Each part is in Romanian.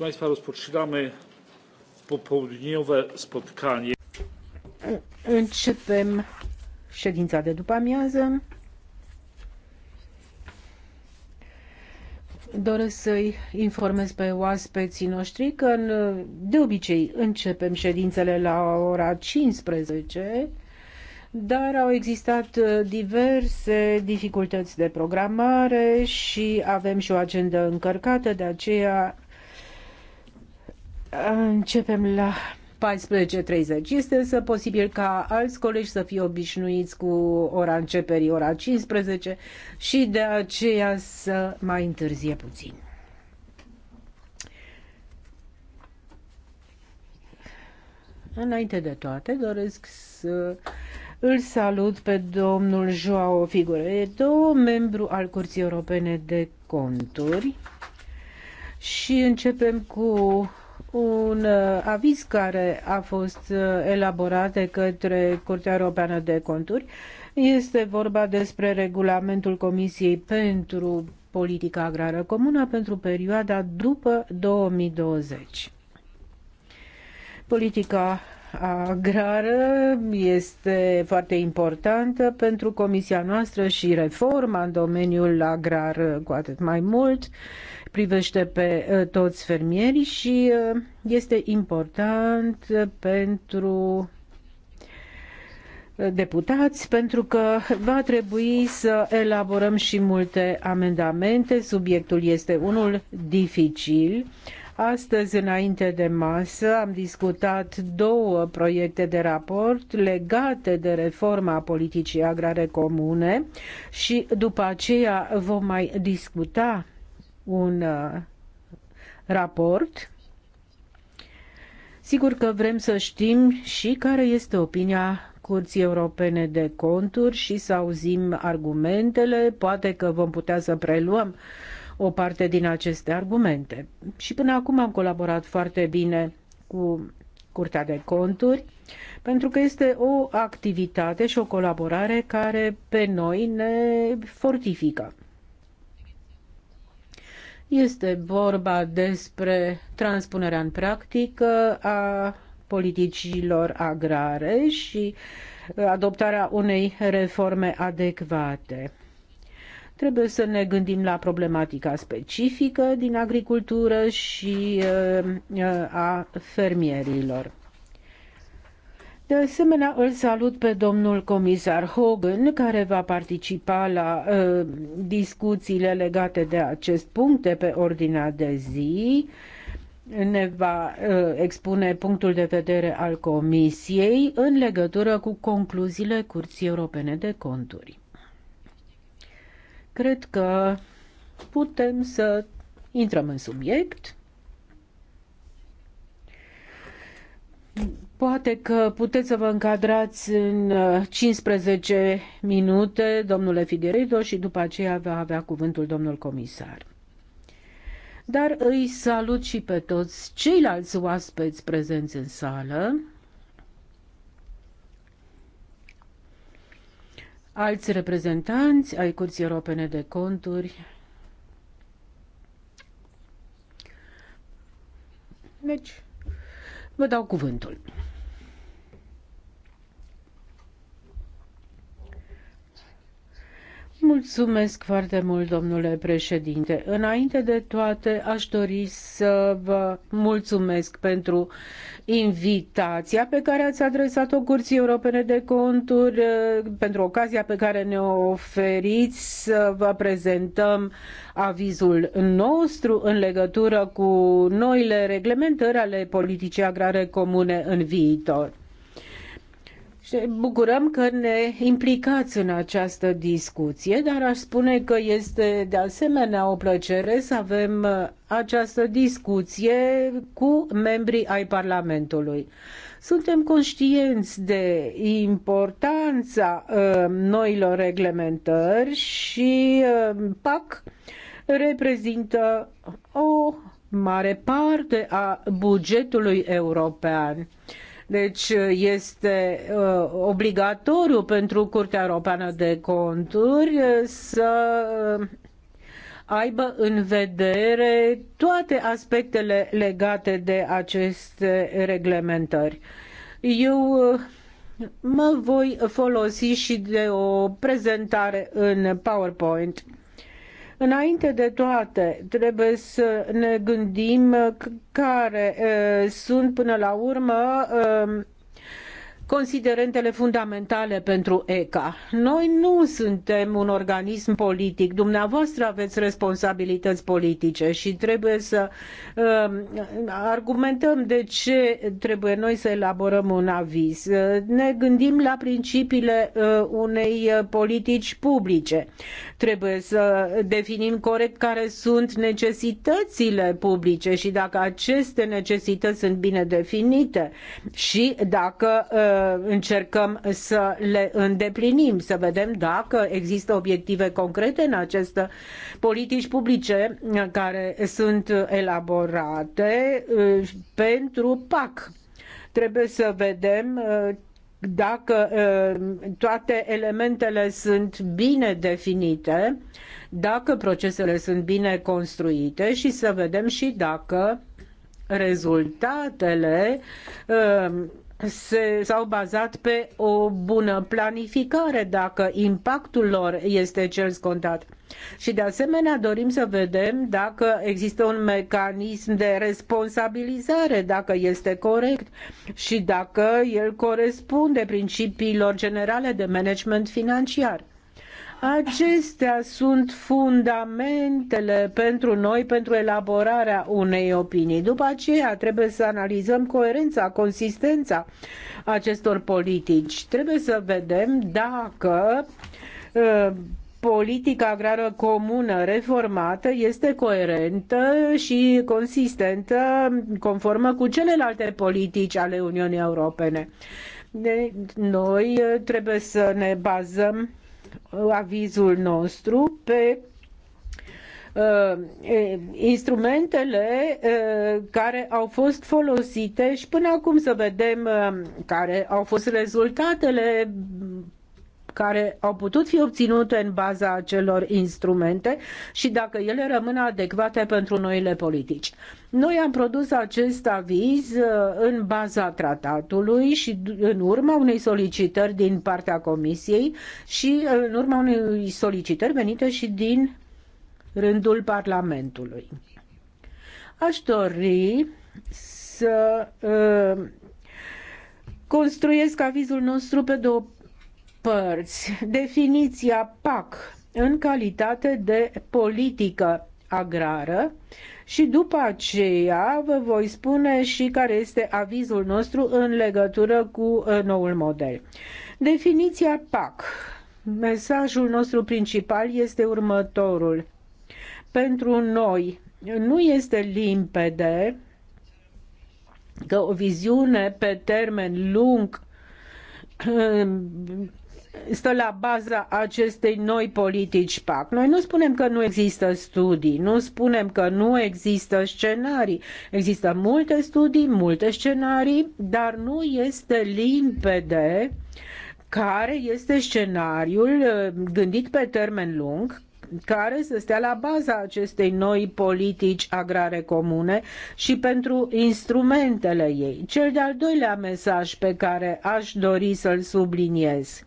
Państwa, rozpoczynamy popołudniowe spotkanie. Începem ședința de după amiază. Doresc să-i informez pe oaspeții noștri că de obicei începem ședințele la ora 15, dar au existat diverse dificultăți de programare și avem și o agendă încărcată, de aceea Începem la 14.30. Este însă posibil ca alți colegi să fie obișnuiți cu ora începerii, ora 15 și de aceea să mai întârzie puțin. Înainte de toate, doresc să îl salut pe domnul Joao Figueredo, membru al Curții Europene de Conturi. Și începem cu un uh, aviz care a fost uh, elaborat de către Curtea Europeană de Conturi. Este vorba despre regulamentul Comisiei pentru politica agrară comună pentru perioada după 2020. Politica agrară este foarte importantă pentru comisia noastră și reforma în domeniul agrar uh, cu atât mai mult privește pe uh, toți fermierii și uh, este important pentru deputați pentru că va trebui să elaborăm și multe amendamente. Subiectul este unul dificil Astăzi, înainte de masă, am discutat două proiecte de raport legate de reforma politicii agrare comune și după aceea vom mai discuta un uh, raport. Sigur că vrem să știm și care este opinia Curții Europene de Conturi și să auzim argumentele, poate că vom putea să preluăm uh, o parte din aceste argumente. Și până acum am colaborat foarte bine cu Curtea de Conturi, pentru că este o activitate și o colaborare care pe noi ne fortifică. Este vorba despre transpunerea în practică a politicilor agrare și adoptarea unei reforme adecvate. Trebuie să ne gândim la problematica specifică din agricultură și uh, uh, a fermierilor. De asemenea, îl salut pe domnul comisar Hogan, care va participa la uh, discuțiile legate de acest punct pe ordinea de zi. Ne va uh, expune punctul de vedere al Comisiei în legătură cu concluziile Curții Europene de Conturi. Cred că putem să intrăm în subiect. Poate că puteți să vă încadrați în 15 uh, minute, domnule Figueredo, și după aceea va avea cuvântul domnul comisar. Dar îi salut și pe toți ceilalți oaspeți prezenți în sală. alți reprezentanți ai Curții Europene de Conturi. Deci, vă dau cuvântul. Mulțumesc foarte mult, domnule președinte. Înainte de toate, aș dori să vă mulțumesc pentru invitația pe care ați adresat-o Curții Europene de Conturi, eh, pentru ocazia pe care ne oferiți să vă prezentăm avizul nostru în legătură cu noile reglementări ale politicii agrare comune în viitor ne bucurăm că ne implicați în această discuție, dar aș spune că este de asemenea o plăcere să avem uh, această discuție cu membrii ai Parlamentului. Suntem conștienți de importanța uh, noilor reglementări și uh, PAC reprezintă o mare parte a bugetului european. Uh, deci este uh, obligatoriu pentru Curtea Europeană de Conturi uh, să uh, aibă în vedere toate aspectele legate de aceste reglementări. Eu mă voi folosi și de o prezentare în PowerPoint. Înainte de toate, trebuie să ne gândim care uh, sunt până la urmă um, considerentele fundamentale pentru ECA. Noi nu suntem un organism politic, dumneavoastră aveți responsabilități politice și trebuie să uh, argumentăm de ce trebuie noi să elaborăm un aviz. ne gândim la principiile uh, unei uh, politici publice. Trebuie să definim corect care sunt necesitățile publice și dacă aceste necesități sunt bine definite și dacă uh, Uh, încercăm să le îndeplinim, să vedem dacă există obiective concrete în aceste politici publice uh, care sunt elaborate uh, pentru PAC. Trebuie să vedem dacă toate elementele sunt bine definite, dacă procesele sunt bine construite și să vedem și dacă rezultatele s-au bazat pe o bună planificare, dacă impactul lor este cel scontat. Și de asemenea dorim să vedem dacă există un mecanism de responsabilizare, dacă este corect și dacă el corespunde principiilor generale de management financiar. Acestea sunt fundamentele pentru noi, pentru elaborarea unei opinii. După aceea trebuie să analizăm coerența, consistența acestor politici. Trebuie să vedem dacă ă, politica agrară comună reformată este coerentă și consistentă, conformă cu celelalte politici ale Uniunii Europene. De, deci, noi trebuie să ne bazăm avizul nostru pe uh, instrumentele uh, care au fost folosite și până acum să vedem uh, care au fost rezultatele care au putut fi obținute în baza acelor instrumente și dacă ele rămân adecvate pentru noile politici. Noi am produs acest aviz uh, în baza tratatului și în urma unei solicitări din partea Comisiei și uh, în urma unei solicitări venite și din rândul Parlamentului. Aș dori să uh, construiesc avizul nostru pe două părți. Definiția PAC în calitate de politică agrară și după aceea vă voi spune și care este avizul nostru în legătură cu uh, noul model. Definiția PAC. Mesajul nostru principal este următorul. Pentru noi nu este limpede că o viziune pe termen lung uh, stă la baza acestei noi politici PAC. Noi nu spunem că nu există studii, nu spunem că nu există scenarii. Există multe studii, multe scenarii, dar nu este limpede care este scenariul uh, gândit pe termen lung care să stea la baza acestei noi politici agrare comune și pentru instrumentele ei. Cel de-al doilea mesaj pe care aș dori să-l subliniez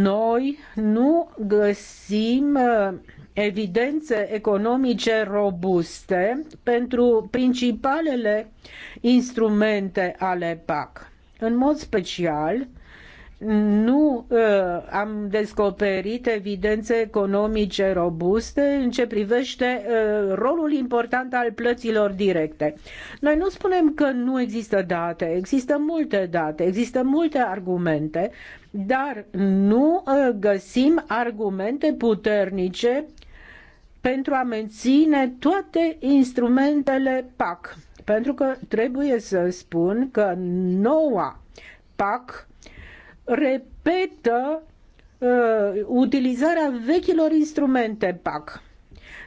noi nu găsim uh, evidențe economice robuste pentru principalele instrumente ale PAC. În mod special, nu uh, am descoperit evidențe economice robuste în ce privește uh, rolul important al plăților directe. Noi nu spunem că nu există date, există multe date, există multe argumente dar nu ă, găsim argumente puternice pentru a menține toate instrumentele PAC. Pentru că trebuie să spun că noua PAC repetă uh, utilizarea vechilor instrumente PAC.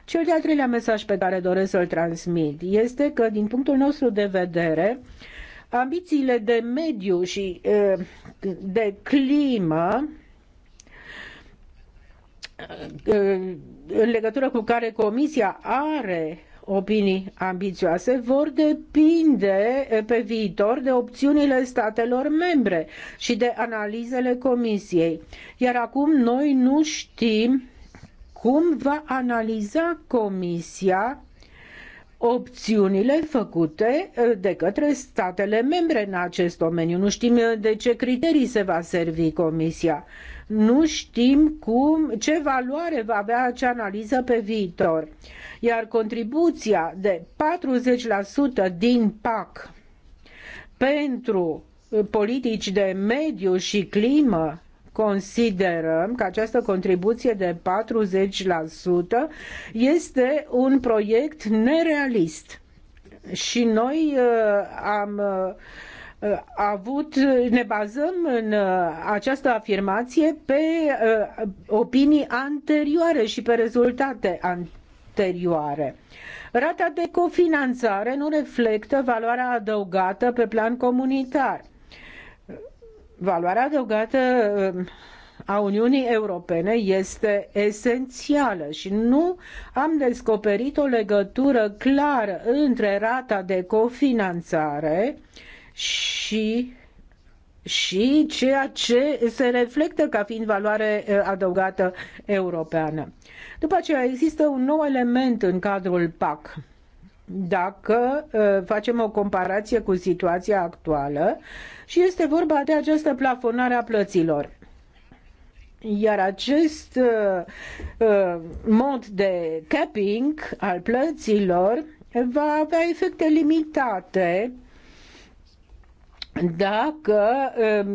Cel de-al treilea mesaj pe care doresc să-l transmit este că, din punctul nostru de vedere, uh, ambițiile de mediu și de climă în legătură cu care Comisia are opinii ambițioase vor depinde pe viitor de opțiunile statelor membre și de analizele Comisiei. Iar acum noi nu știm cum va analiza Comisia opțiunile făcute eh, de către statele membre în acest domeniu. Nu știm eh, de ce criterii se va servi Comisia. Nu știm cum, ce valoare va avea acea analiză pe viitor. Iar contribuția de 40% din PAC pentru eh, politici de mediu și climă considerăm că această contribuție de 40% este un proiect nerealist. Și noi uh, am uh, avut, ne bazăm în uh, această afirmație pe opinii anterioare și pe rezultate anterioare. Rata de cofinanțare nu reflectă valoarea adăugată pe plan comunitar valoarea adăugată um, a Uniunii Europene este esențială și nu am descoperit o legătură clară între rata de cofinanțare și și ceea ce se reflectă ca fiind valoare uh, adăugată europeană. După aceea există un nou element în cadrul PAC dacă uh, facem o comparație cu situația actuală și este vorba de această plafonare a plăților. Iar acest uh, uh, mod de capping al plăților va avea efecte limitate dacă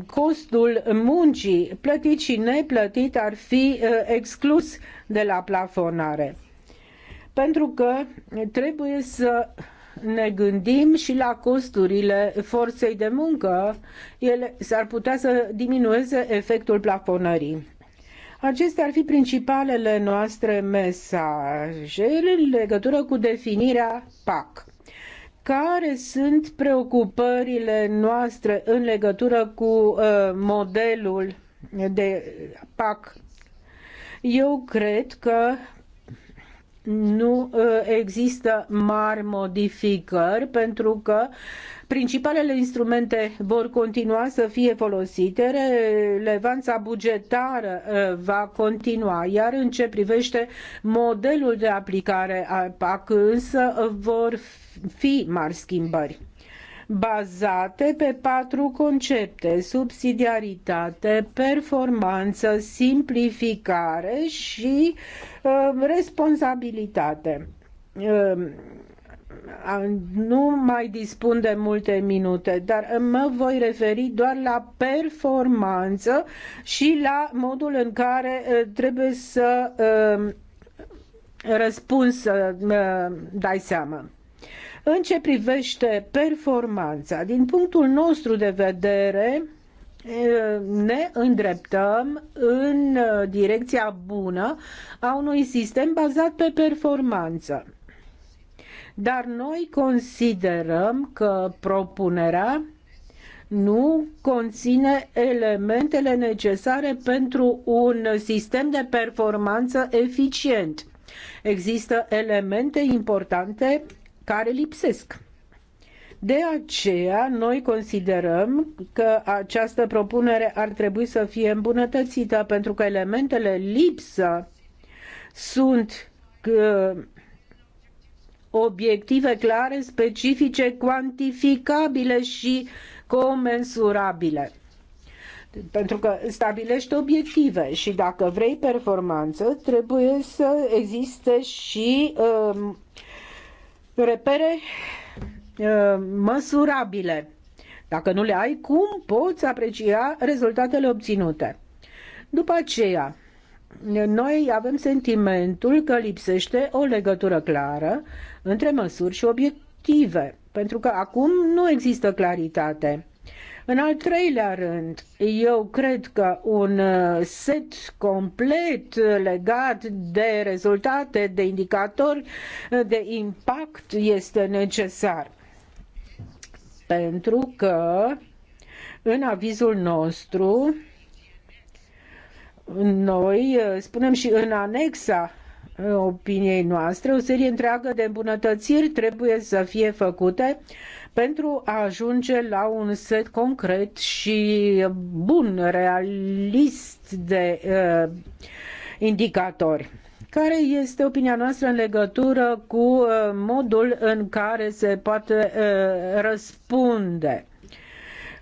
costul muncii plătit și neplătit ar fi exclus de la plafonare. Pentru că trebuie să ne gândim și la costurile forței de muncă. Ele s-ar putea să diminueze efectul plafonării. Acestea ar fi principalele noastre mesaje în legătură cu definirea PAC. Care sunt preocupările noastre în legătură cu uh, modelul de PAC? Eu cred că nu ă, există mari modificări pentru că principalele instrumente vor continua să fie folosite, relevanța bugetară ă, va continua, iar în ce privește modelul de aplicare a PAC însă vor fi mari schimbări bazate pe patru concepte, subsidiaritate, performanță, simplificare și responsabilitate ehm, nu mai dispun de multe minute, dar mă voi referi doar la performanță și la modul în care trebuie să răspuns să dai seama. În ce privește performanța, din punctul nostru de vedere, ne îndreptăm în direcția bună a unui sistem bazat pe performanță. Dar noi considerăm că propunerea nu conține elementele necesare pentru un sistem de performanță eficient. Există elemente importante care lipsesc. De aceea, noi considerăm că această propunere ar trebui să fie îmbunătățită pentru că elementele lipsă sunt uh, obiective clare, specifice, cuantificabile și comensurabile. Pentru că stabilești obiective și dacă vrei performanță, trebuie să existe și um, repere Uh, măsurabile. Dacă nu le ai, cum poți aprecia rezultatele obținute? După aceea, noi avem sentimentul că lipsește o legătură clară între măsuri și obiective, pentru că acum nu există claritate. În al treilea rând, eu cred că un uh, set complet legat de rezultate, de indicatori, uh, de impact este necesar pentru că în avizul nostru noi uh, spunem și în anexa uh, opiniei noastre, o serie întreagă de îmbunătățiri trebuie să fie făcute pentru a ajunge la un set concret și bun, realist de uh, indicatori. Care este opinia noastră în legătură cu uh, modul în care se poate uh, răspunde?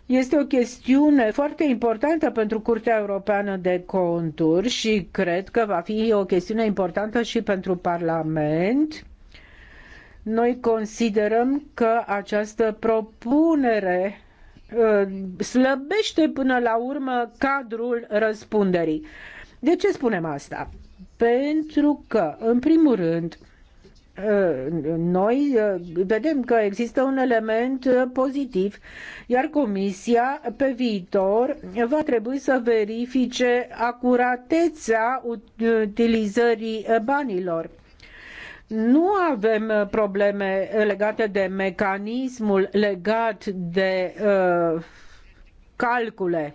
Este o chestiune foarte importantă pentru Curtea Europeană de Conturi și cred că va fi o chestiune importantă și pentru Parlament. Noi considerăm că această propunere uh, slăbește până la urmă cadrul răspunderii. De ce spunem asta? Pentru că, în primul rând, ă, noi ă, vedem că există un element ă, pozitiv, iar Comisia pe viitor va trebui să verifice acuratețea utilizării banilor. Nu avem probleme legate de mecanismul legat de uh, calcule,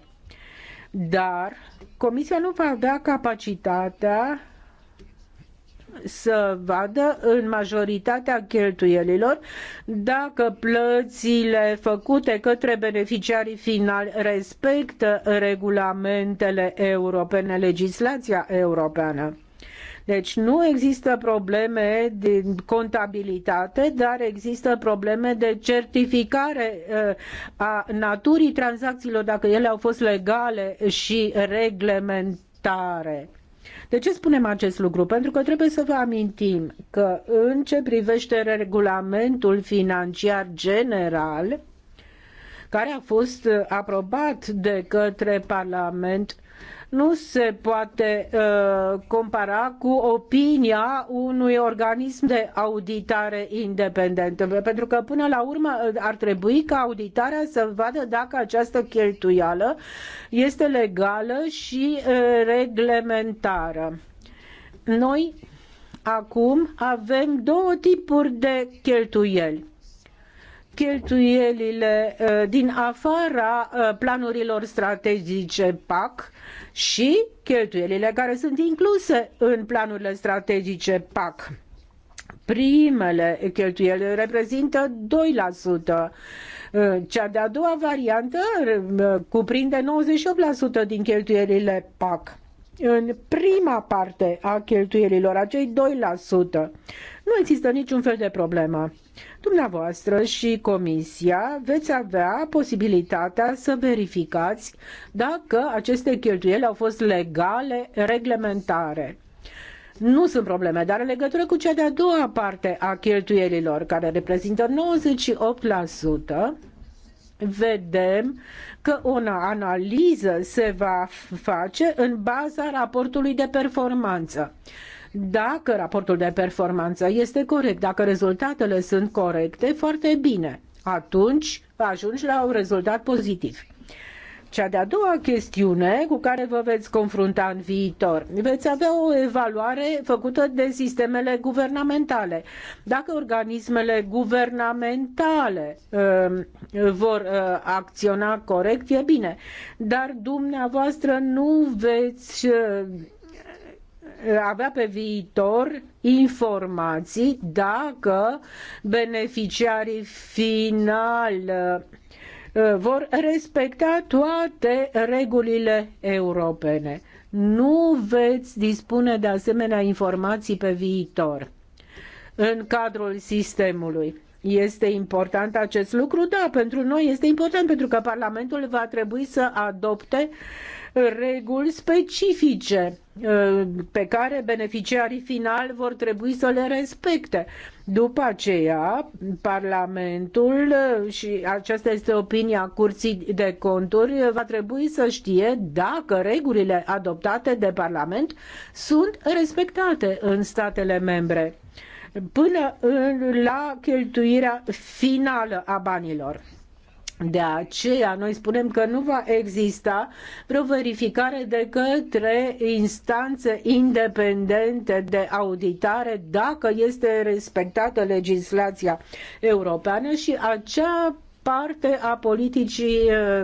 dar Comisia nu va avea capacitatea să vadă în majoritatea cheltuielilor dacă plățile făcute către beneficiarii finali respectă regulamentele europene, legislația europeană. Deci nu există probleme de contabilitate, dar există probleme de certificare uh, a naturii tranzacțiilor, dacă ele au fost legale și reglementate. De ce spunem acest lucru? Pentru că trebuie să vă amintim că în ce privește regulamentul financiar general, care a fost aprobat de către Parlament nu se poate uh, compara cu opinia unui organism de auditare independent. Pentru că până la urmă uh, ar trebui ca auditarea să vadă dacă această cheltuială este legală și uh, reglementară. Noi acum avem două tipuri de cheltuieli cheltuielile uh, din afara uh, planurilor strategice PAC și cheltuielile care sunt incluse în planurile strategice PAC. Primele cheltuieli reprezintă 2%. Uh, cea de-a doua variantă cuprinde 98% din cheltuielile PAC în prima parte a cheltuielilor, acei 2%. Nu există niciun fel de problemă. Dumneavoastră și Comisia veți avea posibilitatea să verificați dacă aceste cheltuieli au fost legale, reglementare nu sunt probleme, dar în legătură cu cea de-a doua parte a cheltuielilor, care reprezintă 98%, vedem că o analiză se va face în baza raportului de performanță. Dacă raportul de performanță este corect, dacă rezultatele sunt corecte, foarte bine. Atunci ajungi la un rezultat pozitiv. Cea de-a doua chestiune cu care vă veți confrunta în viitor, veți avea o evaluare făcută de sistemele guvernamentale. Dacă organismele guvernamentale uh, vor uh, acționa corect, e bine, dar dumneavoastră nu veți uh, avea pe viitor informații dacă beneficiarii final uh, vor respecta toate regulile europene. Nu veți dispune de asemenea informații pe viitor în cadrul sistemului. Este important acest lucru? Da, pentru noi este important pentru că Parlamentul va trebui să adopte reguli specifice uh, pe care beneficiarii final vor trebui să le respecte. După aceea, Parlamentul, uh, și aceasta este opinia Curții de Conturi, uh, va trebui să știe dacă regulile adoptate de Parlament sunt respectate în statele membre până la cheltuirea finală a banilor. De aceea noi spunem că nu va exista vreo verificare de către instanțe independente de auditare dacă este respectată legislația europeană și acea parte a politicii eh,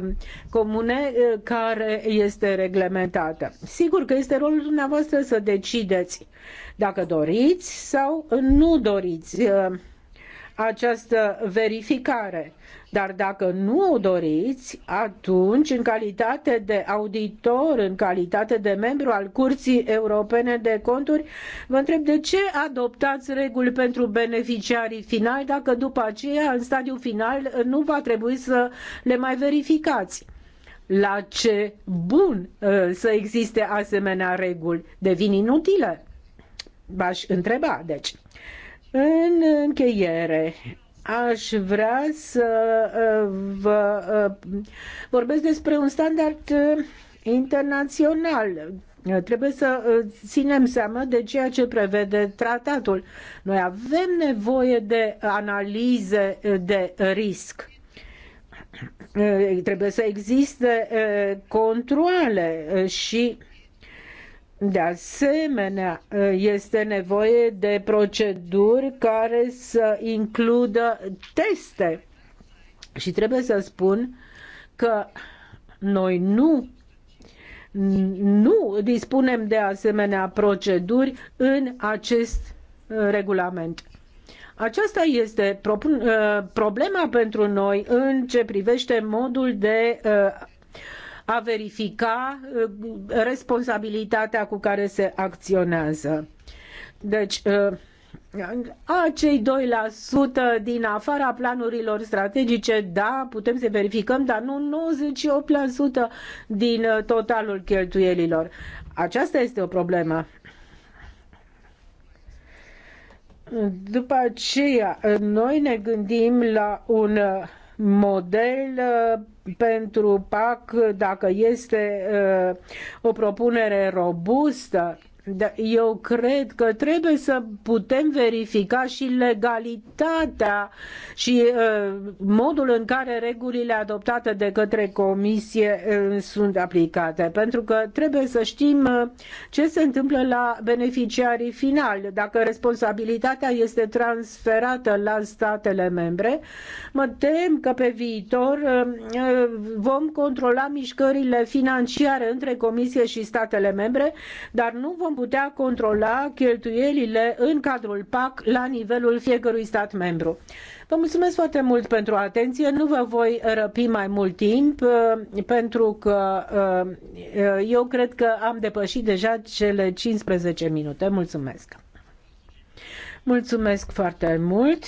comune eh, care este reglementată. Sigur că este rolul dumneavoastră să decideți dacă doriți sau nu doriți eh, această verificare dar dacă nu o doriți, atunci, în calitate de auditor, în calitate de membru al Curții Europene de Conturi, vă întreb de ce adoptați reguli pentru beneficiarii finali dacă după aceea, în stadiul final, nu va trebui să le mai verificați la ce bun uh, să existe asemenea reguli devin inutile? V-aș întreba, deci. În încheiere, aș vrea să uh, vă uh, vorbesc despre un standard uh, internațional. Trebuie să ținem seama de ceea ce prevede tratatul. Noi avem nevoie de analize de risc trebuie să existe controle și de asemenea, este nevoie de proceduri care să includă teste. Și trebuie să spun că noi nu nu dispunem de asemenea proceduri în acest uh, regulament. Aceasta este uh, problema pentru noi în ce privește modul de uh, a verifica uh, responsabilitatea cu care se acționează. Deci, uh, acei 2% din afara planurilor strategice, da, putem să verificăm, dar nu 98% din uh, totalul cheltuielilor. Aceasta este o problemă. După aceea, noi ne gândim la un model uh, pentru PAC, dacă este uh, o propunere robustă, da, eu cred că trebuie să putem verifica și legalitatea și uh, modul în care regulile adoptate de către comisie uh, sunt aplicate, pentru că trebuie să știm uh, ce se întâmplă la beneficiarii finali. Dacă responsabilitatea este transferată la statele membre, mă tem că pe viitor vom controla mișcările financiare între comisie și statele membre, dar nu vom putea controla cheltuielile în cadrul PAC la nivelul fiecărui stat membru. Vă mulțumesc foarte mult pentru atenție, nu vă voi răpi mai mult timp uh, pentru că uh, eu cred că am depășit deja cele 15 minute. Mulțumesc! Mulțumesc foarte mult!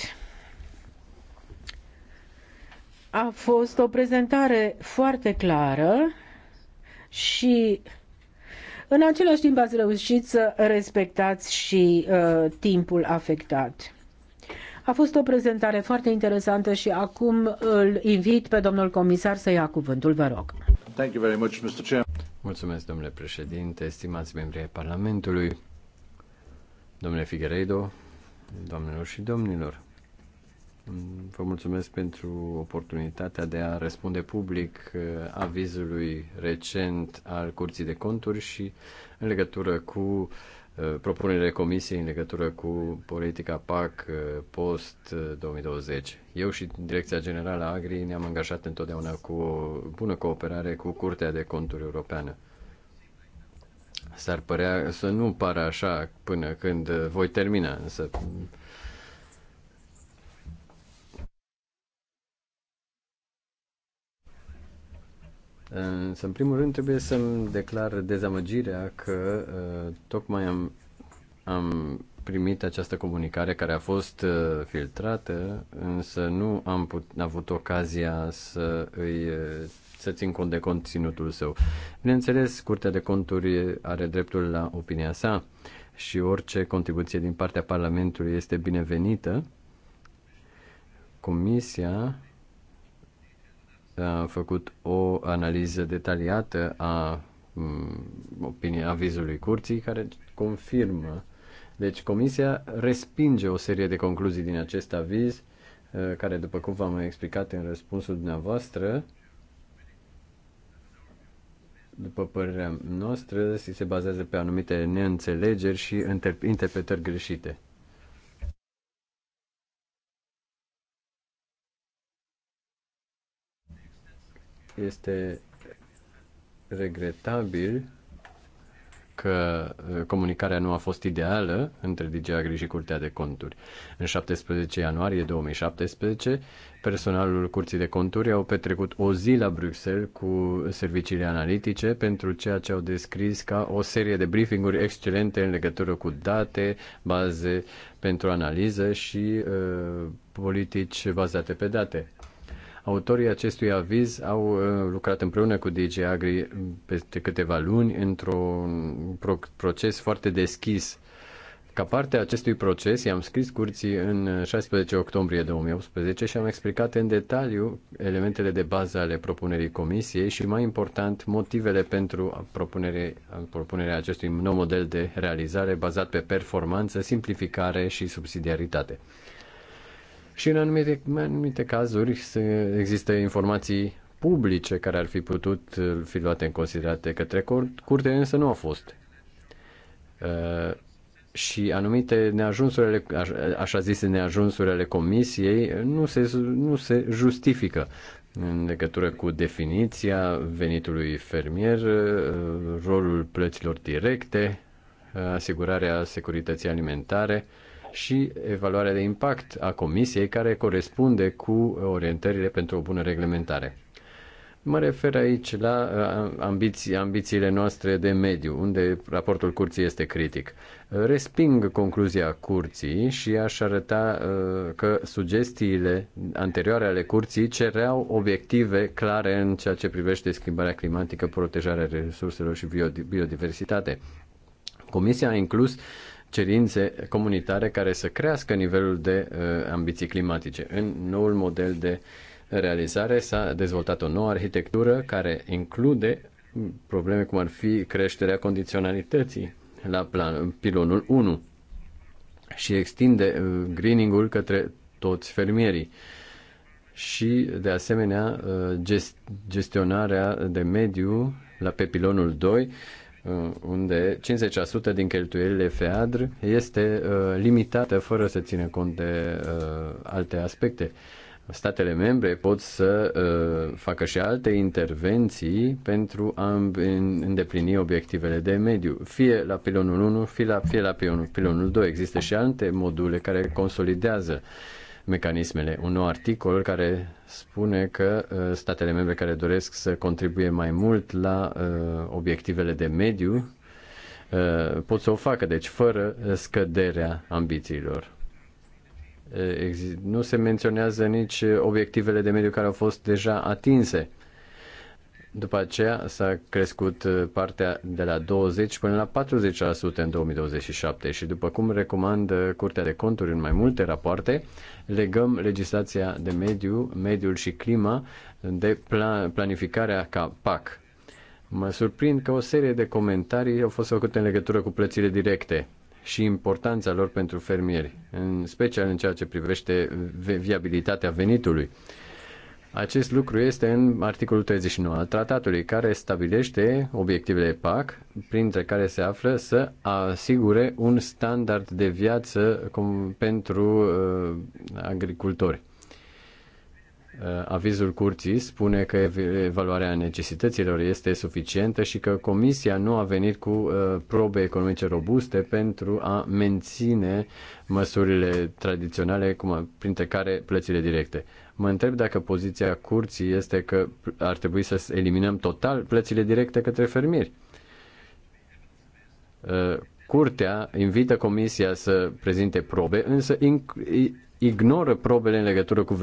A fost o prezentare foarte clară și în același timp ați reușit să respectați și uh, timpul afectat. A fost o prezentare foarte interesantă și acum îl invit pe domnul comisar să ia cuvântul, vă rog. Thank you very much, Mr. Chair. Mulțumesc, domnule președinte, estimați membri ai Parlamentului, domnule Figueiredo, doamnelor și domnilor. Vă mulțumesc pentru oportunitatea de a răspunde public uh, avizului recent al Curții de Conturi și în legătură cu uh, propunerile Comisiei în legătură cu politica PAC uh, post-2020. Eu și Direcția Generală Agri ne-am angajat întotdeauna cu o bună cooperare cu Curtea de Conturi Europeană. S-ar părea să nu pară așa până când voi termina, însă Însă, în primul rând, trebuie să-mi declar dezamăgirea că uh, tocmai am, am primit această comunicare care a fost uh, filtrată, însă nu am put- avut ocazia să îi uh, să țin cont de conținutul său. Bineînțeles, Curtea de Conturi are dreptul la opinia sa și orice contribuție din partea Parlamentului este binevenită. Comisia a făcut o analiză detaliată a mm, opinia avizului curții care confirmă. Deci comisia respinge o serie de concluzii din acest aviz care, după cum v-am explicat în răspunsul dumneavoastră, după părerea noastră, se bazează pe anumite neînțelegeri și interpretări greșite. Este regretabil că comunicarea nu a fost ideală între DG Agri și Curtea de Conturi. În 17 ianuarie 2017, personalul Curții de Conturi au petrecut o zi la Bruxelles cu serviciile analitice pentru ceea ce au descris ca o serie de briefinguri excelente în legătură cu date, baze pentru analiză și uh, politici bazate pe date. Autorii acestui aviz au uh, lucrat împreună cu DG Agri peste câteva luni într-un proces foarte deschis. Ca parte a acestui proces, i-am scris curții în 16 octombrie 2018 și am explicat în detaliu elementele de bază ale propunerii comisiei și, mai important, motivele pentru propunere, propunerea acestui nou model de realizare bazat pe performanță, simplificare și subsidiaritate și în anumite, în anumite cazuri există informații publice care ar fi putut uh, fi luate în considerate către curte, însă nu au fost. Uh, și anumite neajunsurile, așa zise neajunsurile comisiei, nu se, nu se justifică în legătură cu definiția venitului fermier, uh, rolul plăților directe, asigurarea securității alimentare, și evaluarea de impact a Comisiei care corespunde cu orientările pentru o bună reglementare. Mă refer aici la uh, ambiții, ambițiile noastre de mediu, unde raportul curții este critic. Resping concluzia curții și aș arăta uh, că sugestiile anterioare ale curții cereau obiective clare în ceea ce privește schimbarea climatică, protejarea resurselor și biodiversitate. Comisia a inclus uh, cerințe comunitare care să crească nivelul de uh, ambiții climatice. În noul model de realizare s-a dezvoltat o nouă arhitectură care include probleme cum ar fi creșterea condiționalității la plan, pilonul 1 și extinde uh, greening-ul către toți fermierii și, de asemenea, uh, gestionarea de mediu la pe pilonul 2 Uh, unde 50% din cheltuielile FEADR este uh, limitată fără să țină cont de uh, alte aspecte. Statele membre pot să facă și alte intervenții pentru a îndeplini obiectivele de mediu, fie la pilonul 1, fie la, fie la pilonul, pilonul 2. Există și alte module care consolidează mecanismele. Un nou articol care spune că uh, statele membre care doresc să contribuie mai mult la uh, obiectivele de mediu uh, pot să o facă, deci fără scăderea ambițiilor. Nu se menționează nici obiectivele de mediu care au fost deja atinse. După aceea s-a crescut uh, partea de la 20 până la 40% în 2027 și după cum recomandă Curtea de Conturi în mai multe rapoarte, legăm legislația de mediu, mediul și clima de planificarea ca PAC. Mă surprind că o serie de comentarii au fost făcute în legătură cu plățile directe și importanța lor pentru fermieri, în special în ceea ce privește viabilitatea venitului acest lucru este în articolul 39 al tratatului, care stabilește obiectivele PAC, printre care se află să asigure un standard de viață pentru uh, agricultori. Uh, avizul curții spune că evaluarea necesităților este suficientă și că Comisia nu a venit cu uh, probe economice robuste pentru a menține măsurile tradiționale, cum, printre care plățile directe. Mă întreb dacă poziția curții este că ar trebui să eliminăm total plățile directe către fermieri. Uh, curtea invită comisia să prezinte probe, însă ignoră probele în legătură cu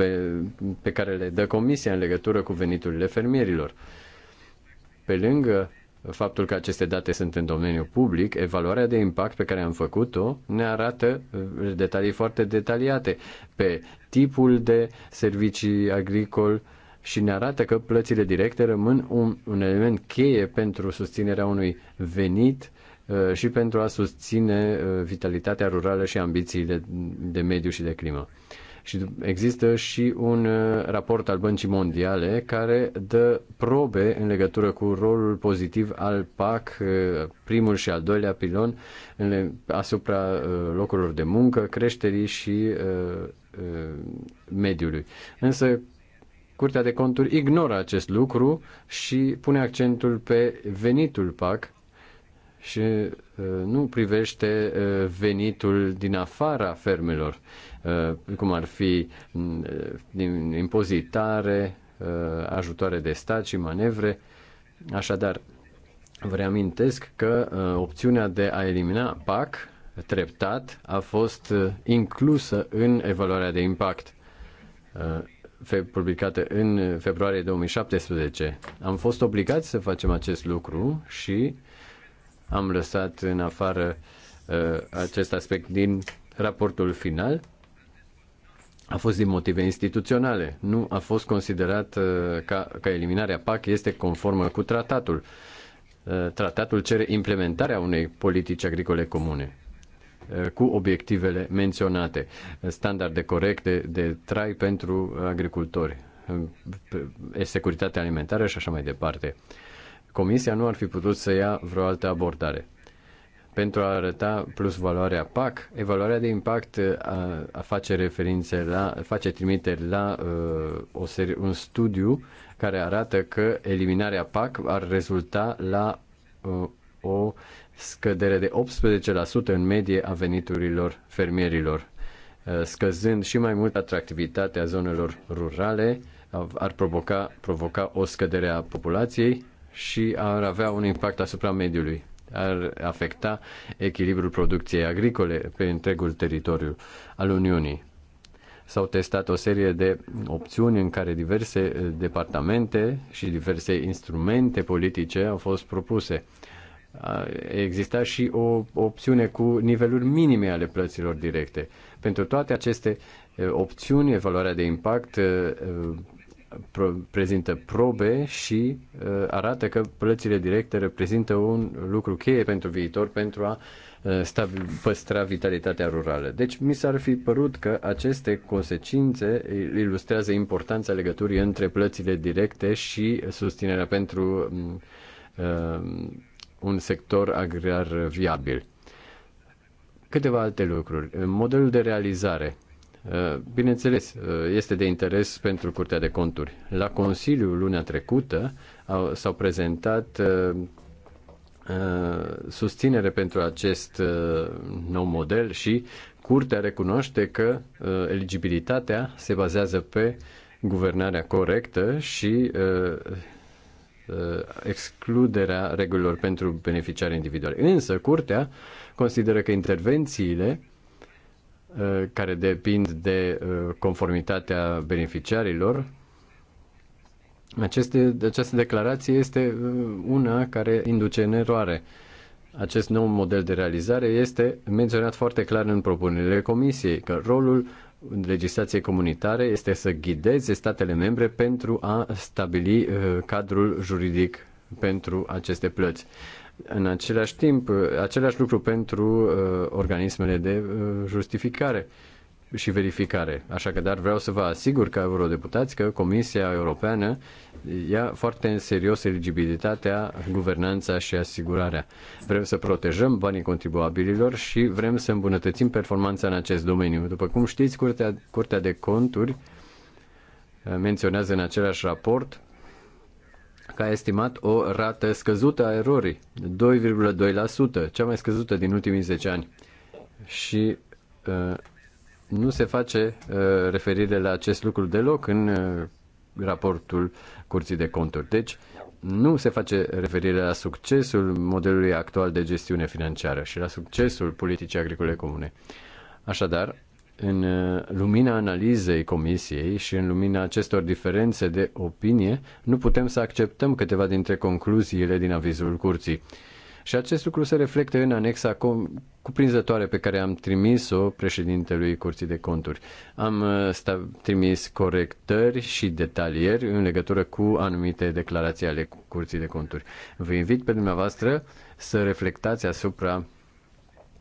pe care le dă comisia în legătură cu veniturile fermierilor. Pe lângă faptul că aceste date sunt în domeniul public, evaluarea de impact pe care am făcut-o ne arată uh, detalii foarte detaliate pe tipul de servicii agricol și ne arată că plățile directe rămân un, un element cheie pentru susținerea unui venit uh, și pentru a susține uh, vitalitatea rurală și ambițiile de mediu și de climă. Și există și un uh, raport al Băncii Mondiale care dă probe în legătură cu rolul pozitiv al PAC, uh, primul și al doilea pilon, asupra uh, locurilor de muncă, creșterii și mediului. Însă Curtea de Conturi ignoră acest lucru și pune accentul pe venitul PAC și nu privește venitul din afara fermelor. Uh, cum ar fi uh, impozitare, uh, ajutoare de stat și manevre. Așadar, vă reamintesc că opțiunea de a elimina PAC treptat a fost inclusă în evaluarea de impact publicată în februarie 2017. Am fost obligați să facem acest lucru și am lăsat în afară acest aspect din raportul final a fost din motive instituționale. Nu a fost considerat uh, ca, ca eliminarea PAC este conformă cu tratatul. Uh, tratatul cere implementarea unei politici agricole comune uh, cu obiectivele menționate, standarde corecte de trai pentru agricultori, securitatea alimentară și așa mai departe. Comisia nu ar fi putut să ia vreo altă abordare. Pentru a arăta plus valoarea PAC, evaluarea de impact uh, a, a face referințe la, face trimiteri la uh, o seri, un studiu care arată că eliminarea PAC ar rezulta la uh, o scădere de 18% în medie a veniturilor fermierilor, uh, scăzând și mai mult atractivitatea zonelor rurale, ar provoca, provoca o scădere a populației și ar avea un impact asupra mediului ar afecta echilibrul producției agricole pe întregul teritoriu al Uniunii. S-au testat o serie de opțiuni în care diverse eh, departamente și diverse instrumente politice au fost propuse. Exista și o opțiune cu niveluri minime ale plăților directe. Pentru toate aceste eh, opțiuni, evaluarea de impact eh, prezintă probe și uh, arată că plățile directe reprezintă un lucru cheie pentru viitor pentru a uh, păstra vitalitatea rurală. Deci mi s-ar fi părut că aceste consecințe ilustrează importanța legăturii între plățile directe și susținerea pentru um, uh, un sector agrar viabil. Câteva alte lucruri. Modelul de realizare Eh, bineînțeles, eh, este de interes pentru Curtea de Conturi. La Consiliu luna trecută s-au prezentat eh, susținere pentru acest nou model și Curtea recunoaște că eligibilitatea se bazează pe guvernarea corectă și excluderea regulilor pentru beneficiari individuali. Însă, Curtea consideră că intervențiile Uh, care depind de uh, conformitatea beneficiarilor. Aceste, această declarație este uh, una care induce în eroare. Acest nou model de realizare este menționat foarte clar în propunerile Comisiei, că rolul legislației comunitare este să ghideze statele membre pentru a stabili cadrul juridic pentru aceste plăți. În același timp, același lucru pentru uh, organismele de uh, justificare și verificare. Așa că, dar vreau să vă asigur ca eurodeputați că Comisia Europeană ia foarte în serios eligibilitatea, guvernanța și asigurarea. Vrem să protejăm banii contribuabililor și vrem să îmbunătățim performanța în acest domeniu. După cum știți, Curtea, Curtea de Conturi uh, menționează în același raport că a estimat o rată scăzută a erorii, 2,2%, cea mai scăzută din ultimii 10 ani. Și uh, nu se face uh, referire la acest lucru deloc în uh, raportul Curții de Conturi. Deci, nu se face referire la succesul modelului actual de gestiune financiară și la succesul politicii agricole comune. Așadar, în uh, lumina analizei comisiei și în lumina acestor diferențe de opinie, nu putem să acceptăm câteva dintre concluziile din avizul curții. Și acest lucru se reflectă în anexa cuprinzătoare pe care am trimis-o președintelui Curții de Conturi. Am uh, trimis corectări și detalieri în legătură cu anumite declarații ale Curții de Conturi. Vă invit pe dumneavoastră să reflectați asupra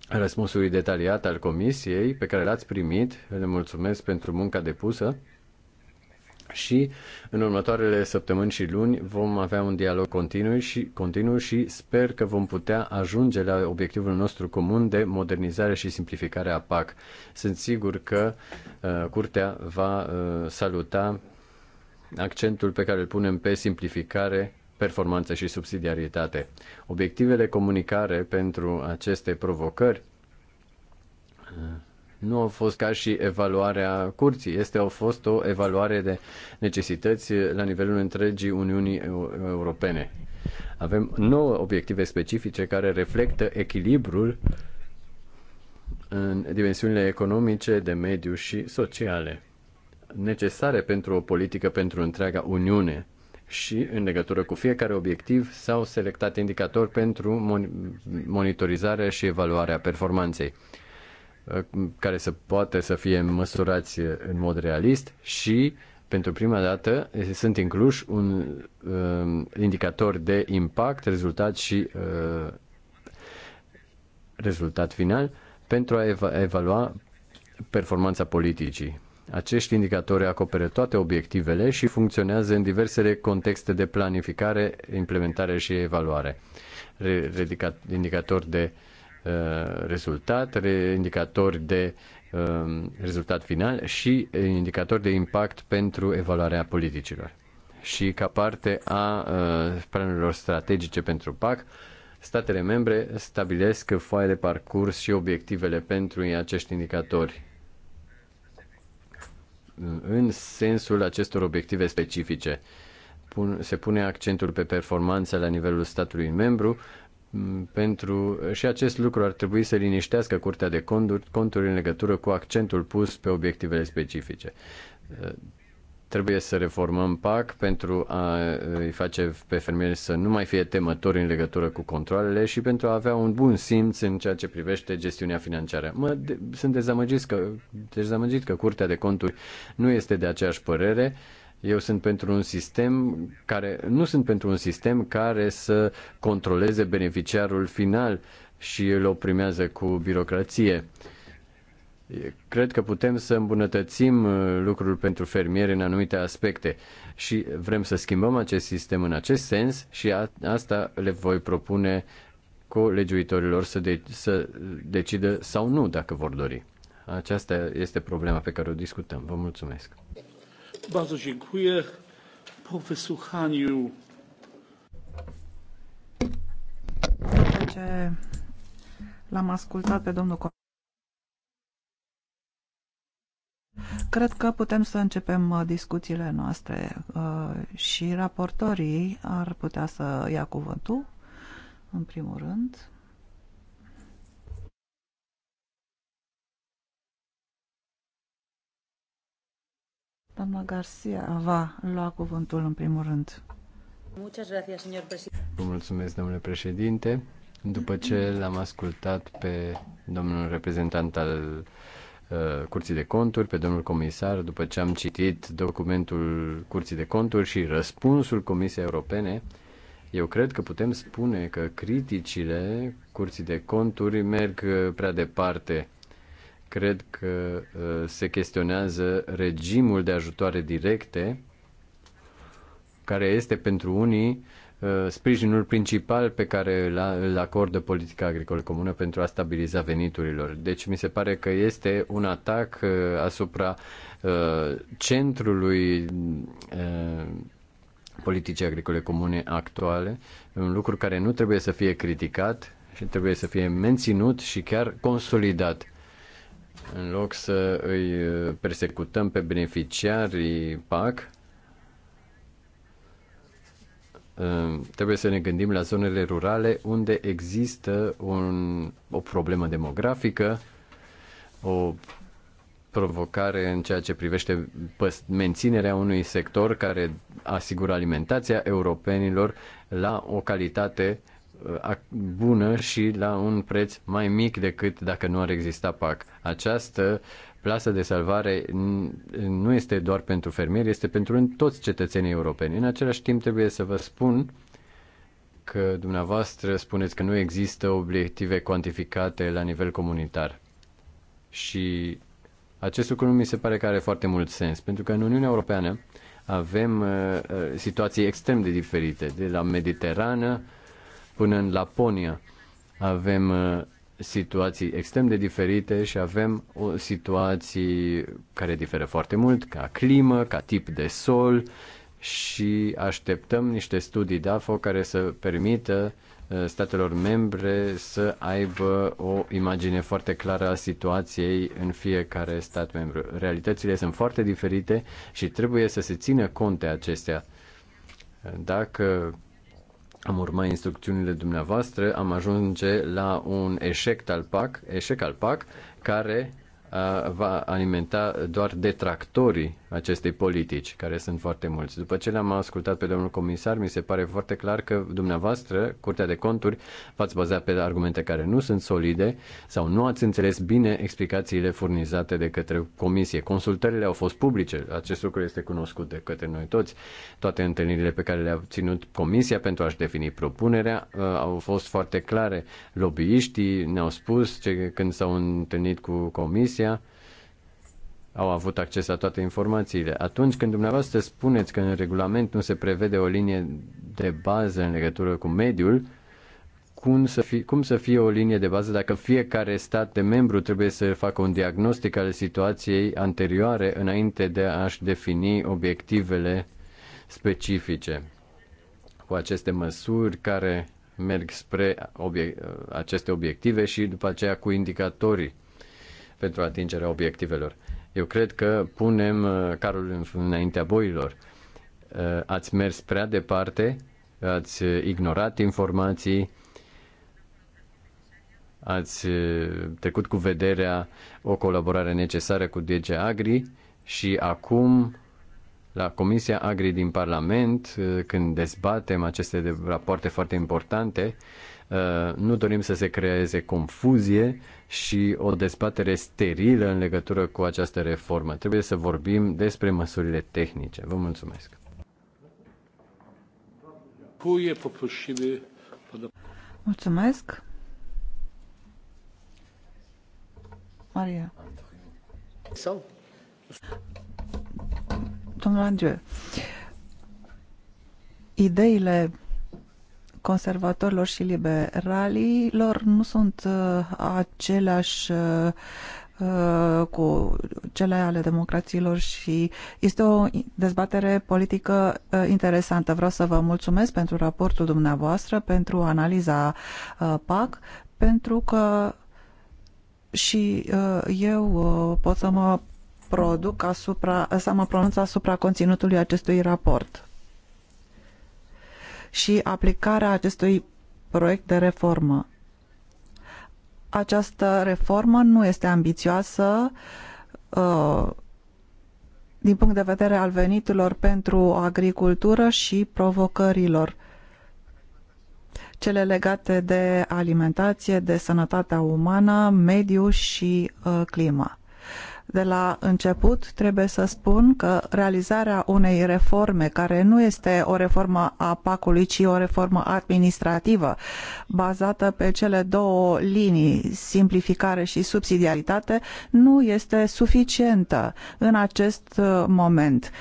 răspunsului detaliat al comisiei pe care l-ați primit. Le mulțumesc pentru munca depusă și în următoarele săptămâni și luni vom avea un dialog continuu și, continuu și sper că vom putea ajunge la obiectivul nostru comun de modernizare și simplificare a PAC. Sunt sigur că uh, Curtea va uh, saluta accentul pe care îl punem pe simplificare performanță și subsidiaritate. Obiectivele comunicare pentru aceste provocări uh, nu au fost ca și evaluarea curții, este au fost o evaluare de necesități la nivelul întregii Uniunii Europene. Avem nouă obiective specifice care reflectă echilibrul în dimensiunile economice, de mediu și sociale necesare pentru o politică pentru întreaga Uniune și în legătură cu fiecare obiectiv s-au selectat indicatori pentru monitorizarea și evaluarea performanței uh, care să poate să fie măsurați în mod realist și pentru prima dată sunt incluși un uh, indicator de impact, rezultat și uh, rezultat final pentru a eva- evalua performanța politicii. Acești indicatori acopere toate obiectivele și funcționează în diversele contexte de planificare, implementare și evaluare. Indicatori de uh, rezultat, indicatori de uh, rezultat final și indicatori de impact pentru evaluarea politicilor. Și ca parte a uh, planurilor strategice pentru PAC, statele membre stabilesc foaie de parcurs și obiectivele pentru acești indicatori în sensul acestor obiective specifice. se pune accentul pe performanța la nivelul statului membru pentru și acest lucru ar trebui să liniștească Curtea de Conturi, conturi în legătură cu accentul pus pe obiectivele specifice. Trebuie să reformăm PAC pentru a uh, îi face pe fermieri să nu mai fie temători în legătură cu controlele și pentru a avea un bun simț în ceea ce privește gestiunea financiară. Mă de- sunt dezamăgit că, dezamăgit că Curtea de Conturi nu este de aceeași părere. Eu sunt pentru un sistem care nu sunt pentru un sistem care să controleze beneficiarul final și îl oprimează cu birocrație. Uh, Cred că putem să îmbunătățim uh, lucrul pentru fermieri în anumite aspecte și vrem să schimbăm acest sistem în acest sens și a, asta le voi propune legiuitorilor să, de, să decidă sau nu dacă vor dori. Aceasta este problema pe care o discutăm. Vă mulțumesc. Bardzo dziękuję. Po wysłuchaniu l-am ascultat pe domnul Cred că putem să începem uh, discuțiile noastre uh, și raportorii ar putea să ia cuvântul, în primul rând. Doamna Garcia va lua cuvântul în primul rând. Vă mulțumesc, domnule președinte. După ce l-am ascultat pe domnul reprezentant al Uh, Curții de Conturi, pe domnul comisar, după ce am citit documentul Curții de Conturi și răspunsul Comisiei Europene, eu cred că putem spune că criticile Curții de Conturi merg uh, prea departe. Cred că uh, se chestionează regimul de ajutoare directe, care este pentru unii Uh, sprijinul principal pe care îl acordă politica agricolă comună pentru a stabiliza veniturilor. Deci mi se pare că este un atac uh, asupra uh, centrului politicii agricole comune actuale, un lucru care nu trebuie să fie criticat și trebuie să fie menținut și chiar consolidat. În loc să îi persecutăm pe beneficiarii PAC, Ehm, trebuie să ne gândim la zonele rurale unde există un, o problemă demografică, o provocare în ceea ce privește menținerea unui sector care asigură alimentația europenilor la o calitate eh, bună și la un preț mai mic decât dacă nu ar exista PAC. Această plasa de salvare nu este doar pentru fermieri, este pentru toți cetățenii europeni. În același timp trebuie să vă spun că dumneavoastră spuneți că nu există obiective cuantificate la nivel comunitar. Și acest lucru nu mi se pare că are foarte mult sens, pentru că în Uniunea Europeană avem uh, uh situații extrem de diferite, de la Mediterană până în Laponia. Avem uh, situații extrem de diferite și avem o situații care diferă foarte mult ca climă, ca tip de sol și așteptăm niște studii DAFO care să permită uh, statelor membre să aibă o imagine foarte clară a situației în fiecare stat membru. Realitățile sunt foarte diferite și trebuie să se țină cont de acestea. Dacă am urmat instrucțiunile dumneavoastră, am ajunge la un eșec al PAC, eșec al PAC care uh, va alimenta doar detractorii acestei politici, care sunt foarte mulți. După ce l-am ascultat pe domnul comisar, mi se pare foarte clar că dumneavoastră, Curtea de Conturi, v-ați bazat pe argumente care nu sunt solide sau nu ați înțeles bine explicațiile furnizate de către comisie. Consultările au fost publice, acest lucru este cunoscut de către noi toți. Toate întâlnirile pe care le-a ținut comisia pentru a-și defini propunerea uh, au fost foarte clare. Lobbyiștii ne-au spus ce, când s-au întâlnit cu comisia, au avut acces la toate informațiile. Atunci când dumneavoastră spuneți că în regulament nu se prevede o linie de bază în legătură cu mediul, cum să, fi, cum să fie o linie de bază dacă fiecare stat de membru trebuie să facă un diagnostic al situației anterioare înainte de a-și defini obiectivele specifice. Cu aceste măsuri care merg spre obiect, aceste obiective și după aceea cu indicatorii pentru atingerea obiectivelor. Eu cred că punem uh, carul înaintea boilor. Uh, ați mers prea departe, ați uh, ignorat informații, ați trecut cu vederea o colaborare necesară cu DG Agri și acum la Comisia Agri din Parlament, când dezbatem aceste rapoarte foarte importante, nu dorim să se creeze confuzie și o dezbatere sterilă în legătură cu această reformă. Trebuie să vorbim despre măsurile tehnice. Vă mulțumesc. Mulțumesc. Maria. Sau? Domnul Andreu, ideile conservatorilor și liberalilor nu sunt uh, aceleași uh, uh, cu cele ale democrațiilor și este o dezbatere politică interesantă. Vreau să vă mulțumesc pentru raportul dumneavoastră, pentru analiza PAC, pentru că și eu pot să mă produc asupra, să mă pronunț asupra conținutului acestui raport și aplicarea acestui proiect de reformă. Această reformă nu este ambițioasă uh, din punct de vedere al veniturilor pentru agricultură și provocărilor cele legate de alimentație, de sănătatea umană, mediu și uh, climă. De la început trebuie să spun că realizarea unei reforme care nu este o reformă a PAC-ului, ci o reformă administrativă bazată pe cele două linii, simplificare și subsidiaritate, nu este suficientă în acest uh, moment.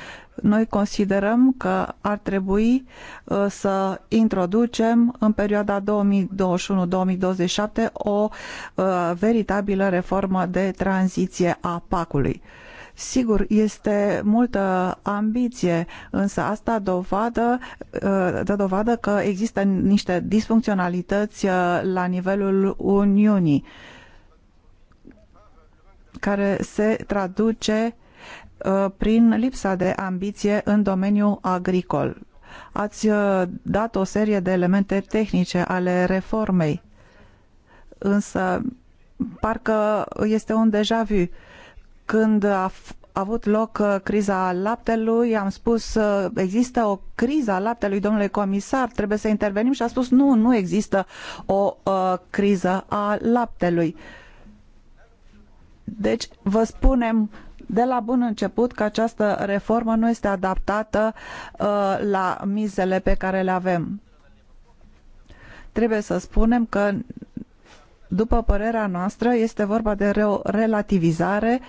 Noi considerăm că ar trebui uh, să introducem în perioada 2021-2027 o uh, veritabilă reformă de tranziție a PAC-ului. Sigur, este multă ambiție, însă asta dovadă, uh, dă dovadă că există niște disfuncționalități la nivelul Uniunii care se traduce Uh, prin lipsa de ambiție în domeniul agricol. Ați uh, dat o serie de elemente tehnice ale reformei, însă parcă este un deja vu. Când a a avut loc uh, criza laptelui, am spus există o criză a laptelui, domnule comisar, trebuie să intervenim și a spus nu, nu există o uh, criză a laptelui. Deci vă spunem de la bun început că această reformă nu este adaptată uh, la mizele pe care le avem. Trebuie să spunem că, după părerea noastră, este vorba de o relativizare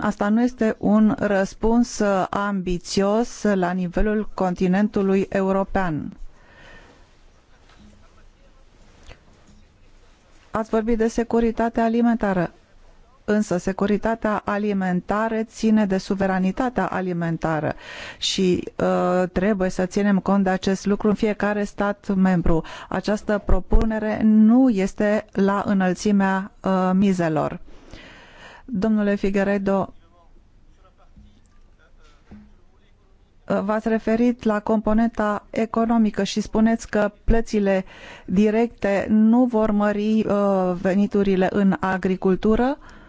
Asta nu este un răspuns uh, ambițios la nivelul continentului european. Ați vorbit de securitate alimentară însă securitatea alimentară ține de suveranitatea alimentară și uh, trebuie să ținem cont de acest lucru în fiecare stat membru. Această propunere nu este la înălțimea uh, mizelor. Domnule Figueredo, uh, v-ați referit la componenta economică și spuneți că plățile directe nu vor mări uh, veniturile în agricultură. Uh,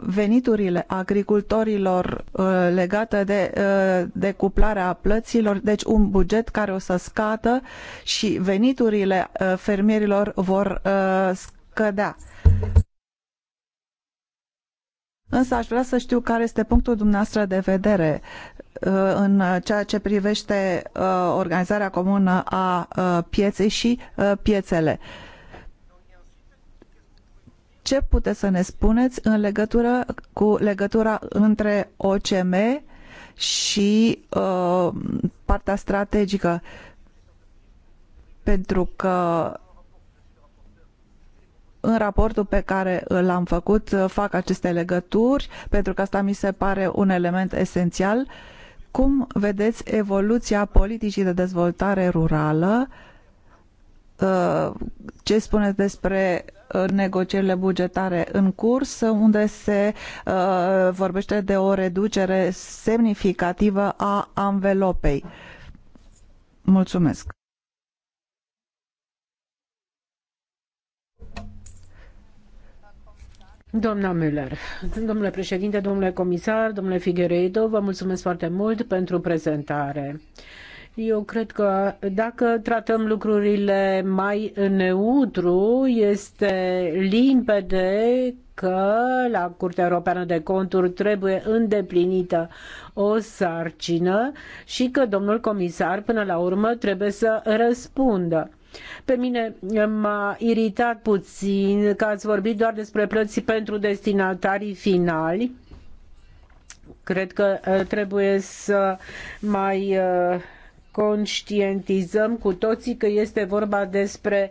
veniturile agricultorilor uh, legate de uh, decuplarea plăților, deci un buget care o să scadă și veniturile uh, fermierilor vor scădea. Însă aș vrea să știu care este punctul dumneavoastră de vedere în ceea ce privește organizarea comună a pieței și piețele. Ce puteți să ne spuneți în legătură cu legătura între OCM și uh, partea strategică? Pentru că în raportul pe care l-am făcut uh, fac aceste legături, pentru că asta mi se pare un element esențial. Cum vedeți evoluția politicii de dezvoltare rurală? Uh, ce spuneți despre negocierile bugetare în curs, unde se uh, vorbește de o reducere semnificativă a anvelopei. Mulțumesc. Doamna Müller, domnule președinte, domnule comisar, domnule Figueiredo, vă mulțumesc foarte mult pentru prezentare. Eu cred că dacă tratăm lucrurile mai neutru, este limpede că la Curtea Europeană de Conturi trebuie îndeplinită o sarcină și că domnul comisar până la urmă trebuie să răspundă. Pe mine m-a iritat puțin că ați vorbit doar despre plăți pentru destinatarii finali. Cred că uh, trebuie să mai uh, conștientizăm cu toții că este vorba despre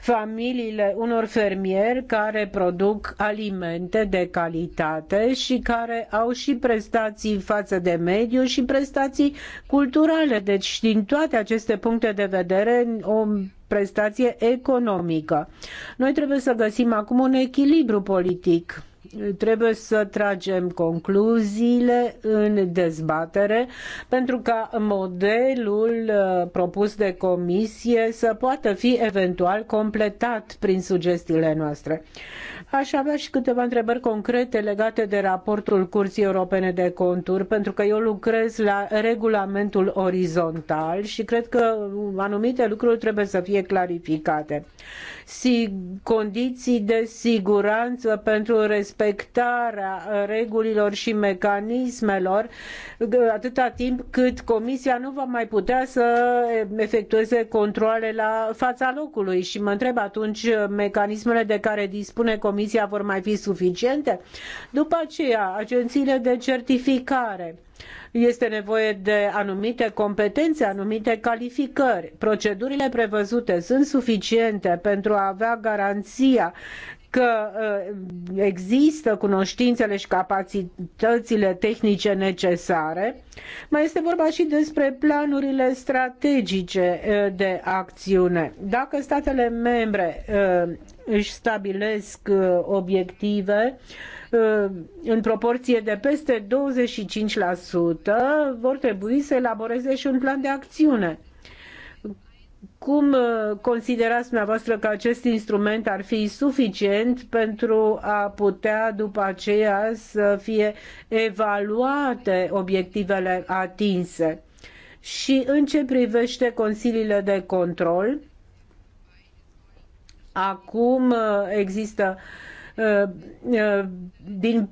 familiile unor fermieri care produc alimente de calitate și care au și prestații față de mediu și prestații culturale. Deci, din toate aceste puncte de vedere, o prestație economică. Noi trebuie să găsim acum un echilibru politic trebuie să tragem concluziile în dezbatere pentru ca modelul uh, propus de comisie să poată fi eventual completat prin sugestiile noastre. Aș avea și câteva întrebări concrete legate de raportul Curții Europene de Conturi, pentru că eu lucrez la regulamentul orizontal și cred că anumite lucruri trebuie să fie clarificate. Si, condiții de siguranță pentru respectarea regulilor și mecanismelor atâta timp cât Comisia nu va mai putea să efectueze controle la fața locului și mă întreb atunci mecanismele de care dispune Comisia Comisia vor mai fi suficiente? După aceea, agențiile de certificare. Este nevoie de anumite competențe, anumite calificări. Procedurile prevăzute sunt suficiente pentru a avea garanția că uh, există cunoștințele și capacitățile tehnice necesare. Mai este vorba și despre planurile strategice uh, de acțiune. Dacă statele membre uh, își stabilesc uh, obiective uh, în proporție de peste 25%, vor trebui să elaboreze și un plan de acțiune. Cum uh, considerați dumneavoastră că acest instrument ar fi suficient pentru a putea după aceea să fie evaluate obiectivele atinse? Și în ce privește consiliile de control, Acum uh, există uh, uh, din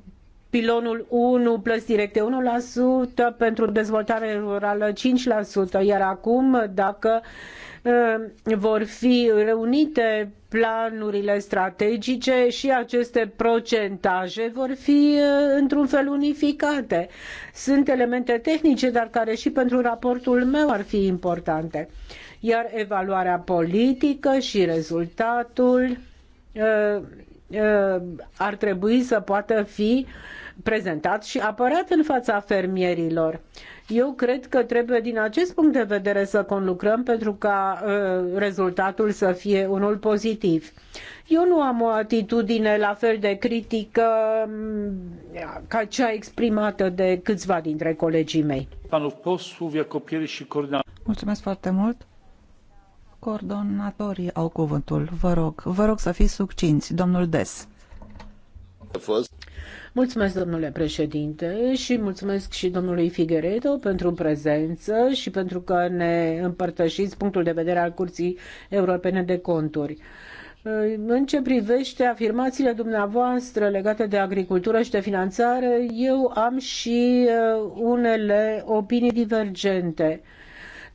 pilonul 1 plus directe 1%, pentru dezvoltare rurală 5%, iar acum dacă vor fi reunite planurile strategice și aceste procentaje vor fi într-un fel unificate. Sunt elemente tehnice, dar care și pentru raportul meu ar fi importante iar evaluarea politică și rezultatul uh, uh, ar trebui să poată fi prezentat și apărat în fața fermierilor. Eu cred că trebuie din acest punct de vedere să conlucrăm pentru ca uh, rezultatul să fie unul pozitiv. Eu nu am o atitudine la fel de critică mm, ca cea exprimată de câțiva dintre colegii mei. Mulțumesc foarte mult. Coordonatorii au cuvântul. Vă rog, vă rog să fiți succinți, domnul Des. Mulțumesc, domnule președinte, și mulțumesc și domnului Figueredo pentru prezență și pentru că ne împărtășiți punctul de vedere al Curții Europene de Conturi. În ce privește afirmațiile dumneavoastră legate de agricultură și de finanțare, eu am și uh, unele opinii divergente.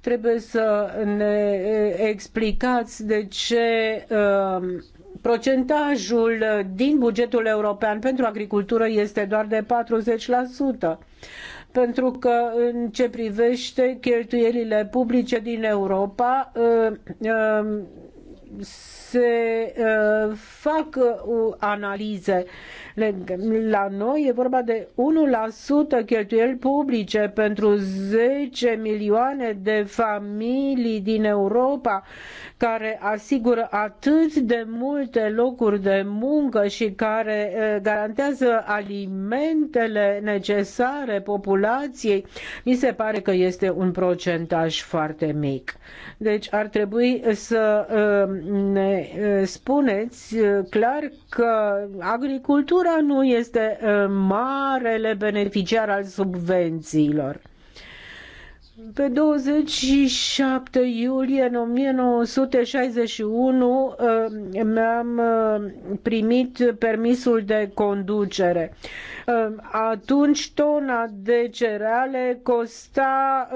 Trebuie să ne explicați de ce um, procentajul din bugetul european pentru agricultură este doar de 40% pentru că în ce privește cheltuielile publice din Europa um, um, se uh, fac uh, analize. La noi e vorba de 1% cheltuieli publice pentru 10 milioane de familii din Europa care asigură atât de multe locuri de muncă și care uh, garantează alimentele necesare populației. Mi se pare că este un procentaj foarte mic. Deci ar trebui să uh, ne Uh, spuneți uh, clar că agricultura nu este uh, marele beneficiar al subvențiilor. Pe 27 iulie în 1961 uh, mi-am uh, primit permisul de conducere. Uh, atunci tona de cereale costa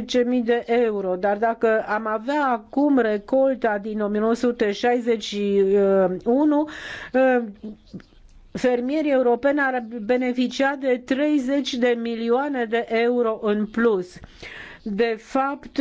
12.000 de euro, dar dacă am avea acum recolta din 1961, fermierii europeni ar beneficia de 30 de milioane de euro în plus. De fapt,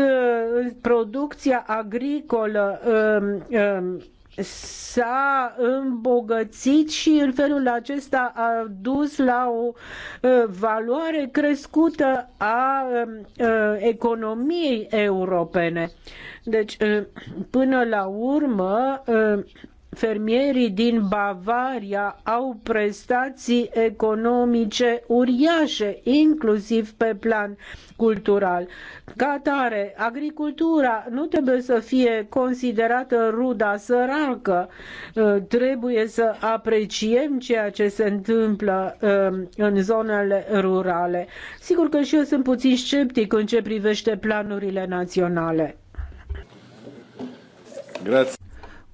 producția agricolă um, um, s-a îmbogățit și în felul acesta a dus la o uh, valoare crescută a um, uh, economiei europene. Deci, uh, până la urmă, fermierii din Bavaria au prestații economice uriașe, inclusiv pe plan cultural. Ca tare, agricultura nu trebuie să fie considerată ruda săracă. Uh, trebuie să apreciem ceea ce se întâmplă uh, în zonele rurale. Sigur că și eu sunt puțin sceptic în ce privește planurile naționale. Grazie.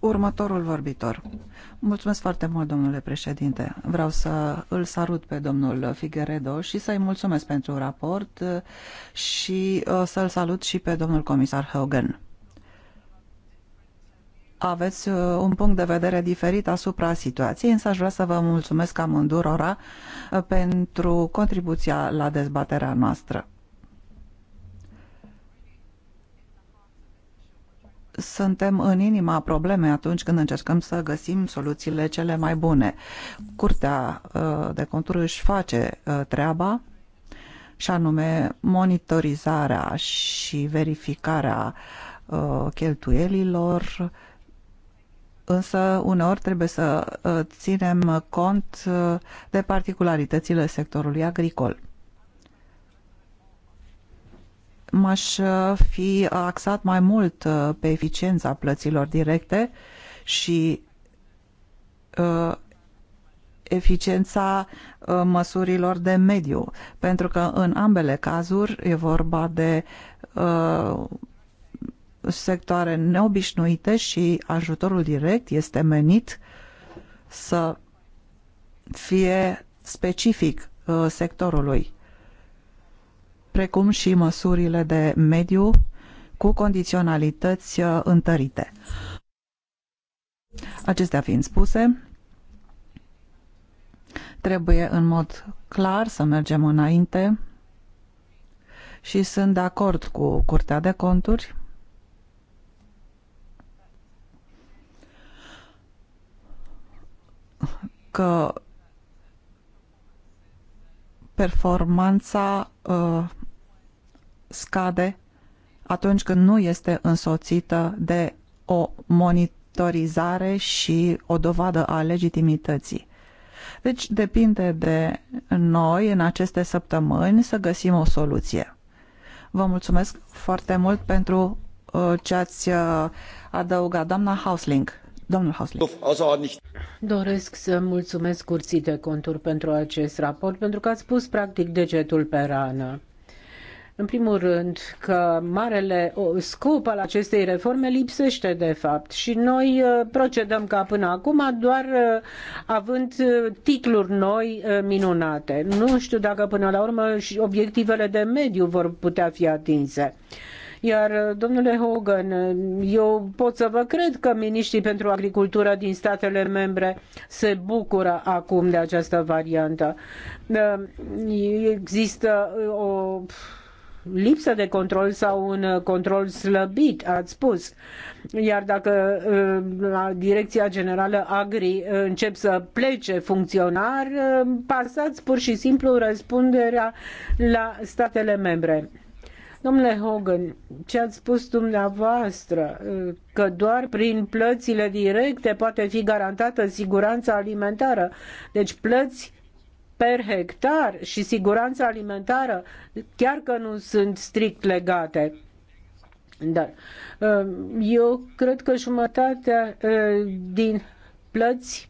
Următorul vorbitor. Mulțumesc foarte mult, domnule președinte. Vreau să îl salut pe domnul Figueredo și să-i mulțumesc pentru raport uh, și uh, să-l salut și pe domnul comisar Hogan. Aveți uh, un punct de vedere diferit asupra situației, însă aș vrea să vă mulțumesc amândurora pentru contribuția la dezbaterea noastră. suntem în inima problemei atunci când încercăm să găsim soluțiile cele mai bune. Curtea uh, de conturi își face uh, treaba și anume monitorizarea și verificarea uh, cheltuielilor, însă uneori trebuie să ținem cont de particularitățile sectorului agricol m-aș uh, fi uh, axat mai mult uh, pe eficiența plăților directe și eficiența măsurilor de mediu, pentru că în ambele cazuri e vorba de sectoare neobișnuite și ajutorul direct este menit să fie specific sectorului precum și măsurile de mediu cu condiționalități uh, întărite. Acestea fiind spuse, trebuie în mod clar să mergem înainte și sunt de acord cu Curtea de Conturi că performanța uh, scade atunci când nu este însoțită de o monitorizare și o dovadă a legitimității. Deci depinde de noi în aceste săptămâni să găsim o soluție. Vă mulțumesc foarte mult pentru uh, ce ați uh, adăugat, doamna Hausling. Domnul Hausling. Doresc să mulțumesc curții de conturi pentru acest raport, pentru că ați pus practic degetul pe rană în primul rând că marele scop al acestei reforme lipsește de fapt și noi uh, procedăm ca până acum doar uh, având uh, titluri noi minunate. Nu știu dacă până la urmă și obiectivele de mediu vor putea fi atinse. Iar, domnule Hogan, eu pot să vă cred că miniștrii pentru agricultură din statele membre se bucură acum de această variantă. Există o lipsă de control sau un uh, control slăbit, ați spus. Iar dacă uh, la Direcția Generală Agri uh, încep să plece funcționar, pasați pur și simplu răspunderea la statele membre. Domnule Hogan, ce ați spus dumneavoastră, că doar prin plățile directe poate fi garantată siguranța alimentară, deci plăți per hectar și siguranța alimentară, chiar că nu sunt strict legate. Dar uh, eu cred că jumătatea uh, din plăți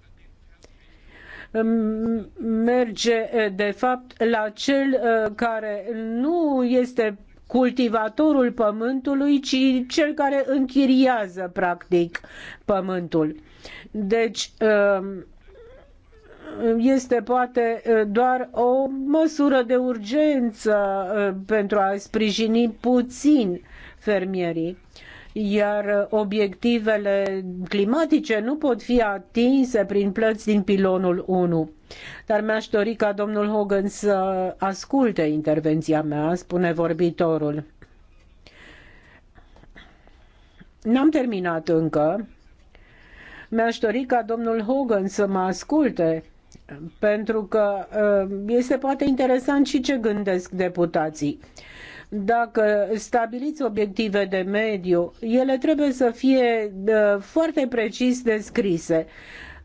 um, merge uh, de fapt la cel care nu este cultivatorul pământului, ci cel care închiriază practic pământul. Deci um, este poate eh, doar o măsură de urgență eh, pentru a sprijini puțin fermierii iar eh, obiectivele climatice nu pot fi atinse prin plăți din pilonul 1. Dar mi-aș dori ca domnul Hogan să asculte intervenția mea, spune vorbitorul. N-am terminat încă. Mi-aș dori ca domnul Hogan să mă asculte pentru că uh, este poate interesant și ce gândesc deputații. Dacă stabiliți obiective de mediu, ele trebuie să fie uh, foarte precis descrise.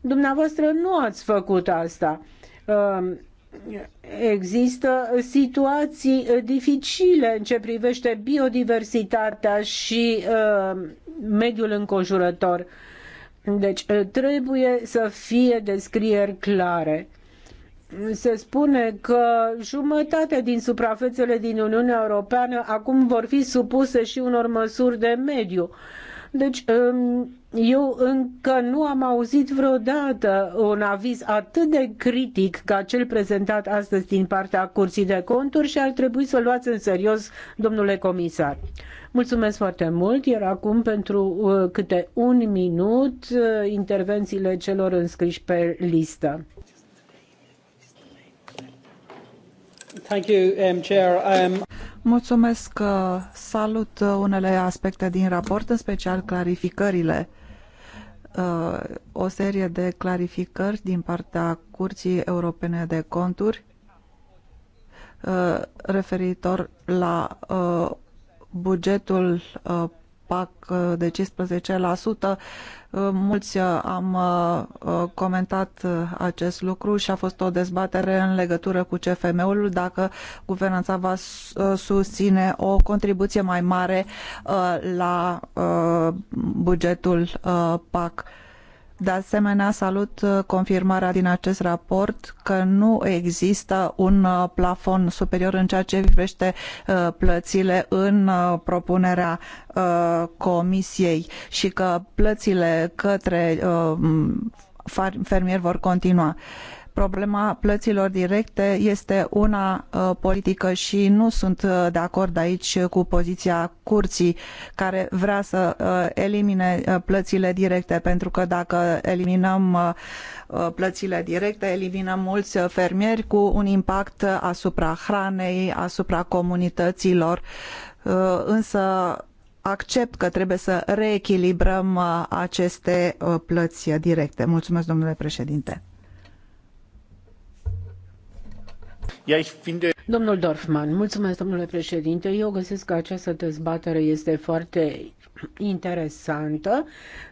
Dumneavoastră nu ați făcut asta. Uh, există situații dificile în ce privește biodiversitatea și mediul înconjurător deci uh, trebuie să fie descrieri clare. Se spune că jumătate din suprafețele din Uniunea Europeană acum vor fi supuse și unor măsuri de mediu. Deci um, eu încă nu am auzit vreodată un aviz atât de critic ca cel prezentat astăzi din partea Curții de Conturi și ar trebui să luați în serios, domnule comisar. Mulțumesc foarte mult, iar acum pentru uh, câte un minut uh, intervențiile celor înscriși pe listă. Um, um, Mulțumesc, uh, salut unele aspecte din raport, în special clarificările. O serie de clarificări din partea Curții Europene de Conturi referitor la bugetul uh, PAC de 15%. Uh, mulți uh, am comentat acest lucru și a fost o dezbatere în legătură cu CFM-ul, dacă guvernanța va susține o contribuție mai mare la bugetul PAC. De asemenea, salut uh, confirmarea din acest raport că nu există un uh, plafon superior în ceea ce privește uh, plățile în propunerea Comisiei și că plățile către fermieri vor continua. Problema plăților directe este una uh, politică și nu sunt uh, de acord aici cu poziția curții care vrea să uh, elimine plățile directe pentru că dacă eliminăm plățile directe, eliminăm mulți fermieri cu un impact asupra hranei, asupra comunităților, însă accept că trebuie să reechilibrăm aceste plăți directe. Mulțumesc, domnule președinte. Domnul Dorfman, mulțumesc, domnule președinte. Eu găsesc că această dezbatere este foarte interesantă.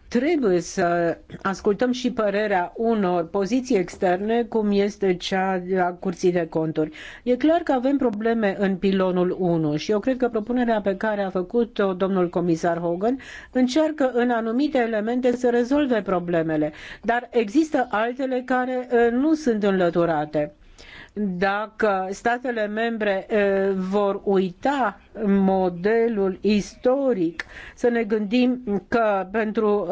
Trebuie să ascultăm și părerea unor poziții externe, cum este cea a Curții de Conturi. E clar că avem probleme în pilonul 1 și eu cred că propunerea pe care a făcut-o domnul comisar Hogan încearcă în anumite elemente să rezolve problemele, dar există altele care eh, nu sunt înlăturate dacă statele membre vor uita modelul istoric, să ne gândim că pentru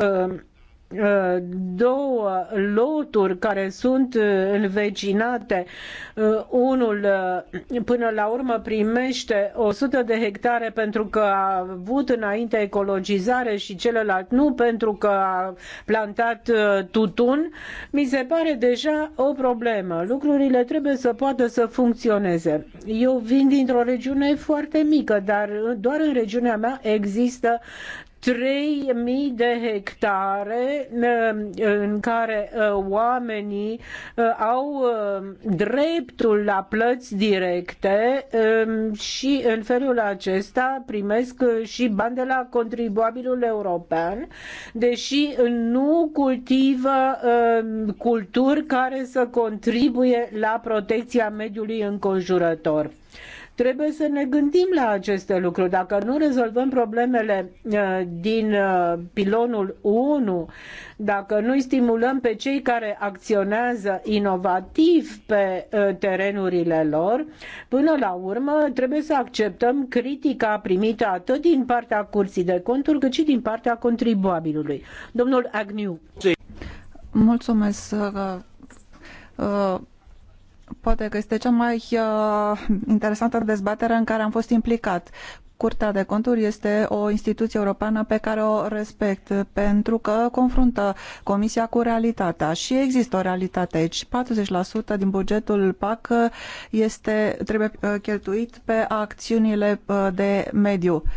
două loturi care sunt uh, învecinate. Uh, unul uh, până la urmă primește 100 de hectare pentru că a avut înainte ecologizare și celălalt nu pentru că a plantat tutun, mi se pare deja o problemă. Lucrurile trebuie să poată să funcționeze. Eu vin dintr-o regiune foarte mică, dar doar în regiunea mea există 3.000 de hectare um, în care uh, oamenii uh, au um, dreptul la plăți directe um, și în felul acesta primesc uh, și bani de la contribuabilul european, deși nu cultivă culturi care să contribuie la protecția mediului înconjurător. Trebuie să ne gândim la aceste lucruri. Dacă nu rezolvăm problemele uh, din uh, pilonul 1, dacă nu stimulăm pe cei care acționează inovativ pe uh, terenurile lor, până la urmă trebuie să acceptăm critica primită atât din partea Curții de Conturi cât și din partea contribuabilului. Domnul Agniu. Mulțumesc. Uh, uh Poate că este cea mai uh, interesantă dezbatere în care am fost implicat. Curtea de Conturi este o instituție europeană pe care o respect pentru că confruntă Comisia cu realitatea și există o realitate aici. 40% din bugetul PAC este, trebuie uh, cheltuit pe acțiunile uh, de mediu. Uh,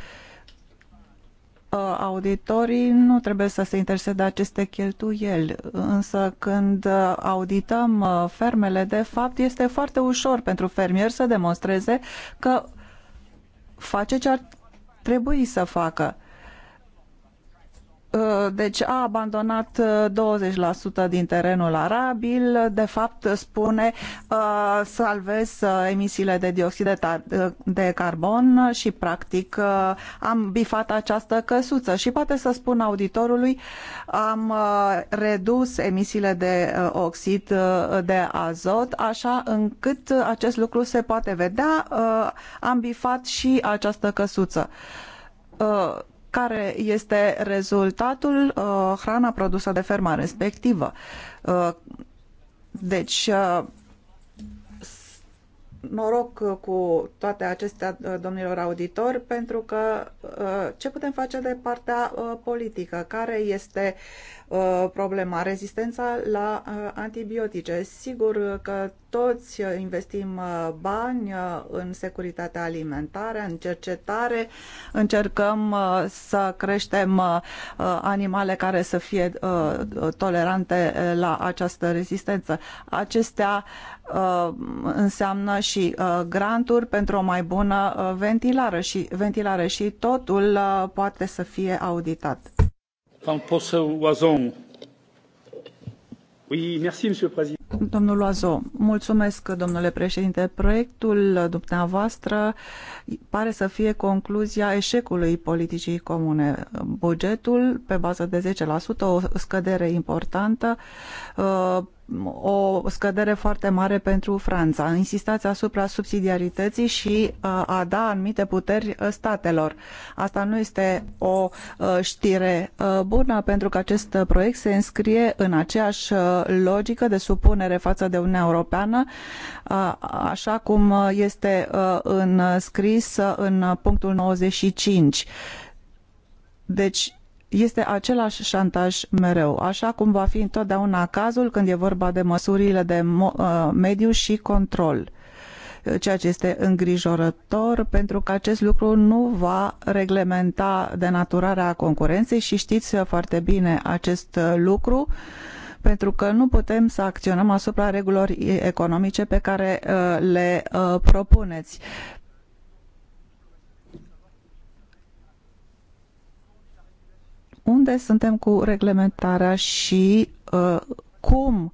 Uh, auditorii nu trebuie să se intereseze de aceste cheltuieli, însă când uh, audităm uh, fermele, de fapt, este foarte ușor pentru fermier să demonstreze că face ce ar trebui să facă. Uh, deci a abandonat 20% uh, din terenul arabil, de fapt spune uh, salvez emisiile de dioxid de carbon și practic am bifat această căsuță și poate să spun auditorului am redus emisiile de oxid de azot așa încât acest lucru se poate vedea am bifat și această căsuță care este rezultatul uh, hrana produsă de ferma respectivă. Uh, deci, uh, noroc cu toate acestea, uh, domnilor auditori, pentru că uh, ce putem face de partea uh, politică? Care este uh, Uh, problema, rezistența la uh, antibiotice. Sigur că toți uh, investim bani în securitatea alimentară, în cercetare, încercăm să creștem animale care să fie tolerante la această rezistență. Acestea înseamnă și granturi pentru o mai bună ventilare și, ventilare și totul poate să fie auditat. Domnul Loazo, mulțumesc, domnule președinte. Proiectul dumneavoastră pare să fie concluzia eșecului politicii comune. Bugetul, pe bază de 10%, o scădere importantă, o scădere foarte mare pentru Franța. Insistați asupra subsidiarității și uh, a da anumite puteri uh, statelor. Asta nu este o uh, știre bună pentru că acest proiect se înscrie în aceeași logică de supunere față de Uniunea Europeană, așa cum este înscris în punctul 95. Deci este același șantaj mereu, așa cum va fi întotdeauna cazul când e vorba de măsurile de uh, mediu și control uh, ceea ce este îngrijorător pentru că acest lucru nu va reglementa denaturarea concurenței și știți uh, foarte bine acest lucru pentru că nu putem să acționăm asupra regulilor economice pe care le propuneți. unde suntem cu reglementarea și uh, cum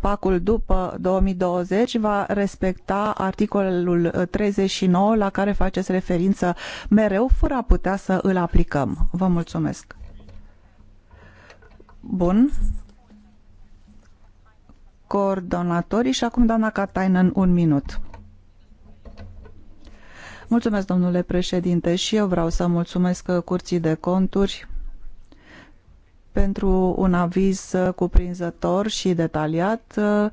pacul după 2020 va respecta articolul 39 uh, la care faceți referință mereu fără a putea să îl aplicăm. Vă mulțumesc. Bun. Coordonatorii și acum doamna în un minut. Mulțumesc, domnule președinte, și eu vreau să mulțumesc uh, Curții de Conturi pentru un aviz uh, cuprinzător și detaliat. Uh,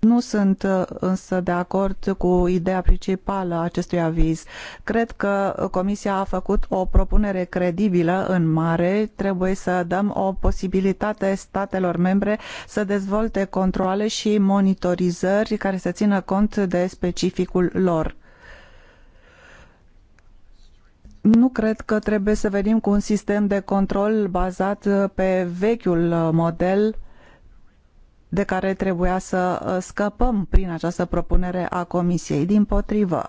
nu sunt uh, însă de acord cu ideea principală a acestui aviz. Cred că Comisia a făcut o propunere credibilă în mare. Trebuie să dăm o posibilitate statelor membre să dezvolte controle și monitorizări care să țină cont de specificul lor nu cred că trebuie să venim cu un sistem de control bazat uh, pe vechiul uh, model de care trebuia să uh, scăpăm prin această propunere a Comisiei. Din potrivă,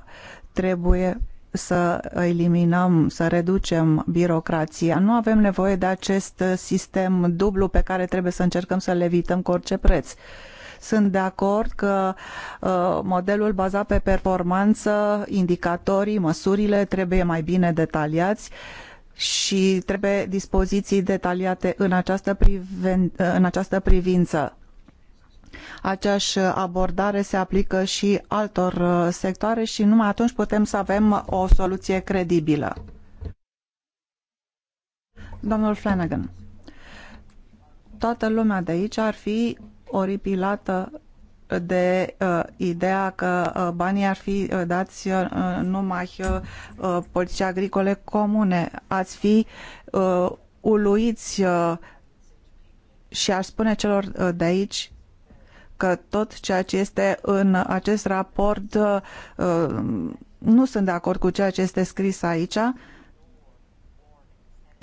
trebuie să eliminăm, să reducem birocrația. Nu avem nevoie de acest sistem dublu pe care trebuie să încercăm să-l evităm cu orice preț. Uh, sunt de acord că uh, modelul bazat pe performanță, indicatorii, măsurile trebuie mai bine detaliați și trebuie dispoziții detaliate în această, priven, uh, în această privință. Aceeași abordare se aplică și altor uh, sectoare și numai atunci putem să avem o soluție credibilă. Domnul Flanagan, toată lumea de aici ar fi oripilată de uh, ideea că uh, banii ar fi uh, dați uh, numai uh, uh, politicii agricole comune. Ați fi uh, uluiți uh, și aș spune celor uh, de aici că tot ceea ce este în acest raport uh, uh nu sunt de acord cu ceea ce este scris aici. Uh,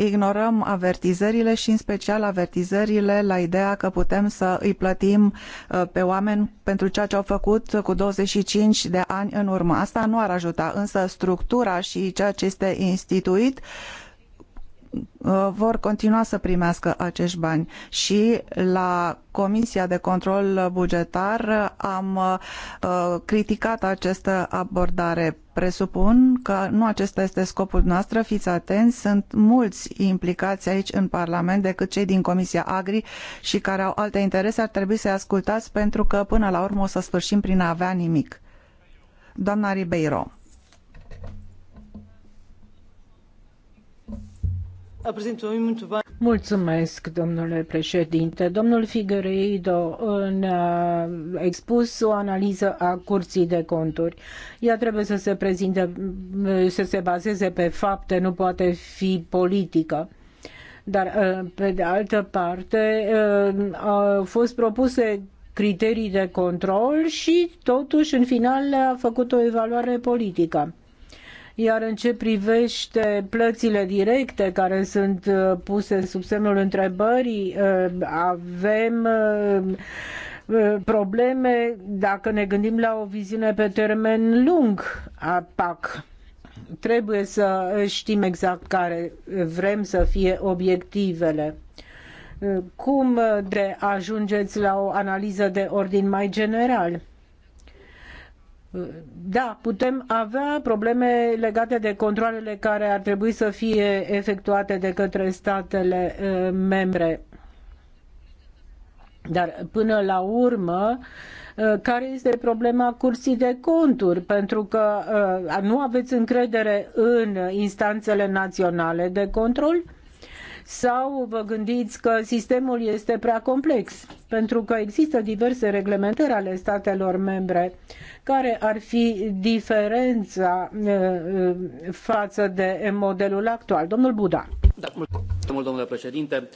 ignorăm avertizările și în special avertizările la ideea că putem să îi plătim uh, pe oameni pentru ceea ce au făcut cu 25 de ani în urmă. Asta nu ar ajuta, însă structura și ceea ce este instituit uh, vor continua să primească acești bani. Și la Comisia de Control Bugetar am uh, criticat această abordare presupun că nu acesta este scopul noastră, fiți atenți, sunt mulți implicați aici în Parlament decât cei din Comisia Agri și care au alte interese, ar trebui să-i ascultați pentru că până la urmă o să sfârșim prin a avea nimic. Doamna Ribeiro. Mulțumesc, domnule președinte. Domnul Figueiredo ne-a expus o analiză a Curții de Conturi. Ea trebuie să se prezinte, să se bazeze pe fapte, nu poate fi politică. Dar, pe de altă parte, au fost propuse criterii de control și, totuși, în final, a făcut o evaluare politică iar în ce privește plățile directe care sunt uh, puse sub semnul întrebării, uh, avem uh, probleme dacă ne gândim la o viziune pe termen lung a PAC. Trebuie să știm exact care vrem să fie obiectivele. Cum de ajungeți la o analiză de ordin mai general? Da, putem avea probleme legate de controlele care ar trebui să fie efectuate de către statele eh, membre. Dar până la urmă, eh, care este problema curții de conturi? Pentru că eh, nu aveți încredere în instanțele naționale de control? sau vă gândiți că sistemul este prea complex, pentru că există diverse reglementări ale statelor membre care ar fi diferența eh, eh, față de modelul actual. Domnul Buda. Da, mulțumesc, domnule președinte.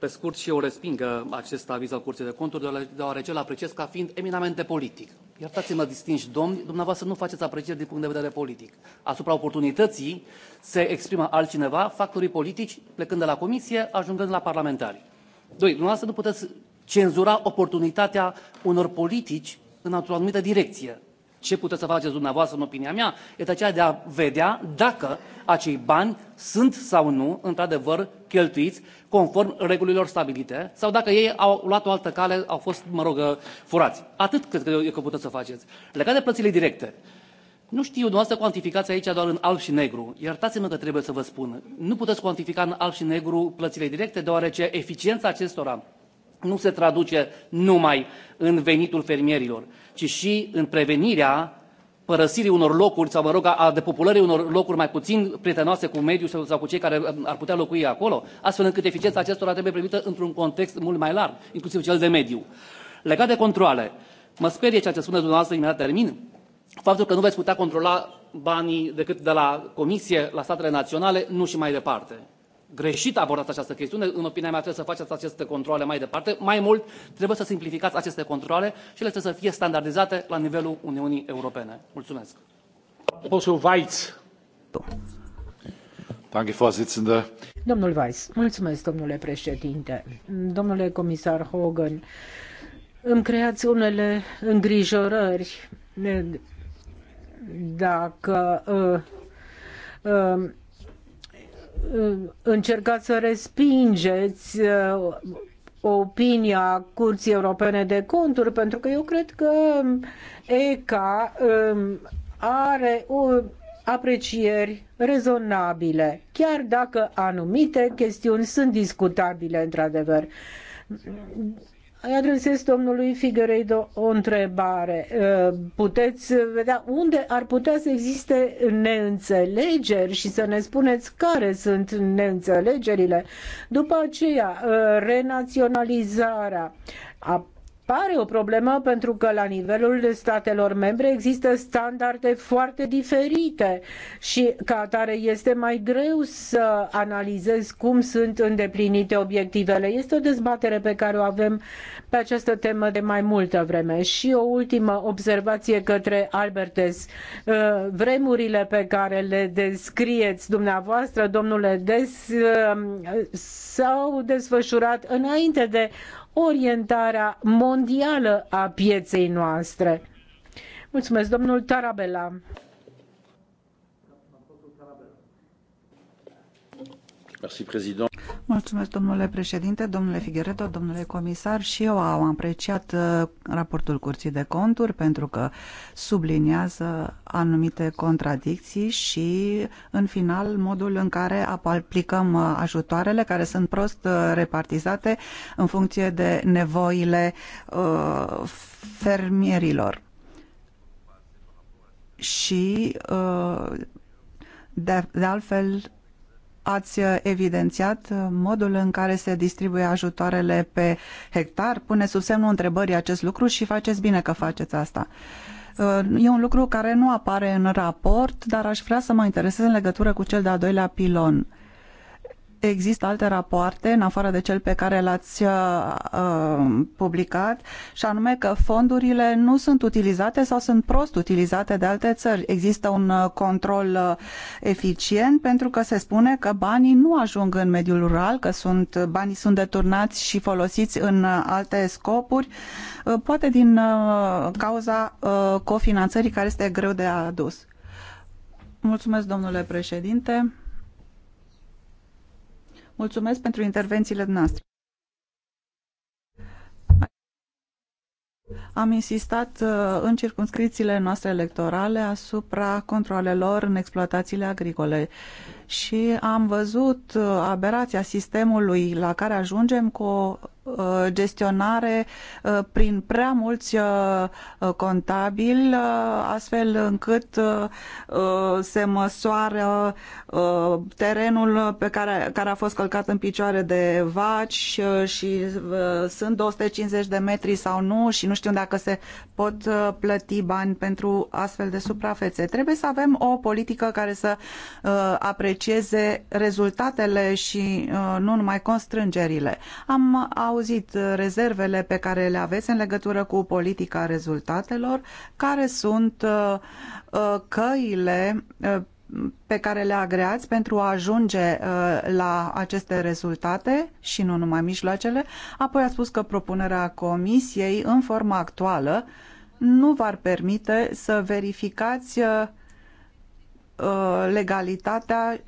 Pe scurt, și eu resping uh, acest aviz al Curții de Conturi, deoarece îl apreciez ca fiind eminamente politic. Iertați-mă, distinși domni, dumneavoastră nu faceți aprecieri din punct de vedere politic. Asupra oportunității se exprimă altcineva, factorii politici, plecând de la comisie, ajungând la parlamentari. Doi, dumneavoastră nu puteți cenzura oportunitatea unor politici în o anumită direcție ce puteți să faceți dumneavoastră, în opinia mea, este aceea de a vedea dacă acei bani sunt sau nu, într-adevăr, cheltuiți conform regulilor stabilite sau dacă ei au luat o altă cale, au fost, mă rog, furați. Atât cred că, că puteți să faceți. Legat de plățile directe, nu știu, dumneavoastră cuantificați aici doar în alb și negru. Iertați-mă că trebuie să vă spun. Nu puteți cuantifica în alb și negru plățile directe, deoarece eficiența acestora nu se traduce numai în venitul fermierilor, ci și în prevenirea părăsirii unor locuri sau, mă rog, a depopulării unor locuri mai puțin prietenoase cu mediul sau, sau cu cei care um, ar putea locui acolo, astfel încât eficiența acestora trebuie privită într-un context mult mai larg, inclusiv cel de mediu. Legat de controle, mă sperie ceea ce spuneți dumneavoastră, imediat termin, faptul că nu veți putea controla banii decât de la Comisie, la statele naționale, nu și mai departe greșit abordați această chestiune. În opinia mea trebuie să faceți aceste controle mai departe. Mai mult, trebuie să simplificați aceste controle și ele trebuie să fie standardizate la nivelul Uniunii Europene. Mulțumesc. Posul Weiz. Danke, Vorsitzender. Domnul Weiss, mulțumesc, domnule președinte. Domnule comisar Hogan, îmi creați unele îngrijorări dacă uh, uh, încercați să respingeți uh, opinia Curții Europene de Conturi, pentru că eu cred că ECA um, are o aprecieri rezonabile, chiar dacă anumite chestiuni sunt discutabile într-adevăr. Îi adresez domnului Figueiredo o întrebare. Ă, puteți vedea unde ar putea să existe neînțelegeri și să ne spuneți care sunt neînțelegerile. După aceea, ă, renaționalizarea a pare o problemă pentru că la nivelul statelor membre există standarde foarte diferite și ca atare este mai greu să analizezi cum sunt îndeplinite obiectivele. Este o dezbatere pe care o avem pe această temă de mai multă vreme. Și o ultimă observație către Albertes. Uh, vremurile pe care le descrieți dumneavoastră, domnule Des, uh, s-au desfășurat înainte de orientarea mondială a pieței noastre. Mulțumesc, domnul Tarabella. Mulțumesc, domnule președinte, domnule Figueredo, domnule comisar. Și eu am apreciat uh, raportul Curții de Conturi pentru că subliniază anumite contradicții și, în final, modul în care aplicăm uh, ajutoarele care sunt prost uh, repartizate în funcție de nevoile fermierilor. Și, de, de altfel, ați uh, evidențiat uh, modul în care se distribuie ajutoarele pe hectar. Pune sub semnul întrebării acest lucru și faceți bine că faceți asta. Uh, e un lucru care nu apare în raport, dar aș vrea să mă interesez în legătură cu cel de-al doilea pilon există alte rapoarte, în afară de cel pe care l-ați uh, uh, publicat, și anume că fondurile nu sunt utilizate sau sunt prost utilizate de alte țări. Există un uh, control uh, eficient pentru că se spune că banii nu ajung în mediul rural, că sunt, banii sunt deturnați și folosiți în alte scopuri, poate din uh, cauza uh, cofinanțării care este greu de adus. Mulțumesc, domnule președinte. Mulțumesc pentru intervențiile noastre. Am insistat uh, în circunscrițiile noastre electorale asupra controlelor în exploatațiile agricole și am văzut uh, aberația sistemului la care ajungem cu o Uh, gestionare uh, prin prea mulți uh, contabili, astfel încât se măsoară terenul pe care, care a fost călcat în picioare de vaci și sunt 250 de metri sau nu și nu știu dacă se pot plăti bani pentru astfel de suprafețe. Trebuie să avem o politică care să aprecieze rezultatele și nu numai constrângerile. Am auzit rezervele pe care le aveți în legătură cu politica rezultatelor, care sunt uh, uh, căile uh, pe care le agreați pentru a ajunge la aceste rezultate și nu numai mijloacele. Apoi a spus că propunerea comisiei în forma actuală nu v-ar permite să verificați legalitatea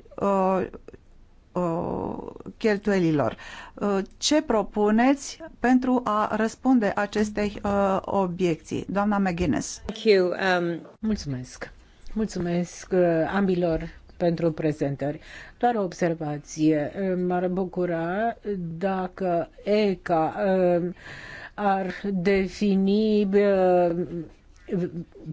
Uh, cheltuielilor. Uh, ce propuneți pentru a răspunde acestei uh, obiecții? Doamna McGuinness. Um, Mulțumesc. Mulțumesc ambilor pentru prezentări. Doar o observație. M-ar bucura dacă ECA ar defini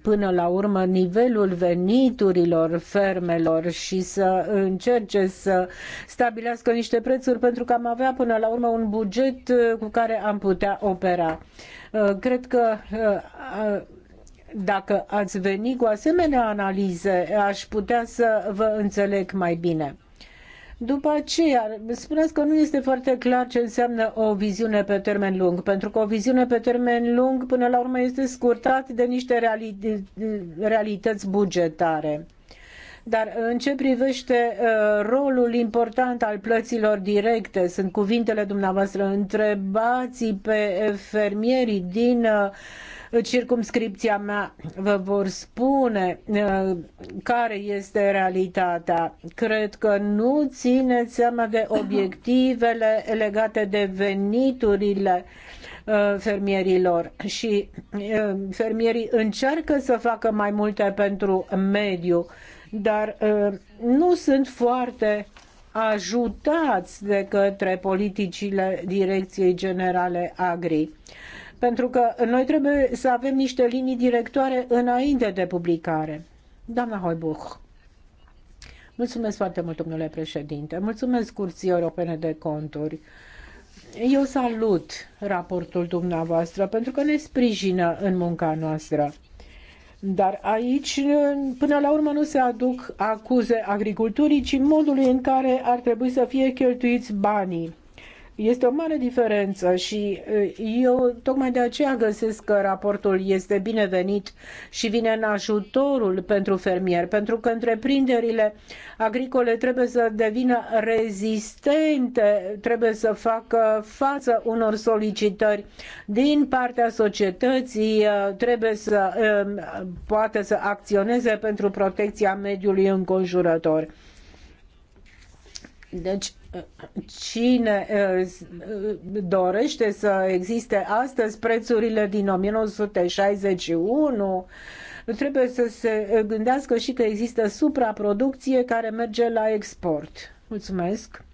până la urmă nivelul veniturilor fermelor și să încerce să stabilească niște prețuri pentru că am avea până la urmă un buget uh, cu care am putea opera. Uh, cred că uh, dacă ați veni cu asemenea analize, aș putea să vă înțeleg mai bine. După aceea, spuneți că nu este foarte clar ce înseamnă o viziune pe termen lung, pentru că o viziune pe termen lung până la urmă este scurtat de niște reali realități bugetare. Dar în ce privește uh, rolul important al plăților directe, sunt cuvintele dumneavoastră, întrebați pe fermierii din uh, circumscripția mea vă vor spune uh, care este realitatea. Cred că nu țineți seama de obiectivele legate de veniturile uh, fermierilor și uh, fermierii încearcă să facă mai multe pentru mediu, dar nu sunt foarte ajutați de către politicile Direcției Generale Agri. Pentru că noi trebuie să avem niște linii directoare înainte de publicare. Doamna Hoibuch. Mulțumesc foarte mult, domnule președinte. Mulțumesc Curții Europene de Conturi. Eu salut raportul dumneavoastră pentru că ne sprijină în munca noastră. Dar aici, până la urmă, nu se aduc acuze agriculturii, ci modului în care ar trebui să fie cheltuiți banii. Este o mare diferență și uh, eu tocmai de aceea găsesc că raportul este binevenit și vine în ajutorul pentru fermier, pentru că întreprinderile agricole trebuie să devină rezistente, trebuie să facă față unor solicitări din partea societății, uh, trebuie să um, poată să acționeze pentru protecția mediului înconjurător. Deci, cine dorește să existe astăzi prețurile din 1961 trebuie să se gândească și că există supraproducție care merge la export. Mulțumesc.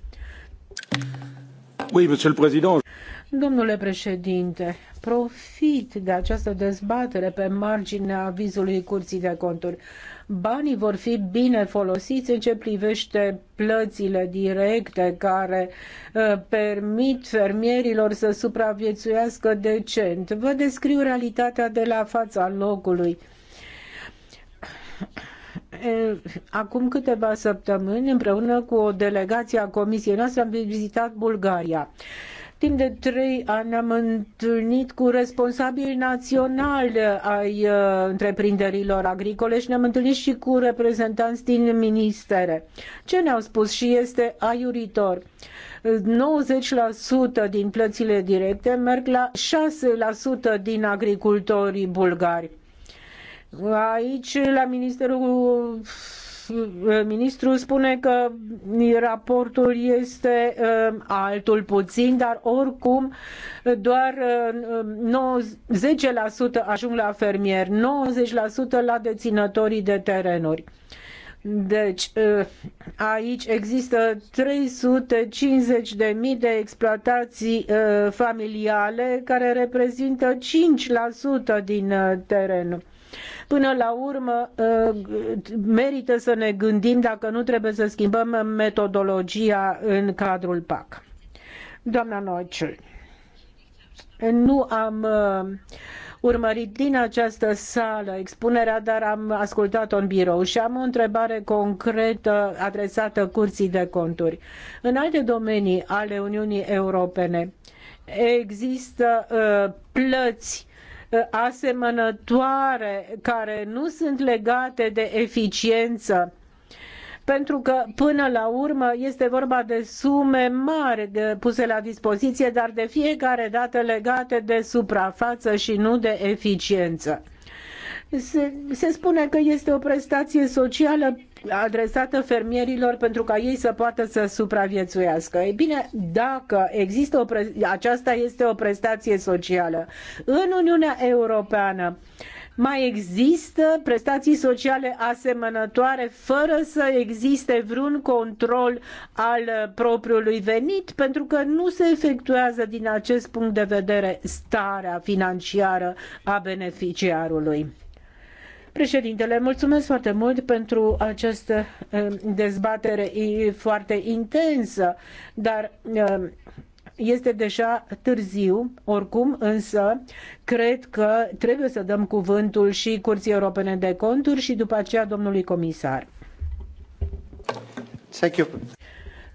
Oui, monsieur le président. Domnule președinte, profit de această dezbatere pe marginea vizului Curții de Conturi banii vor fi bine folosiți în ce privește plățile directe care uh, permit fermierilor să supraviețuiască decent. Vă descriu realitatea de la fața locului. Acum câteva săptămâni, împreună cu o delegație a Comisiei noastre, am vizitat Bulgaria Timp de trei ani am întâlnit cu responsabili naționali ai uh, întreprinderilor agricole și ne-am întâlnit și cu reprezentanți din ministere. Ce ne-au spus și este aiuritor. 90% din plățile directe merg la 6% din agricultorii bulgari. Aici, la Ministerul ministrul spune că raportul este uh, altul puțin, dar oricum uh, doar 10% uh, ajung la fermieri, 90% la deținătorii de terenuri. Deci, aici există 350.000 de mii de exploatații familiale care reprezintă 5% din terenul. Până la urmă, ă, merită să ne gândim dacă nu trebuie să schimbăm metodologia în cadrul PAC. Doamna Noicel, nu am ă, urmărit din această sală expunerea, dar am ascultat-o în birou și am o întrebare concretă adresată Curții de Conturi. În alte domenii ale Uniunii Europene există uh, plăți Uh, asemănătoare care nu sunt legate de eficiență pentru că până la urmă este vorba de sume mari puse la dispoziție, dar de fiecare dată legate de suprafață și nu de eficiență. Se, se spune că este o prestație socială adresată fermierilor pentru ca ei să poată să supraviețuiască. Ei bine, dacă există o pre... aceasta este o prestație socială în Uniunea Europeană, mai există prestații sociale asemănătoare fără să existe vreun control al propriului venit, pentru că nu se efectuează din acest punct de vedere starea financiară a beneficiarului. Președintele, mulțumesc foarte mult pentru această eh, dezbatere foarte intensă, dar eh, este deja târziu, oricum, însă cred că trebuie să dăm cuvântul și Curții Europene de Conturi și după aceea domnului comisar. Thank you.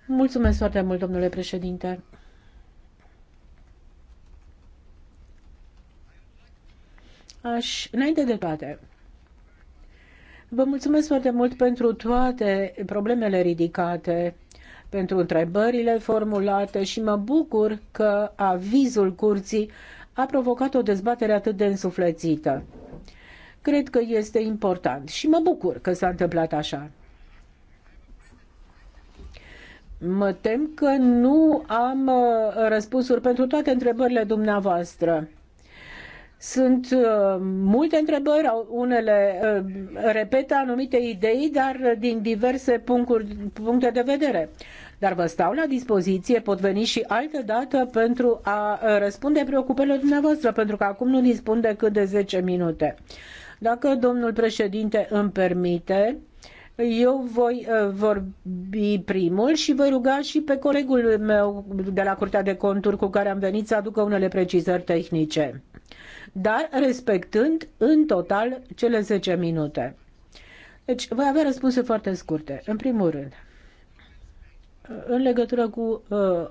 Mulțumesc foarte mult, domnule președinte. Aș, înainte de toate, Vă mulțumesc foarte mult pentru toate problemele ridicate, pentru întrebările formulate și mă bucur că avizul curții a provocat o dezbatere atât de însuflețită. Cred că este important și mă bucur că s-a întâmplat așa. Mă tem că nu am uh, răspunsuri pentru toate întrebările dumneavoastră. Sunt uh, multe întrebări, unele uh, repetă anumite idei, dar din diverse puncte de vedere. Dar vă stau la dispoziție, pot veni și altă dată pentru a uh, răspunde preocupărilor dumneavoastră, pentru că acum nu dispun decât de 10 minute. Dacă domnul președinte îmi permite, eu voi vorbi primul și voi ruga și pe colegul meu de la Curtea de Conturi cu care am venit să aducă unele precizări tehnice dar respectând în total cele 10 minute. Deci voi avea răspunse foarte scurte. În primul rând, în legătură cu uh,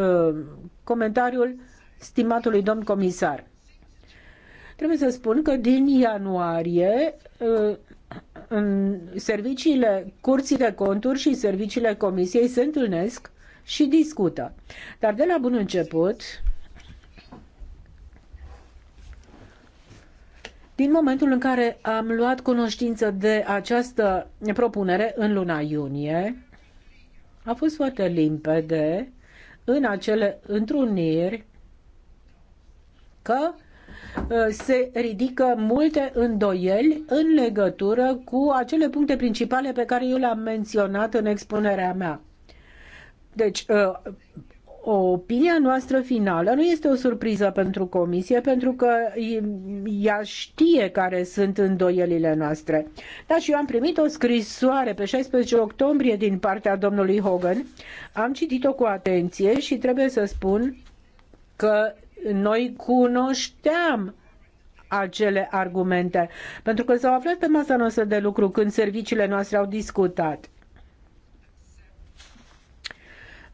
uh, comentariul stimatului domn comisar. Trebuie să spun că din ianuarie uh, în serviciile Curții de Conturi și serviciile Comisiei se întâlnesc și discută. Dar de la bun început, Din momentul în care am luat cunoștință de această propunere în luna iunie, a fost foarte limpede în acele întruniri că uh, se ridică multe îndoieli în legătură cu acele puncte principale pe care eu le-am menționat în expunerea mea. Deci, uh, Opinia noastră finală nu este o surpriză pentru comisie, pentru că ea știe care sunt îndoielile noastre. Dar și eu am primit o scrisoare pe 16 octombrie din partea domnului Hogan. Am citit-o cu atenție și trebuie să spun că noi cunoșteam acele argumente, pentru că s-au aflat pe masa noastră de lucru când serviciile noastre au discutat.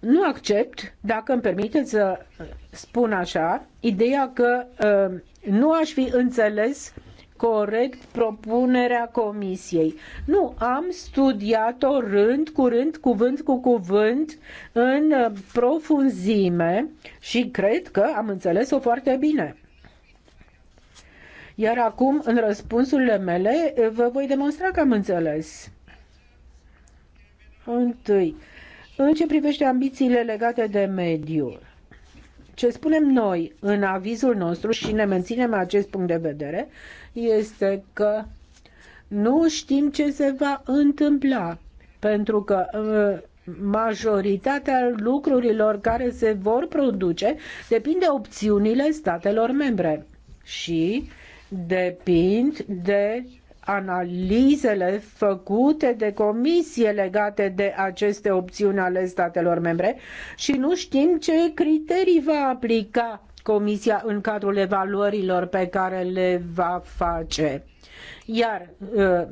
Nu accept, dacă îmi permiteți să uh, spun așa, ideea că uh, nu aș fi înțeles corect propunerea comisiei. Nu, am studiat-o rând cu rând, cuvânt cu cuvânt, în uh, profunzime și cred că am înțeles-o foarte bine. Iar acum, în răspunsurile mele, vă voi demonstra că am înțeles. Întâi, în ce privește ambițiile legate de mediu, ce spunem noi în avizul nostru și ne menținem acest punct de vedere este că nu știm ce se va întâmpla, pentru că uh, majoritatea lucrurilor care se vor produce depinde opțiunile statelor membre și depind de analizele făcute de comisie legate de aceste opțiuni ale statelor membre și nu știm ce criterii va aplica Comisia în cadrul evaluărilor pe care le va face. Iar ă,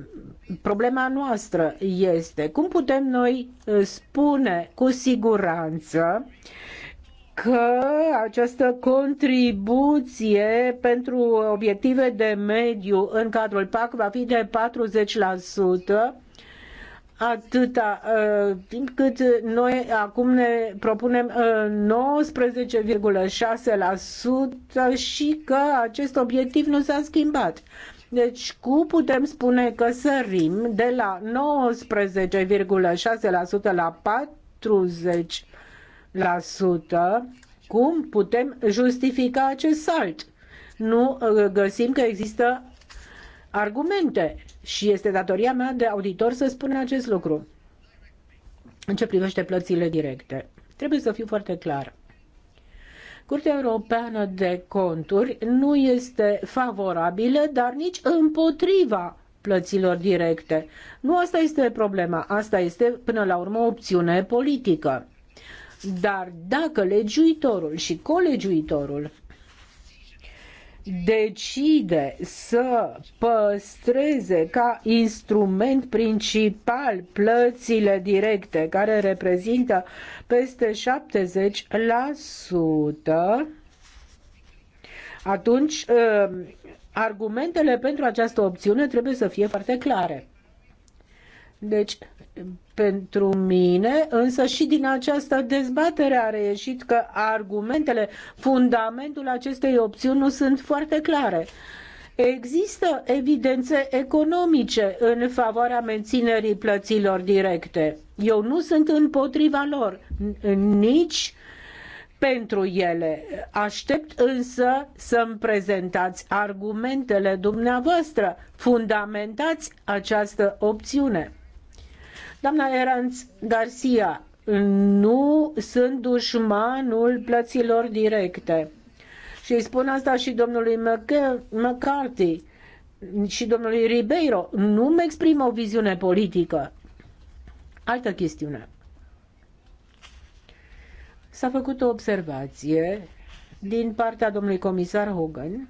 problema noastră este cum putem noi ă, spune cu siguranță că această contribuție pentru obiective de mediu în cadrul PAC va fi de 40% atâta uh, timp cât noi acum ne propunem 19,6% uh, și că acest obiectiv nu s-a schimbat. Deci, cum putem spune că sărim de la 19,6% la 40%? cum putem justifica acest salt? Nu uh, găsim că există argumente și este datoria mea de auditor să spun acest lucru. În ce privește plățile directe, trebuie să fiu foarte clar. Curtea Europeană de Conturi nu este favorabilă, dar nici împotriva plăților directe. Nu asta este problema, asta este până la urmă opțiune politică. Dar dacă legiuitorul și colegiuitorul decide să păstreze ca instrument principal plățile directe, care reprezintă peste 70%, atunci ă, argumentele pentru această opțiune trebuie să fie foarte clare. Deci, pentru mine, însă și din această dezbatere a reieșit că argumentele, fundamentul acestei opțiuni nu sunt foarte clare. Există evidențe economice în favoarea menținerii plăților directe. Eu nu sunt împotriva lor, nici pentru ele. Aștept însă să-mi prezentați argumentele dumneavoastră. Fundamentați această opțiune. Doamna Eranț Garcia, nu sunt dușmanul plăților directe. Și îi spun asta și domnului McCarthy și domnului Ribeiro. Nu-mi exprim o viziune politică. Altă chestiune. S-a făcut o observație din partea domnului comisar Hogan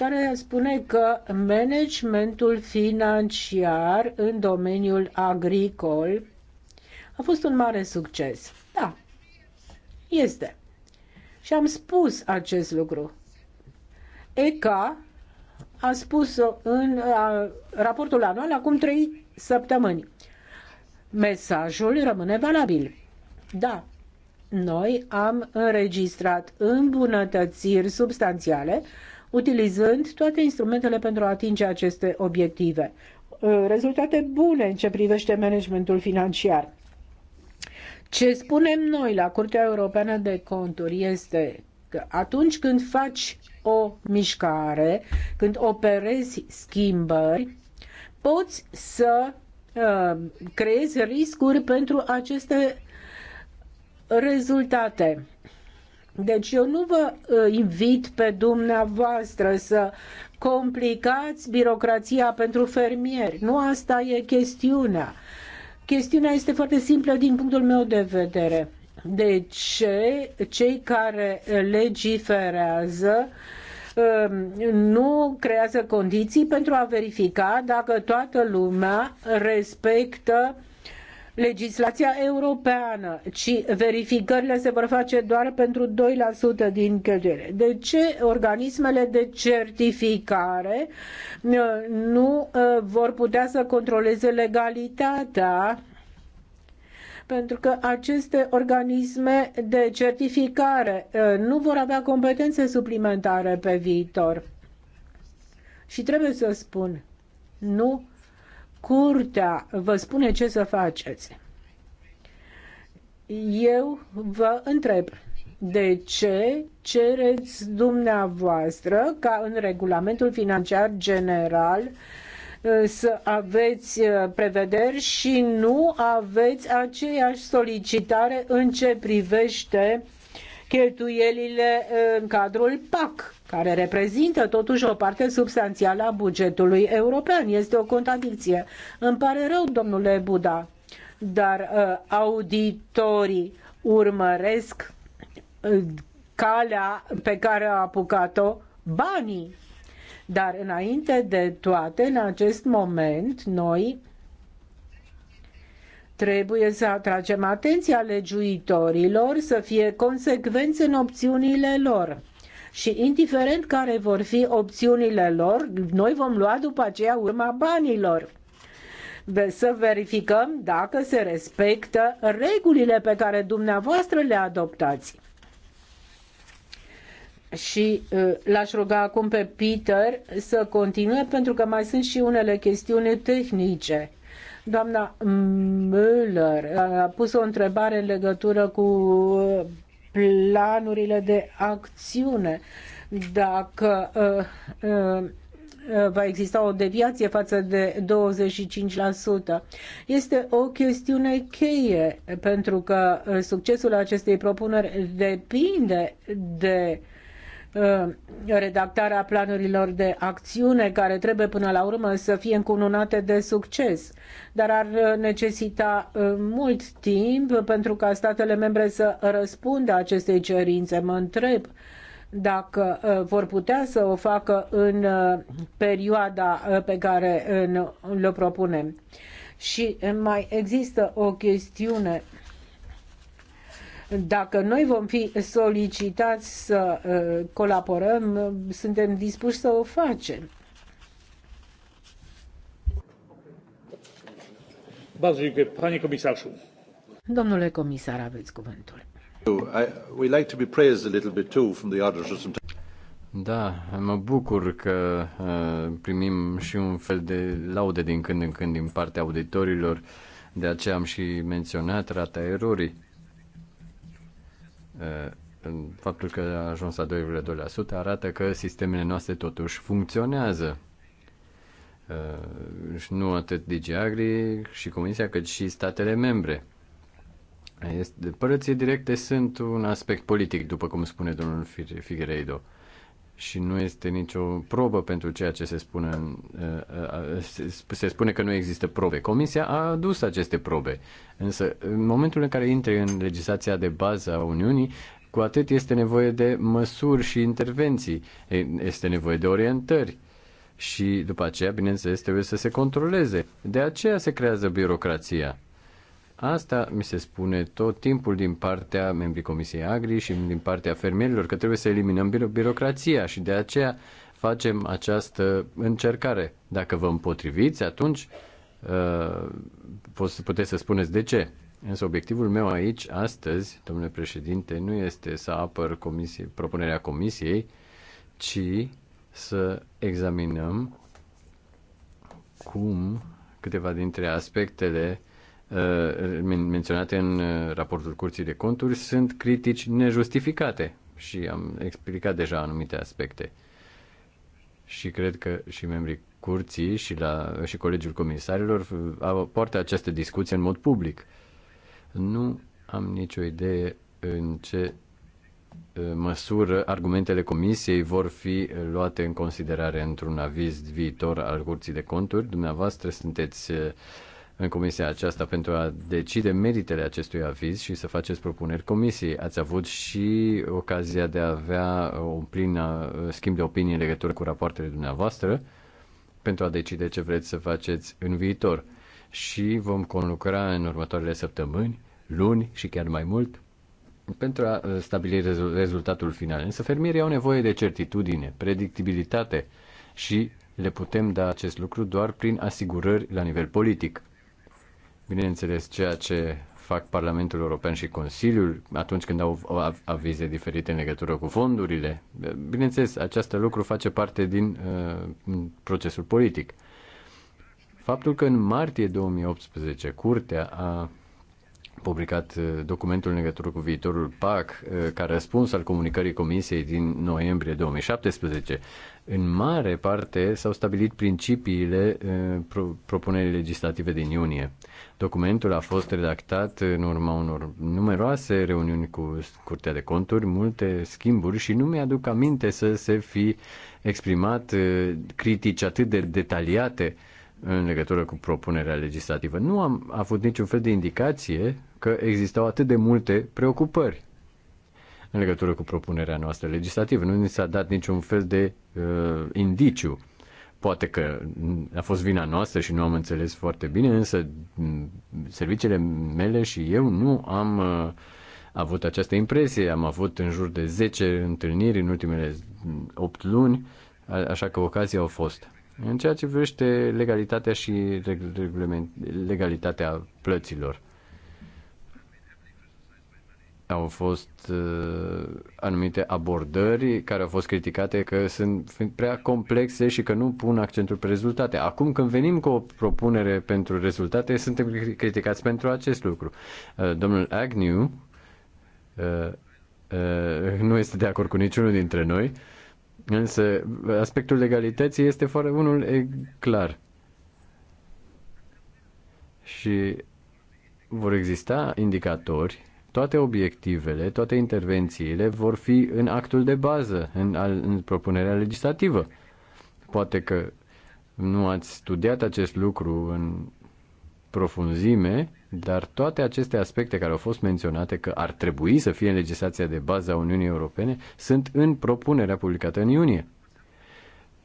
care spune că managementul financiar în domeniul agricol a fost un mare succes. Da, este. Și am spus acest lucru. ECA a spus în a, raportul anual acum trei săptămâni. Mesajul rămâne valabil. Da, noi am înregistrat îmbunătățiri substanțiale utilizând toate instrumentele pentru a atinge aceste obiective. Uh, rezultate bune în ce privește managementul financiar. Ce spunem noi la Curtea Europeană de Conturi este că atunci când faci o mișcare, când operezi schimbări, poți să uh, creezi riscuri pentru aceste rezultate. Deci eu nu vă uh, invit pe dumneavoastră să complicați birocrația pentru fermieri. Nu asta e chestiunea. Chestiunea este foarte simplă din punctul meu de vedere. De ce cei care legiferează um, nu creează condiții pentru a verifica dacă toată lumea respectă legislația europeană, ci verificările se vor face doar pentru 2% din cheltuielile. De ce organismele de certificare uh, nu uh, vor putea să controleze legalitatea pentru că aceste organisme de certificare uh, nu vor avea competențe suplimentare pe viitor. Și trebuie să spun, nu curtea vă spune ce să faceți. Eu vă întreb, de ce cereți dumneavoastră ca în regulamentul financiar general uh, să aveți uh, prevederi și nu aveți aceeași solicitare în ce privește cheltuielile uh, în cadrul PAC? care reprezintă totuși o parte substanțială a bugetului european. Este o contradicție. Îmi pare rău, domnule Buda, dar uh, auditorii urmăresc uh, calea pe care a apucat-o banii. Dar înainte de toate, în acest moment, noi trebuie să atragem atenția legiuitorilor să fie consecvenți în opțiunile lor și indiferent care vor fi opțiunile lor, noi vom lua după aceea urma banilor să verificăm dacă se respectă regulile pe care dumneavoastră le adoptați. Și uh, l-aș ruga acum pe Peter să continue pentru că mai sunt și unele chestiuni tehnice. Doamna Müller a pus o întrebare în legătură cu uh, planurile de acțiune. Dacă uh, uh, uh, va exista o deviație față de 25%. Este o chestiune cheie pentru că uh, succesul acestei propuneri depinde de Uh, redactarea planurilor de acțiune care trebuie până la urmă să fie încununate de succes, dar ar uh, necesita uh, mult timp pentru ca statele membre să răspundă acestei cerințe. Mă întreb dacă vor putea să o facă în perioada pe care le propunem. Și mai există o chestiune dacă noi vom fi solicitați să uh, colaborăm, suntem dispuși să o facem. Domnule comisar, aveți cuvântul. Da, mă bucur că uh, primim și un fel de laude din când în când din partea auditorilor, de aceea am și menționat rata erorii. Eh, faptul că a ajuns la 2,2% arată că sistemele noastre totuși funcționează. Eh, și nu atât DGAGRI și Comisia, cât și statele membre. Este, părății directe sunt un aspect politic, după cum spune domnul Figueiredo. Uh, și nu este nicio probă pentru ceea ce se spune. Uh, uh, se spune că nu există probe. Comisia a adus aceste probe. Însă, în momentul în care intri în legislația de bază a Uniunii, cu atât este nevoie de măsuri și intervenții, este nevoie de orientări și după aceea, bineînțeles, trebuie să se controleze. De aceea se creează birocrația. Asta mi se spune tot timpul din partea membrii Comisiei Agri și din partea fermierilor că trebuie să eliminăm biro- birocrația și de aceea facem această încercare. Dacă vă împotriviți, atunci uh, puteți să spuneți de ce. Însă obiectivul meu aici, astăzi, domnule președinte, nu este să apăr comisie, propunerea comisiei, ci să examinăm cum câteva dintre aspectele Uh, menționate în uh, raportul Curții de Conturi sunt critici nejustificate și am explicat deja anumite aspecte. Și cred că și membrii Curții și, la, și Colegiul Comisarilor uh, poartă această discuție în mod public. Nu am nicio idee în ce măsură argumentele comisiei vor fi luate în considerare într-un aviz viitor al Curții de Conturi. Dumneavoastră sunteți în comisia aceasta pentru a decide meritele acestui aviz și să faceți propuneri comisiei. Ați avut și ocazia de a avea un plin schimb de opinii în legătură cu rapoartele dumneavoastră pentru a decide ce vreți să faceți în viitor. Și vom conlucra în următoarele săptămâni, luni și chiar mai mult pentru a uh, stabili rezultatul final. Însă fermierii au nevoie de certitudine, predictibilitate și le putem da acest lucru doar prin asigurări la nivel politic. Bineînțeles, ceea ce fac Parlamentul European și Consiliul atunci când au avize diferite în legătură cu fondurile. Bineînțeles, acest lucru face parte din uh, procesul politic. Faptul că în martie 2018 Curtea a publicat uh, documentul în legătură cu viitorul PAC uh, ca răspuns al comunicării Comisiei din noiembrie 2017. În mare parte s-au stabilit principiile uh, propunerii legislative din iunie Documentul a fost redactat în urma unor numeroase reuniuni cu Curtea de Conturi, multe schimburi și nu mi-aduc aminte să se fi exprimat uh, critici atât de detaliate în legătură cu propunerea legislativă. Nu am avut niciun fel de indicație că existau atât de multe preocupări în legătură cu propunerea noastră legislativă. Nu ni s-a dat niciun fel de uh, indiciu. Poate că a fost vina noastră și nu am înțeles foarte bine, însă serviciile mele și eu nu am uh, avut această impresie. Am avut în jur de 10 întâlniri în ultimele 8 luni, așa că ocazia au fost. În ceea ce privește legalitatea și legalitatea plăților au fost uh, anumite abordări care au fost criticate că sunt prea complexe și că nu pun accentul pe rezultate. Acum când venim cu o propunere pentru rezultate, suntem criticați pentru acest lucru. Uh, domnul Agnew uh, uh, nu este de acord cu niciunul dintre noi, însă aspectul legalității este foarte unul clar. Și vor exista indicatori toate obiectivele, toate intervențiile vor fi în actul de bază, în, în propunerea legislativă. Poate că nu ați studiat acest lucru în profunzime, dar toate aceste aspecte care au fost menționate că ar trebui să fie în legislația de bază a Uniunii Europene sunt în propunerea publicată în iunie.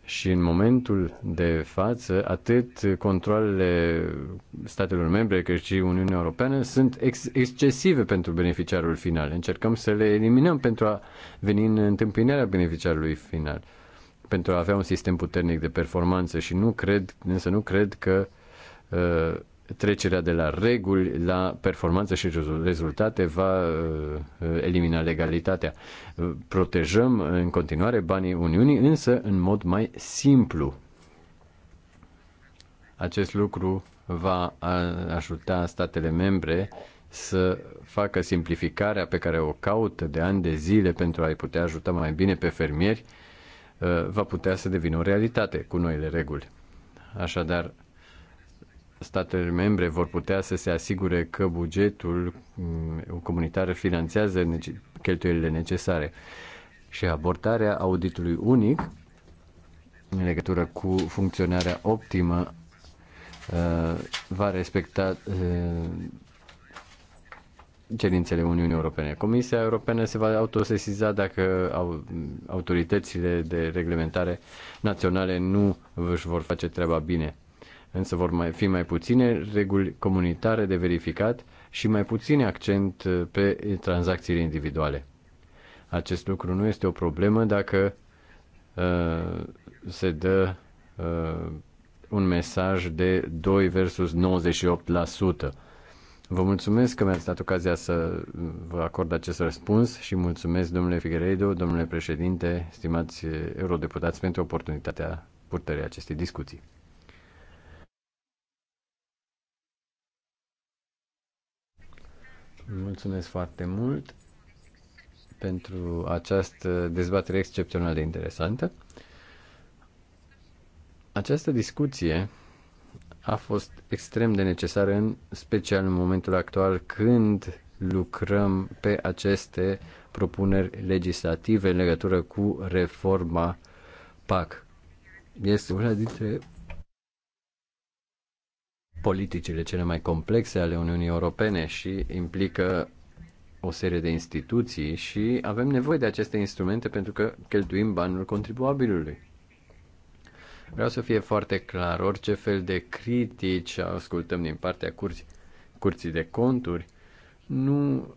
Și în momentul de față, atât controlele statelor membre, cât și Uniunea Europeană sunt ex- excesive pentru beneficiarul final. Încercăm să le eliminăm pentru a veni în întâmpinarea beneficiarului final, pentru a avea un sistem puternic de performanță și nu cred, însă nu cred că uh, trecerea de la reguli la performanță și rezultate va uh, elimina legalitatea. Protejăm în continuare banii Uniunii, însă în mod mai simplu. Acest lucru va ajuta statele membre să facă simplificarea pe care o caută de ani de zile pentru a-i putea ajuta mai bine pe fermieri, uh, va putea să devină o realitate cu noile reguli. Așadar, statele membre vor putea să se asigure că bugetul mm, comunitar finanțează cheltuielile necesare. Și abordarea auditului unic în legătură cu funcționarea optimă uh, va respecta uh, cerințele Uniunii Europene. Comisia Europeană se va autosesiza dacă autoritățile de reglementare naționale nu își vor face treaba bine însă vor mai fi mai puține reguli comunitare de verificat și mai puțin accent uh, pe tranzacțiile individuale. Acest lucru nu este o problemă dacă uh, se dă uh, un mesaj de 2 versus 98%. Vă mulțumesc că mi-ați dat ocazia să vă acord acest răspuns și mulțumesc domnule Figueiredo, domnule președinte, stimați uh, eurodeputați pentru oportunitatea purtării acestei discuții. Mulțumesc foarte mult pentru această dezbatere excepțional de interesantă. Această discuție a fost extrem de necesară, în special în momentul actual când lucrăm pe aceste propuneri legislative în legătură cu reforma PAC. Este una dintre politicile cele mai complexe ale Uniunii Europene și implică o serie de instituții și avem nevoie de aceste instrumente pentru că cheltuim banul contribuabilului. Vreau să fie foarte clar, orice fel de critici ascultăm din partea curții, curții de conturi, nu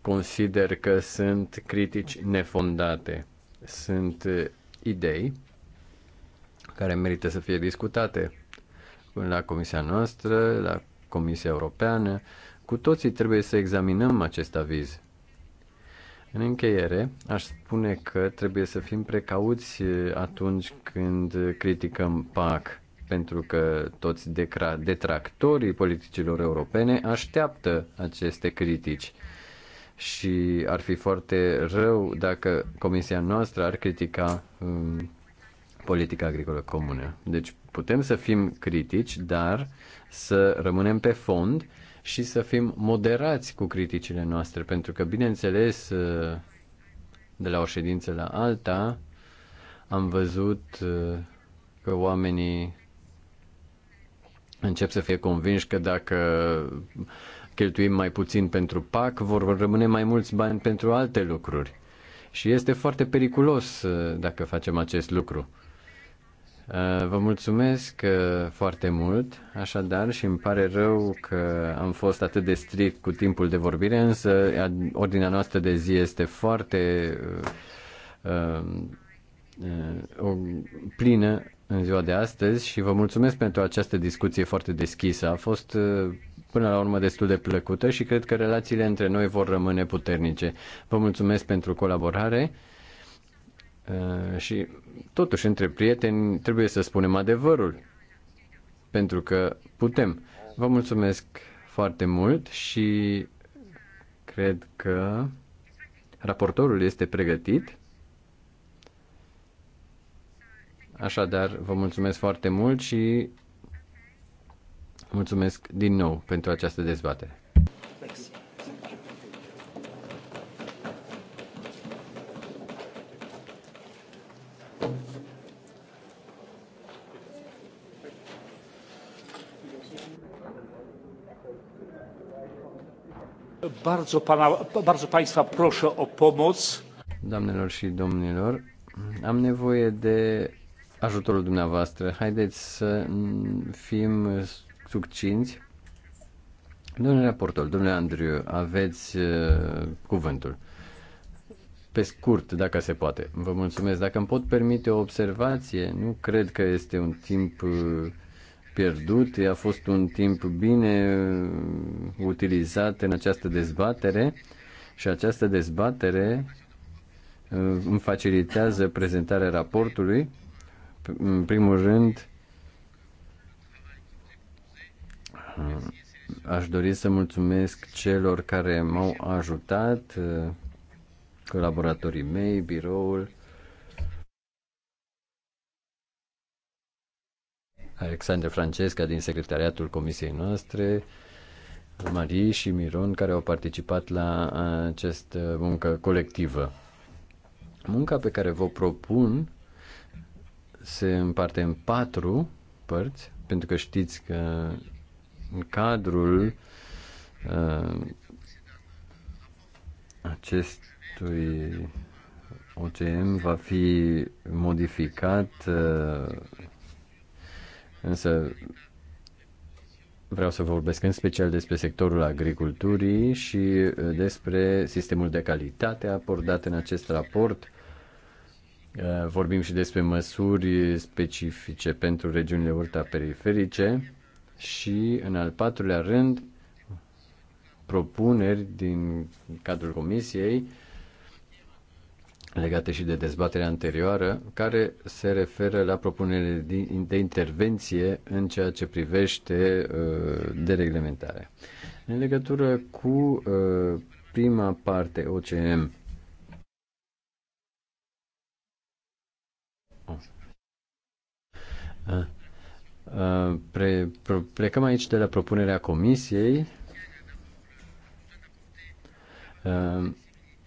consider că sunt critici nefondate. Sunt idei care merită să fie discutate la Comisia noastră, la Comisia Europeană. Cu toții trebuie să examinăm acest aviz. În încheiere, aș spune că trebuie să fim precauți eh, atunci când criticăm PAC, pentru că toți detractorii politicilor europene așteaptă aceste critici și ar fi foarte rău dacă comisia noastră ar critica um, politica agricolă comună. Deci putem să fim critici, dar să rămânem pe fond și să fim moderați cu criticile noastre, pentru că, bineînțeles, de la o ședință la alta, am văzut uh, că oamenii încep să fie convinși că dacă cheltuim mai puțin pentru PAC, vor rămâne mai mulți bani pentru alte lucruri. Și este foarte periculos uh, dacă facem acest lucru. Uh, vă mulțumesc uh, foarte mult, așadar, și îmi pare rău că am fost atât de strict cu timpul de vorbire, însă uh, ordinea noastră de zi este foarte uh, plină în ziua de astăzi și vă mulțumesc pentru această discuție foarte deschisă. A fost până la urmă destul de plăcută și cred că relațiile între noi vor rămâne puternice. Vă mulțumesc pentru colaborare. Eh, și totuși între prieteni trebuie să spunem adevărul, pentru că putem. Vă mulțumesc foarte mult și cred că raportorul este pregătit. Așadar, vă mulțumesc foarte mult și mulțumesc din nou pentru această dezbatere. Bardzo, pana, bardzo Państwa proszę o pomoc. Doamnelor și domnilor, am nevoie de ajutorul dumneavoastră. Haideți să fim succinți. Domnule raportor, domnule Andriu, aveți uh, cuvântul. Pe scurt, dacă se poate. Vă mulțumesc. Dacă îmi pot permite o observație, nu cred că este un timp uh, pierdut. A fost un timp bine uh, utilizat în această dezbatere și această dezbatere uh, îmi facilitează prezentarea raportului. În primul rând, uh, aș dori să mulțumesc celor care m-au ajutat, colaboratorii mei, biroul, Alexandra Francesca din secretariatul comisiei noastre, Marie și Miron, care au participat la această muncă colectivă. Munca pe care vă propun se împarte în patru părți, pentru că știți că în cadrul uh, acestui OCM va fi modificat uh, Însă vreau să vorbesc în special despre sectorul agriculturii și uh, despre sistemul de calitate abordat în acest raport. Uh, vorbim și despre măsuri specifice pentru regiunile periferice. și, în al patrulea rând, propuneri din cadrul Comisiei legate și de dezbaterea anterioară, care se referă la propunerile de intervenție în ceea ce privește uh, dereglementarea. În legătură cu uh, prima parte, OCM, oh. uh, Pre, plecăm aici de la propunerea comisiei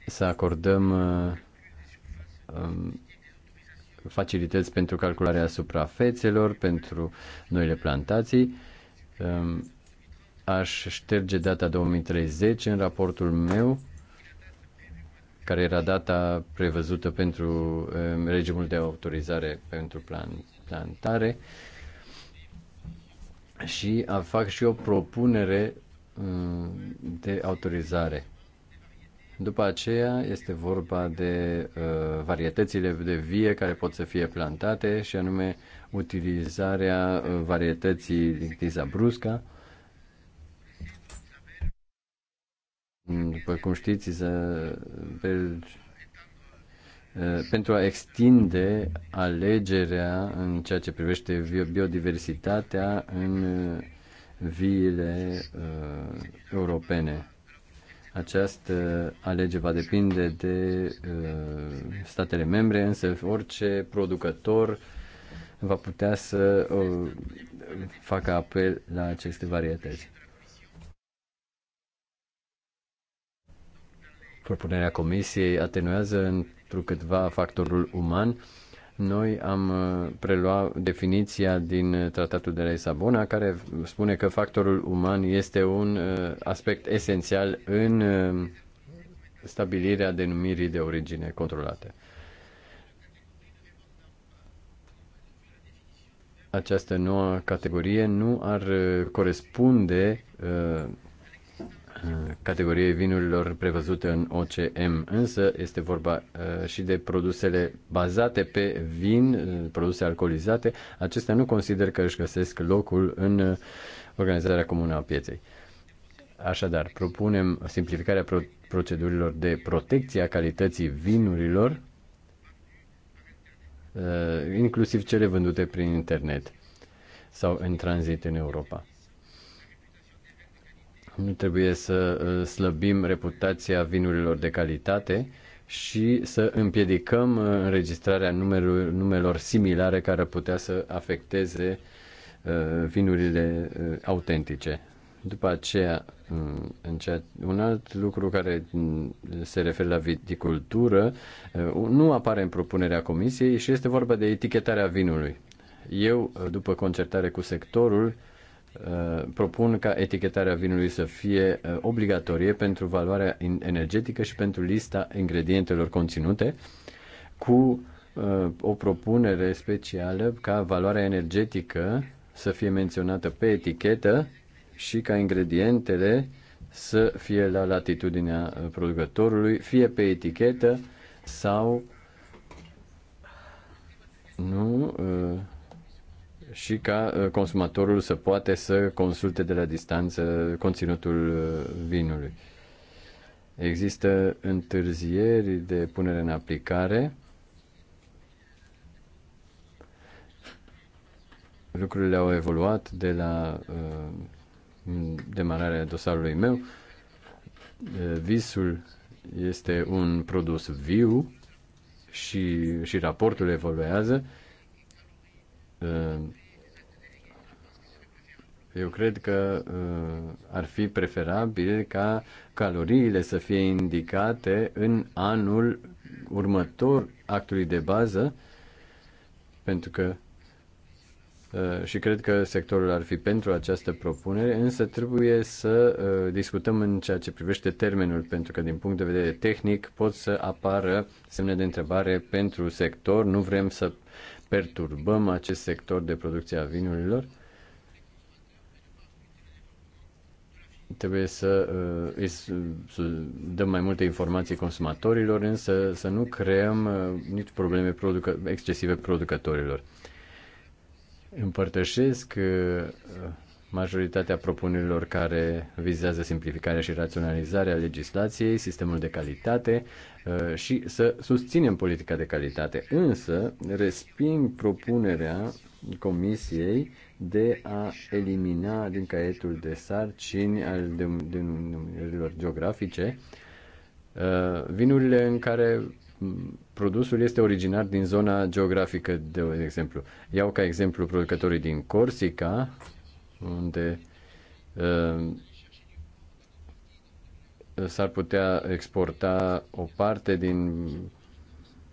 să acordăm Um, facilități pentru calcularea suprafețelor, pentru noile plantații. Um, aș șterge data 2030 în raportul meu, care era data prevăzută pentru um, regimul de autorizare pentru plantare. Și fac și o propunere de autorizare după aceea este vorba de uh, varietățile de vie care pot să fie plantate și anume utilizarea uh, varietății Lictiza brusca. Mm, după cum știți, să, pe, uh, pentru a extinde alegerea în ceea ce privește biodiversitatea în uh, viile uh, europene. Această alege va depinde de uh, statele membre, însă orice producător va putea să uh, facă apel la aceste varietăți. Propunerea Comisiei atenuează întrucâtva factorul uman noi am uh, preluat definiția din uh, Tratatul de la Lisabona, care spune că factorul uman este un uh, aspect esențial în stabilirea denumirii de origine controlate. Această nouă categorie nu ar corespunde categoriei vinurilor prevăzute în OCM, însă este vorba uh, și de produsele bazate pe vin, uh, produse alcoolizate, acestea nu consider că își găsesc locul în uh, organizarea comună a pieței. Așadar, propunem simplificarea procedurilor de protecție a calității vinurilor, inclusiv cele vândute prin internet sau în tranzit în Europa nu trebuie să uh, slăbim reputația vinurilor de calitate și să împiedicăm uh, înregistrarea numelor, numelor similare care putea să afecteze uh, vinurile autentice. După aceea, um, în un alt lucru care mm, se referă la viticultură nu apare în propunerea comisiei și este vorba de etichetarea vinului. Eu, după concertare cu sectorul, Uh, propun ca etichetarea vinului să fie uh, obligatorie pentru valoarea energetică și pentru lista ingredientelor conținute, cu uh, o propunere specială ca valoarea energetică să fie menționată pe etichetă și ca ingredientele să fie la latitudinea producătorului, fie pe etichetă sau nu și ca uh, consumatorul să poate să consulte de la distanță conținutul uh, vinului. Există întârzieri de punere în aplicare. Lucrurile au evoluat de la uh, demararea dosarului meu. Uh, visul este un produs viu și, și raportul evoluează. Uh, eu cred că uh, ar fi preferabil ca caloriile să fie indicate în anul următor actului de bază, pentru că uh, și cred că sectorul ar fi pentru această propunere, însă trebuie să uh, discutăm în ceea ce privește termenul, pentru că din punct de vedere tehnic pot să apară semne de întrebare pentru sector. Nu vrem să perturbăm acest sector de producție a vinurilor trebuie să uh, să dăm mai multe informații consumatorilor, însă să nu creăm uh, nici probleme producă- excesive producătorilor. Împărtășesc uh, majoritatea propunerilor care vizează simplificarea și raționalizarea legislației, sistemul de calitate și să susținem politica de calitate. Însă, resping propunerea Comisiei de a elimina din caietul de sarcini al denumirilor geografice uh, vinurile în care produsul este originar din zona geografică, de exemplu. Iau ca exemplu producătorii din Corsica, unde uh, s-ar putea exporta o parte din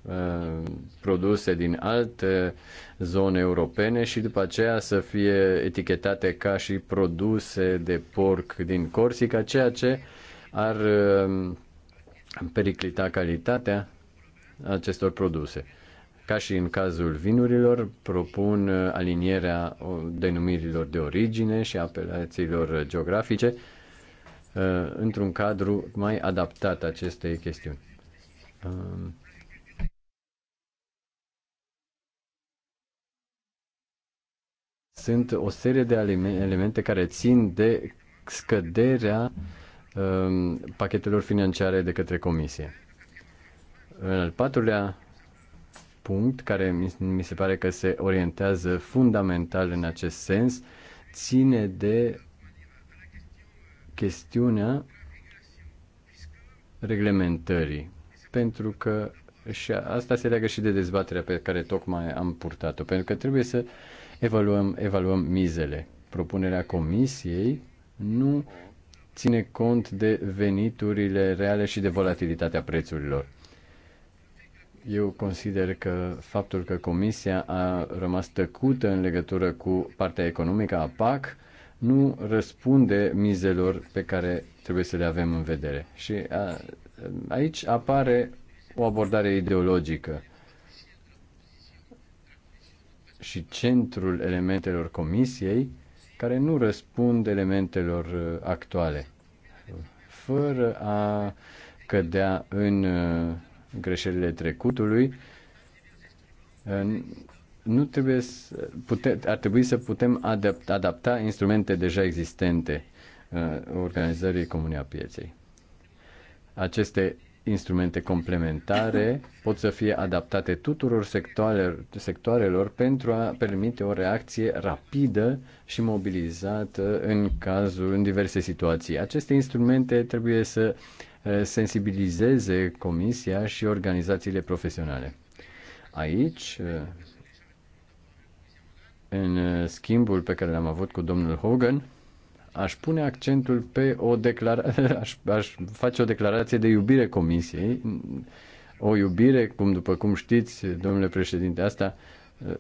Uh, produse din alte zone europene și după aceea să fie etichetate ca și produse de porc din Corsica, ceea ce ar uh, periclita calitatea acestor produse. Ca și în cazul vinurilor, propun uh, alinierea denumirilor de origine și apelațiilor geografice într-un cadru mai adaptat acestei chestiuni. Sunt o serie de elemente care țin de scăderea um, pachetelor financiare de către Comisie. În al patrulea punct, care mi se pare că se orientează fundamental în acest sens, ține de chestiunea reglementării. Pentru că și asta se leagă și de dezbaterea pe care tocmai am purtat-o, pentru că trebuie să evaluăm, evaluăm mizele. Propunerea comisiei nu ține cont de veniturile reale și de volatilitatea prețurilor. Eu consider că faptul că Comisia a rămas tăcută în legătură cu partea economică a PAC nu răspunde mizelor pe care trebuie să le avem în vedere. Și a, aici apare o abordare ideologică și centrul elementelor comisiei care nu răspund elementelor uh, actuale, fără a cădea în uh, greșelile trecutului, uh, nu trebuie să pute, ar trebui să putem adapta, adapta instrumente deja existente organizării Comunia pieței. Aceste instrumente complementare pot să fie adaptate tuturor sectoarelor, sectoarelor pentru a permite o reacție rapidă și mobilizată în cazul în diverse situații. Aceste instrumente trebuie să eh, sensibilizeze comisia și organizațiile profesionale. Aici eh, în schimbul pe care l-am avut cu domnul Hogan, aș pune accentul pe o declarație, aș, aș face o declarație de iubire comisiei, o iubire, cum după cum știți, domnule președinte, asta,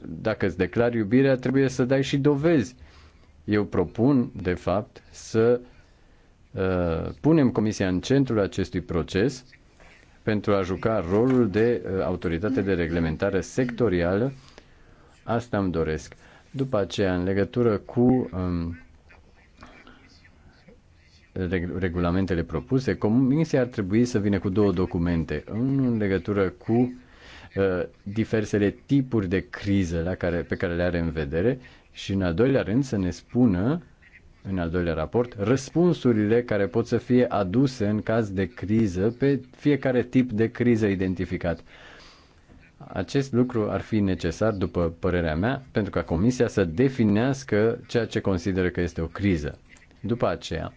dacă îți declari iubirea, trebuie să dai și dovezi. Eu propun, de fapt, să uh, punem comisia în centrul acestui proces pentru a juca rolul de uh, autoritate de reglementare sectorială. Asta îmi doresc. După aceea, în legătură cu um, regulamentele propuse, Comisia ar trebui să vină cu două documente, unul în legătură cu uh, diversele tipuri de criză la care, pe care le are în vedere și în al doilea rând să ne spună în al doilea raport, răspunsurile care pot să fie aduse în caz de criză pe fiecare tip de criză identificat. Acest lucru ar fi necesar, după părerea mea, pentru ca Comisia să definească ceea ce consideră că este o criză. După aceea,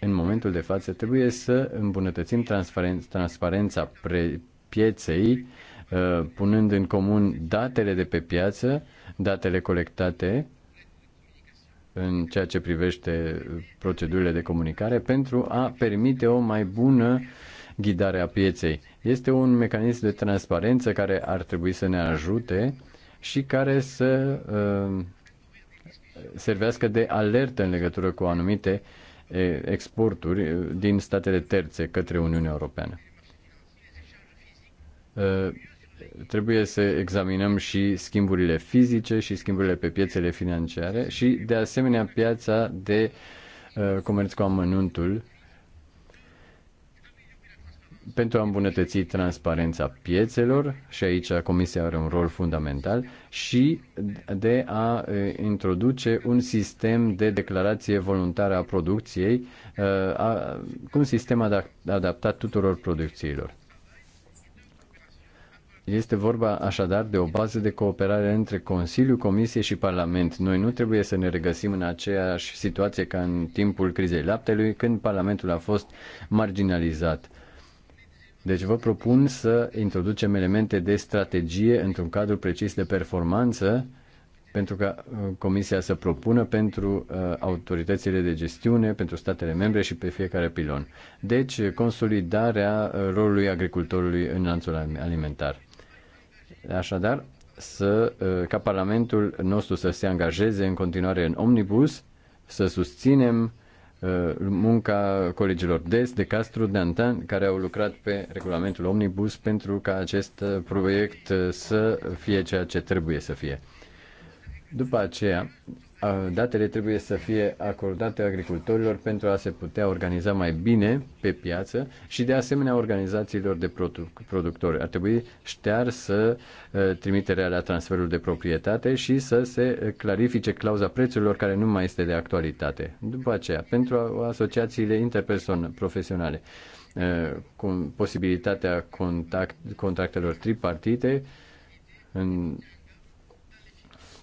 în momentul de față trebuie să îmbunătățim transparența, transparența pre- pieței, uh, punând în comun datele de pe piață, datele colectate în ceea ce privește procedurile de comunicare pentru a permite o mai bună ghidare a pieței. Este un mecanism de transparență care ar trebui să ne ajute și care să uh, servească de alertă în legătură cu anumite uh, exporturi din statele terțe către Uniunea Europeană. Trebuie să examinăm și schimburile fizice și schimburile pe piețele financiare și, de asemenea, piața de comerț cu amănuntul pentru a îmbunătăți transparența piețelor, și aici Comisia are un rol fundamental, și de a introduce un sistem de declarație voluntară a producției, cu un sistem adaptat tuturor producțiilor. Este vorba așadar de o bază de cooperare între Consiliu, Comisie și Parlament. Noi nu trebuie să ne regăsim în aceeași situație ca în timpul crizei laptelui, când Parlamentul a fost marginalizat. Deci vă propun să introducem elemente de strategie într-un cadru precis de performanță pentru ca uh, Comisia să propună pentru uh, autoritățile de gestiune, pentru statele membre și pe fiecare pilon. Deci, consolidarea uh, rolului agricultorului în lanțul alimentar. Așadar, să, ca Parlamentul nostru să se angajeze în continuare în omnibus, să susținem uh, Uh, munca colegilor Des, De castru de Antan, care au lucrat pe regulamentul Omnibus pentru ca acest uh, proiect uh, să fie ceea ce trebuie să fie. După aceea, datele trebuie să fie acordate agricultorilor pentru a se putea organiza mai bine pe piață și de asemenea organizațiilor de produc- productori. Ar trebui să trimiterea la transferul de proprietate și să se clarifice clauza prețurilor care nu mai este de actualitate. După aceea, pentru asociațiile profesionale, cu posibilitatea contact, contractelor tripartite în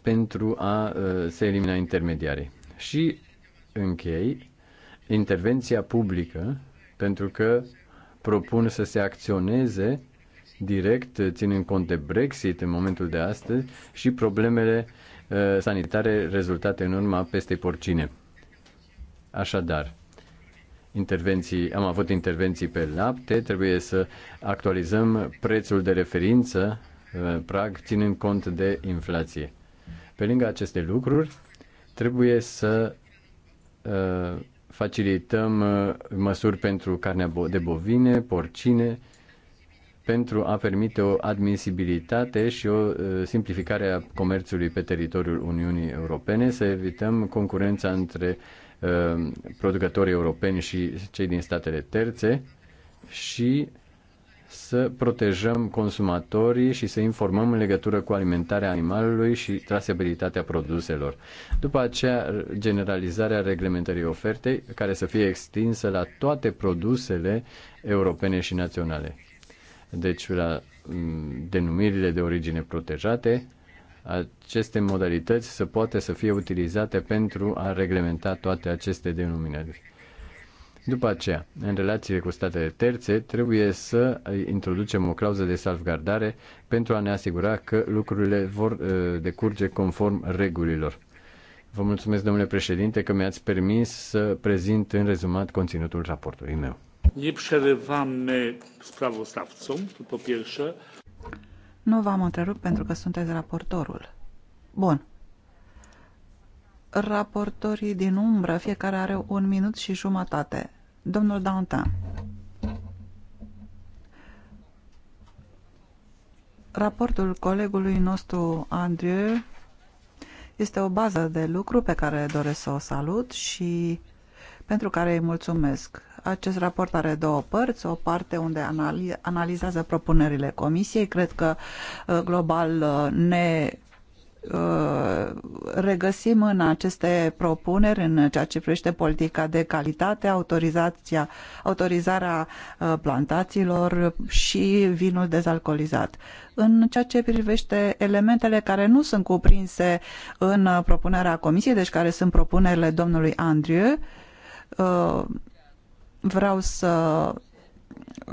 pentru a ă, se elimina intermediarii. Și închei intervenția publică, pentru că propun să se acționeze direct, ținând cont de Brexit în momentul de astăzi și problemele ă, sanitare rezultate în urma pestei porcine. Așadar, intervenții, am avut intervenții pe lapte, trebuie să actualizăm prețul de referință, ă, prag, ținând cont de inflație. Pe lângă aceste lucruri, trebuie să uh, facilităm uh, măsuri pentru carnea de bovine, porcine, pentru a permite o admisibilitate și o uh, simplificare a comerțului pe teritoriul Uniunii Europene, să evităm concurența între uh, producătorii europeni și cei din statele terțe și să protejăm consumatorii și să informăm în legătură cu alimentarea animalului și trasabilitatea produselor. După aceea, generalizarea reglementării ofertei, care să fie extinsă la toate produsele europene și naționale. Deci, la mm, denumirile de origine protejate, aceste modalități să poată să fie utilizate pentru a reglementa toate aceste denumiri. După aceea, în relațiile cu statele terțe, trebuie să introducem o clauză de salvgardare pentru a ne asigura că lucrurile vor uh, decurge conform regulilor. Vă mulțumesc, domnule președinte, că mi-ați permis să prezint în rezumat conținutul raportului meu. Nu v-am întrerupt pentru că sunteți raportorul. Bun. Raportorii din umbră, fiecare are un minut și jumătate. Domnul Dantin. Raportul colegului nostru, Andrieu, este o bază de lucru pe care doresc să o salut și pentru care îi mulțumesc. Acest raport are două părți, o parte unde analizează propunerile comisiei, cred că uh, global uh, ne Uh, regăsim în aceste propuneri, în ceea ce privește politica de calitate, autorizația, autorizarea uh, plantațiilor și vinul dezalcoolizat. În ceea ce privește elementele care nu sunt cuprinse în uh, propunerea comisiei, deci care sunt propunerile domnului Andrieu, vreau să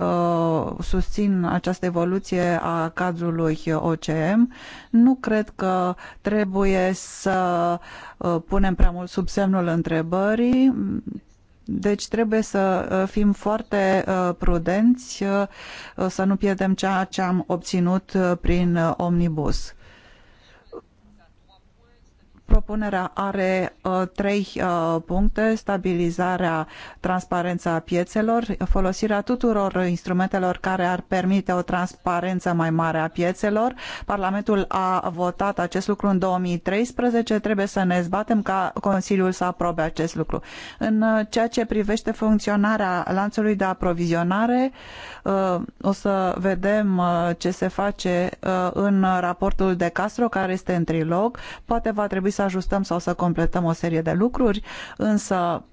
Uh, susțin această evoluție a cadrului OCM. Nu cred că trebuie să uh, punem prea mult sub semnul întrebării. Deci trebuie să uh, fim foarte prudenți, să nu pierdem ceea ce am obținut prin omnibus. Propunerea are uh, trei uh, puncte, stabilizarea, transparența piețelor, folosirea tuturor instrumentelor care ar permite o transparență mai mare a piețelor. Parlamentul a votat acest lucru în 2013, trebuie să ne zbatem ca Consiliul să aprobe acest lucru. În uh, ceea ce privește funcționarea lanțului de aprovizionare, uh, o să vedem uh, ce se face uh, în raportul de Castro, care este în trilog. Poate va trebui să ajustăm sau să completăm o serie de lucruri, însă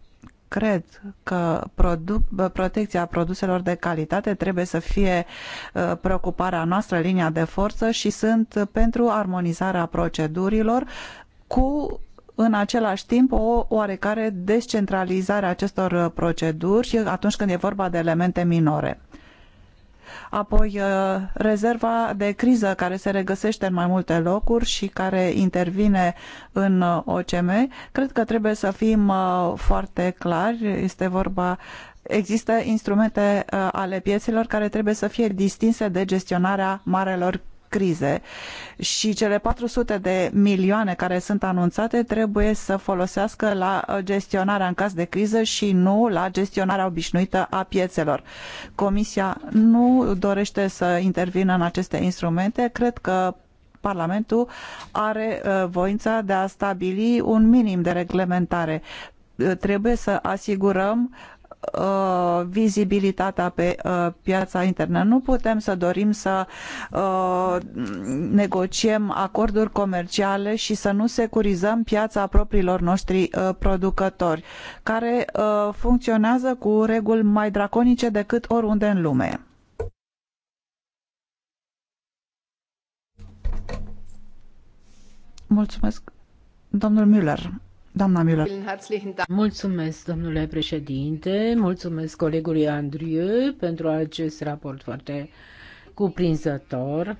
cred că produ- protecția produselor de calitate trebuie să fie uh, preocuparea noastră, linia de forță și sunt pentru armonizarea procedurilor cu în același timp o oarecare descentralizare a acestor uh, proceduri atunci când e vorba de elemente minore apoi uh, rezerva de criză care se regăsește în mai multe locuri și care intervine în uh, OCM. Cred că trebuie să fim uh, foarte clari, este vorba Există instrumente ale piețelor care trebuie să fie distinse de gestionarea marelor crize și cele 400 de milioane care sunt anunțate trebuie să folosească la uh, gestionarea în caz de criză și nu la gestionarea obișnuită a piețelor. Comisia nu dorește să intervină în aceste instrumente. Cred că Parlamentul are uh, voința de a stabili un minim de reglementare uh, trebuie să asigurăm Uh, vizibilitatea pe uh, piața internă. Nu putem să dorim să uh, negociem acorduri comerciale și să nu securizăm piața propriilor noștri uh, producători, care uh, funcționează cu reguli mai draconice decât oriunde în lume. Mulțumesc, domnul Müller. Doamna Miller. Mulțumesc, domnule președinte, mulțumesc colegului Andriu pentru acest raport foarte cuprinzător.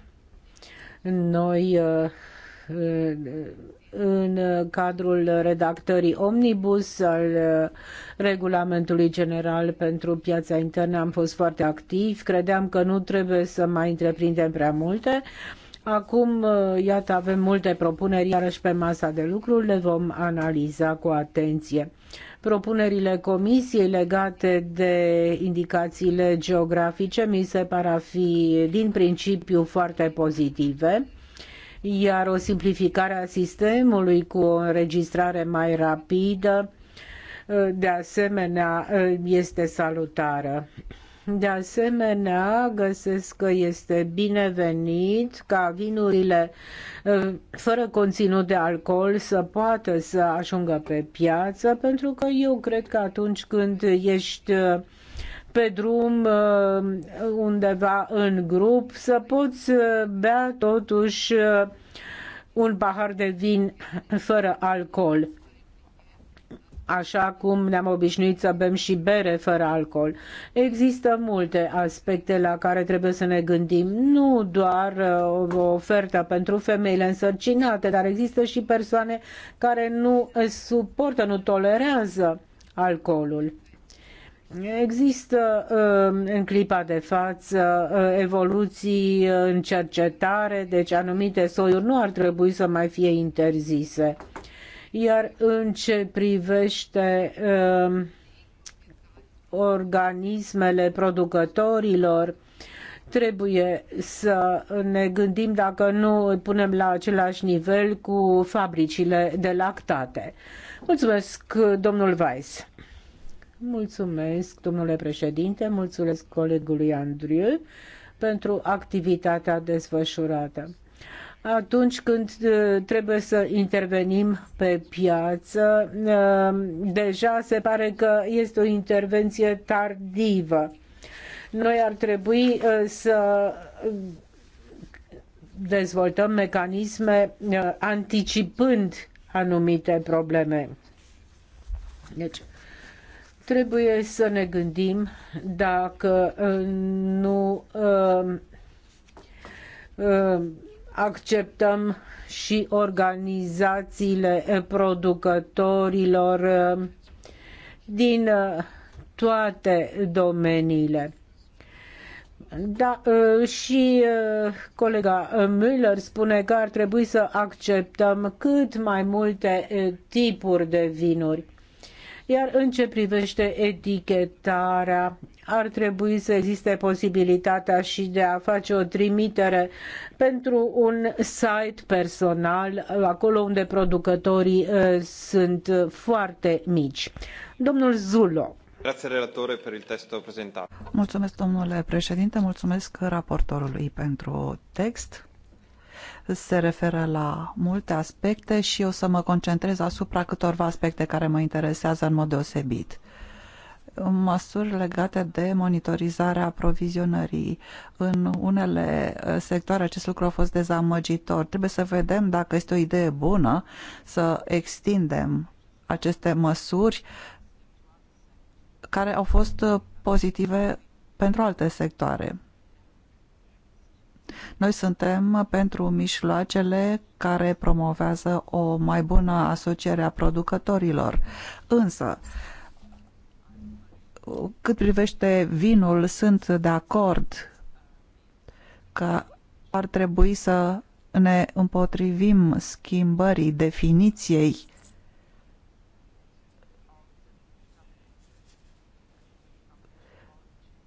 Noi uh, uh, în cadrul redactării Omnibus al uh, Regulamentului General pentru Piața Internă am fost foarte activ. Credeam că nu trebuie să mai întreprindem prea multe, Acum, uh, iată, avem multe propuneri iarăși pe masa de lucru, le vom analiza cu atenție. Propunerile comisiei legate de indicațiile geografice mi se par a fi din principiu foarte pozitive iar o simplificare a sistemului cu o înregistrare mai rapidă uh, de asemenea uh, este salutară. De asemenea, găsesc că este binevenit ca vinurile ă, fără conținut de alcool să poată să ajungă pe piață, pentru că eu cred că atunci când ești ă, pe drum ă, undeva în grup să poți bea totuși un pahar de vin fără alcool așa cum ne-am obișnuit să bem și bere fără alcool. Există multe aspecte la care trebuie să ne gândim, nu doar uh, o ofertă pentru femeile însărcinate, dar există și persoane care nu suportă, nu tolerează alcoolul. Există uh, în clipa de față uh, evoluții în cercetare, deci anumite soiuri nu ar trebui să mai fie interzise. Iar în ce privește uh, organismele producătorilor, trebuie să ne gândim dacă nu îi punem la același nivel cu fabricile de lactate. Mulțumesc, domnul Weiss. Mulțumesc, domnule președinte, mulțumesc colegului Andriu pentru activitatea desfășurată atunci când uh, trebuie să intervenim pe piață, uh, deja se pare că este o intervenție tardivă. Noi ar trebui uh, să dezvoltăm mecanisme anticipând anumite probleme. Deci, trebuie să ne gândim dacă nu acceptăm și organizațiile producătorilor uh, din uh, toate domeniile. Da, uh, și colega Müller spune că ar trebui să acceptăm cât mai multe tipuri de vinuri. Iar în ce privește etichetarea, ar trebui să existe posibilitatea și de a face o trimitere pentru un site personal, acolo unde producătorii uh, sunt foarte mici. Domnul Zulo. Mulțumesc, domnule președinte, mulțumesc raportorului pentru text se referă la multe aspecte și o să mă concentrez asupra câtorva aspecte care mă interesează în mod deosebit măsuri legate de monitorizarea aprovizionării. În unele uh, sectoare acest lucru a fost dezamăgitor. Trebuie să vedem dacă este o idee bună să extindem aceste măsuri care au fost uh, pozitive pentru alte sectoare. Noi suntem pentru mijloacele care promovează o mai bună asociere a producătorilor. Însă, cât privește vinul, sunt de acord că ar trebui să ne împotrivim schimbării definiției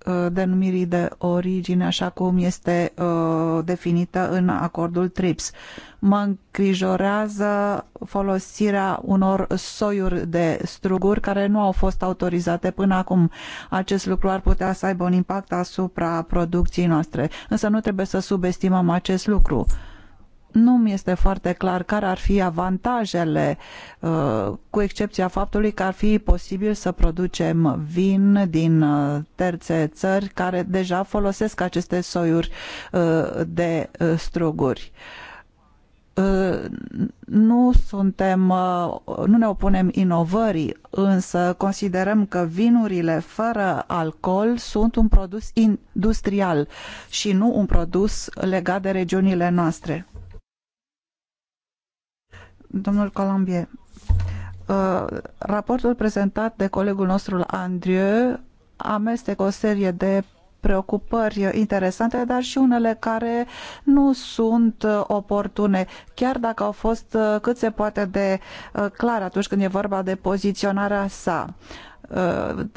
Uh, denumirii de origine așa cum este uh, definită în acordul TRIPS. Mă îngrijorează folosirea unor soiuri de struguri care nu au fost autorizate până acum. Acest lucru ar putea să aibă un impact asupra producției noastre, însă nu trebuie să subestimăm acest lucru nu mi este foarte clar care ar fi avantajele, uh, cu excepția faptului că ar fi posibil să producem vin din uh, terțe țări care deja folosesc aceste soiuri uh, de struguri nu suntem, nu ne opunem inovării, însă considerăm că vinurile fără alcool sunt un produs industrial și nu un produs legat de regiunile noastre. Domnul uh, raportul prezentat de colegul nostru Andrieu amestecă o serie de preocupări interesante, dar și unele care nu sunt uh, oportune, chiar dacă au fost uh, cât se poate de uh, clar atunci când e vorba de poziționarea sa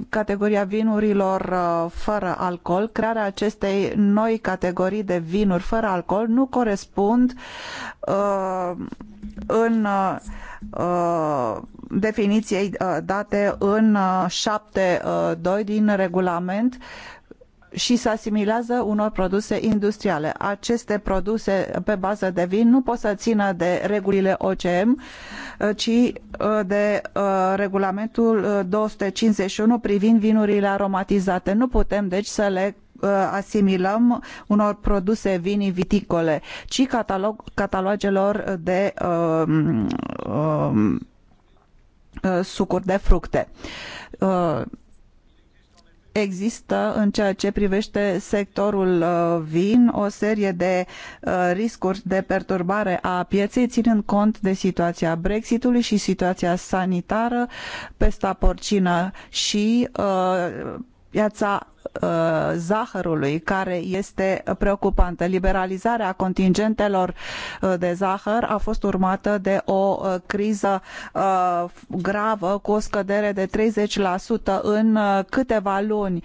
categoria vinurilor fără alcool, crearea acestei noi categorii de vinuri fără alcool nu corespund uh, în uh, definiției uh, date în 7.2 uh, din regulament și se asimilează unor produse industriale. Aceste produse pe bază de vin nu pot să țină de regulile OCM, ci de regulamentul 251 privind vinurile aromatizate. Nu putem, deci, să le Uh, asimilăm unor produse vinii viticole, ci catalog, catalogelor de uh, uh, sucuri de fructe. Uh, există în ceea ce privește sectorul uh, vin o serie de uh, riscuri de perturbare a pieței, ținând cont de situația Brexitului și situația sanitară, pesta porcină și piața uh, zahărului care este preocupantă. Liberalizarea contingentelor uh, de zahăr a fost urmată de o uh, criză gravă cu o scădere de 30% în câteva luni.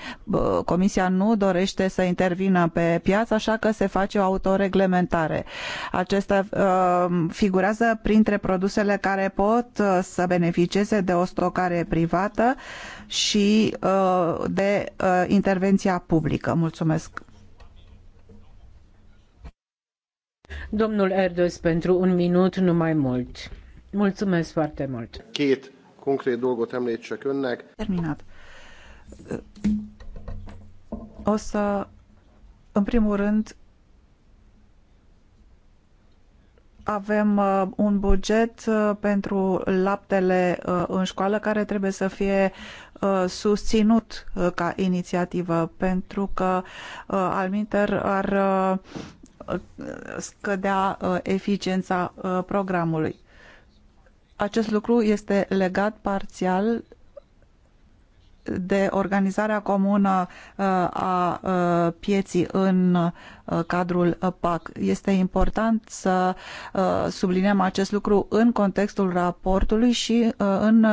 Comisia nu dorește să intervină pe piață, așa că se face o autoreglementare. Acesta figurează printre produsele care pot să beneficieze de o stocare privată și uh, de uh, intervenția publică. Mulțumesc! Domnul Erdos, pentru un minut, nu mai mult. Mulțumesc foarte mult! Két konkrét dolgot említsek önnek. Terminat. O să, în primul rând, avem uh, un buget uh, pentru laptele uh, în școală care trebuie să fie susținut ca inițiativă pentru că alminter ar scădea eficiența programului. Acest lucru este legat parțial de organizarea comună uh, a uh, pieții în uh, cadrul PAC. Este important să subliniem acest lucru în contextul raportului și în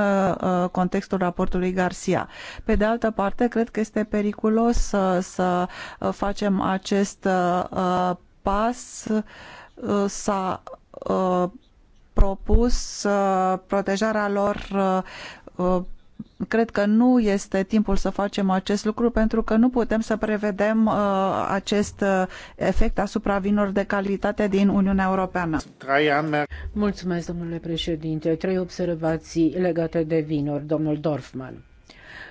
contextul raportului Garcia. Pe de altă parte, cred că este periculos să, să facem acest pas. să propus protejarea lor cred că nu este timpul să facem acest lucru pentru că nu putem să prevedem uh, acest uh, efect asupra vinurilor de calitate din Uniunea Europeană. Mulțumesc, domnule președinte. Trei observații legate de vinuri, domnul Dorfman.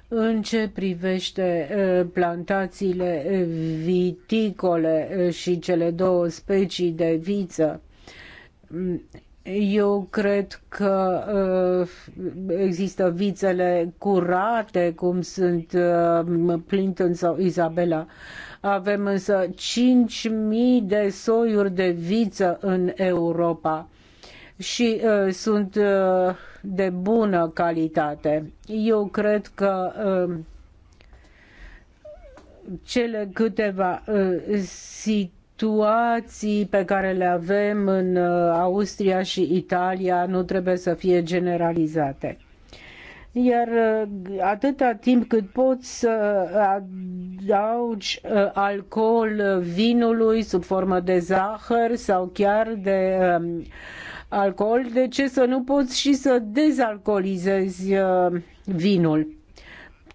În ce privește uh, plantațiile uh, viticole uh, și cele două specii de viță, mm, eu cred că uh, există vițele curate, cum sunt uh, Clinton sau Isabela. Avem însă 5.000 de soiuri de viță în Europa și uh, sunt de bună calitate. Eu cred că cele câteva situații situații pe care le avem în uh, Austria și Italia nu trebuie să fie generalizate iar uh, atâta timp cât poți să uh, adaugi alcool vinului sub formă de zahăr sau chiar de um, alcool, de ce să nu poți și să dezalcoolizezi vinul?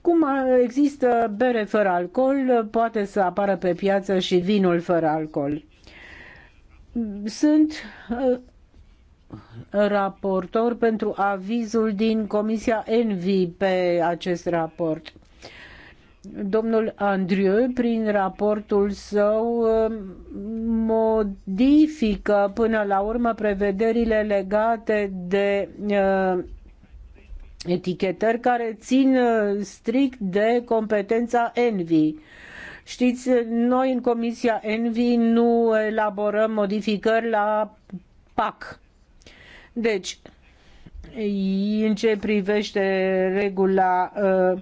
Cum există bere fără alcool, poate să apară pe piață și vinul fără alcool. Sunt uh, raportor pentru avizul din Comisia Envi pe acest raport. Domnul Andrieu, prin raportul său, uh, modifică până la urmă prevederile legate de uh, etichetări care țin uh, strict de competența ENVI. Știți, uh, noi în Comisia ENVI nu elaborăm modificări la PAC. Deci, în ce privește regula uh,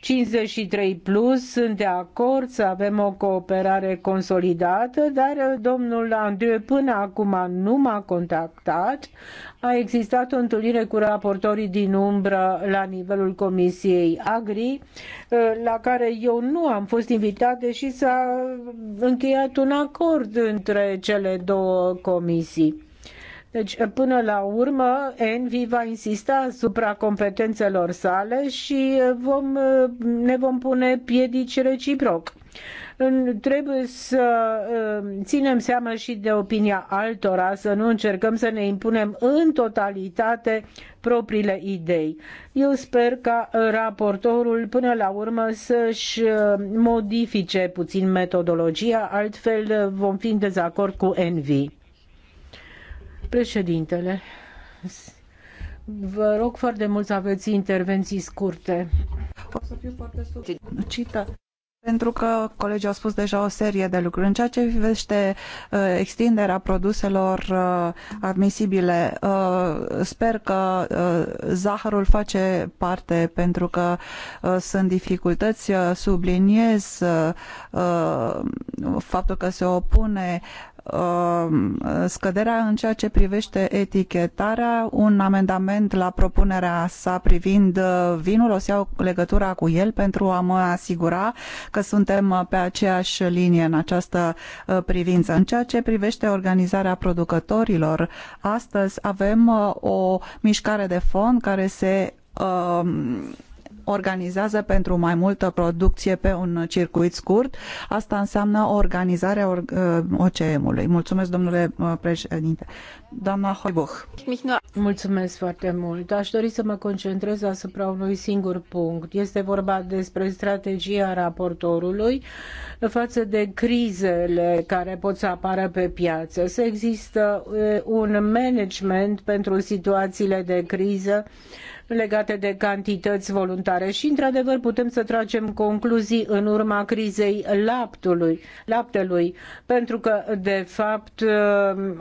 53 plus, sunt de acord să avem o cooperare consolidată, dar uh, domnul Andreu până acum nu m-a contactat. A existat o întâlnire cu raportorii din umbră la nivelul Comisiei Agri, uh, la care eu nu am fost invitat, deși s-a încheiat un acord între cele două comisii. Deci, până la urmă, Envi va insista asupra competențelor sale și uh, vom, uh, ne vom pune piedici reciproc trebuie să uh, ținem seama și de opinia altora, să nu încercăm să ne impunem în totalitate propriile idei. Eu sper ca raportorul până la urmă să-și modifice puțin metodologia, altfel vom fi în dezacord cu Envi. Președintele, vă rog foarte mult să aveți intervenții scurte. O să fiu foarte succintă pentru că colegii au spus deja o serie de lucruri. În ceea ce privește uh, extinderea produselor uh, admisibile, uh, sper că uh, zahărul face parte pentru că uh, sunt dificultăți. Uh, subliniez faptul că se opune Um, scăderea în ceea ce privește etichetarea, un amendament la propunerea sa privind uh, vinul, o să iau legătura cu el pentru a mă asigura că suntem pe aceeași linie în această uh, privință. În ceea ce privește organizarea producătorilor, astăzi avem uh, o mișcare de fond care se um, organizează pentru mai multă producție pe un circuit scurt. Asta înseamnă organizarea OCM-ului. Uh, Mulțumesc, domnule uh, președinte. Doamna Hoibuch. Mulțumesc foarte mult. Aș dori să mă concentrez asupra unui singur punct. Este vorba despre strategia raportorului față de crizele care pot să apară pe piață. Să există uh, un management pentru situațiile de criză legate de cantități voluntare și, într-adevăr, putem să tragem concluzii în urma crizei laptului, laptelui, pentru că, de fapt, uh,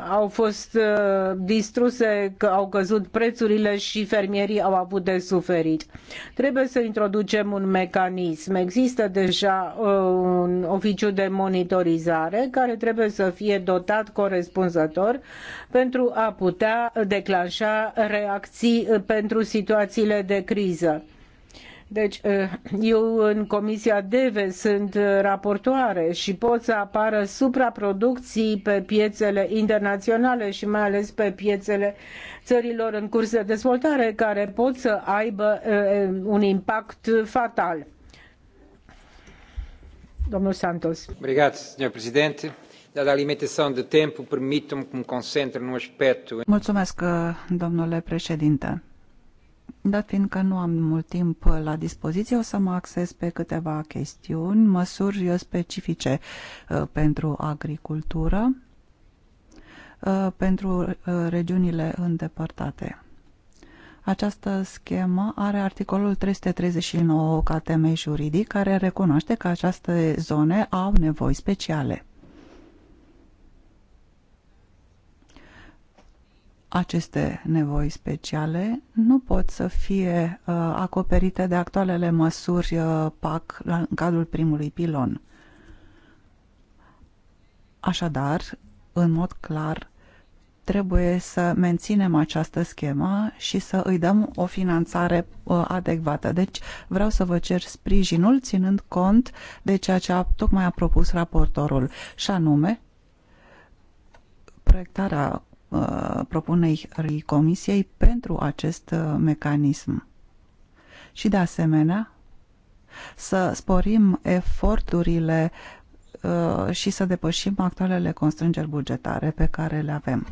au fost uh, distruse, că au căzut prețurile și fermierii au avut de suferit. Trebuie să introducem un mecanism. Există deja uh, un oficiu de monitorizare care trebuie să fie dotat corespunzător pentru a putea declanșa reacții pentru situații situațiile de criză. Deci, eh, eu în Comisia DEVE sunt raportoare și pot să apară supraproducții pe piețele internaționale și mai ales pe piețele țărilor în curs de dezvoltare, care pot să aibă eh, un impact fatal. Domnul Santos. Obrigado, domnule președinte. Dar a limitação de tempo, permitam-me que me concentre num aspecto. Mulțumesc, domnule președinte dar fiindcă nu am mult timp la dispoziție, o să mă acces pe câteva chestiuni, măsuri specifice uh, pentru agricultură, uh, pentru uh, regiunile îndepărtate. Această schemă are articolul 339 ca temei juridic, care recunoaște că aceste zone au nevoi speciale. aceste nevoi speciale nu pot să fie uh, acoperite de actualele măsuri uh, PAC la, în cadrul primului pilon. Așadar, în mod clar, trebuie să menținem această schemă și să îi dăm o finanțare uh, adecvată. Deci vreau să vă cer sprijinul ținând cont de ceea ce a, tocmai a propus raportorul și anume proiectarea Uh, propunerii Comisiei pentru acest uh, mecanism. Și de asemenea, să sporim eforturile uh, și să depășim actualele constrângeri bugetare pe care le avem.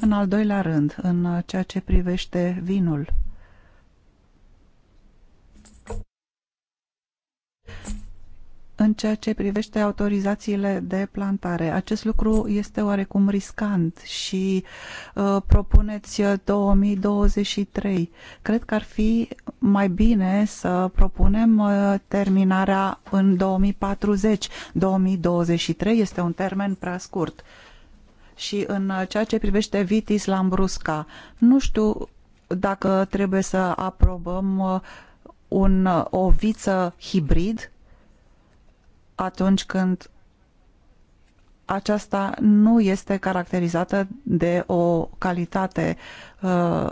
În al doilea rând, în ceea ce privește vinul, în ceea ce privește autorizațiile de plantare. Acest lucru este oarecum riscant și uh, propuneți 2023. Uh, Cred că ar fi mai bine să propunem uh, terminarea în 2040. 2023 este un termen prea scurt. Și în uh, ceea ce privește vitis lambrusca, nu știu dacă trebuie să aprobăm uh, un, uh, o viță hibrid atunci când aceasta nu este caracterizată de o calitate uh,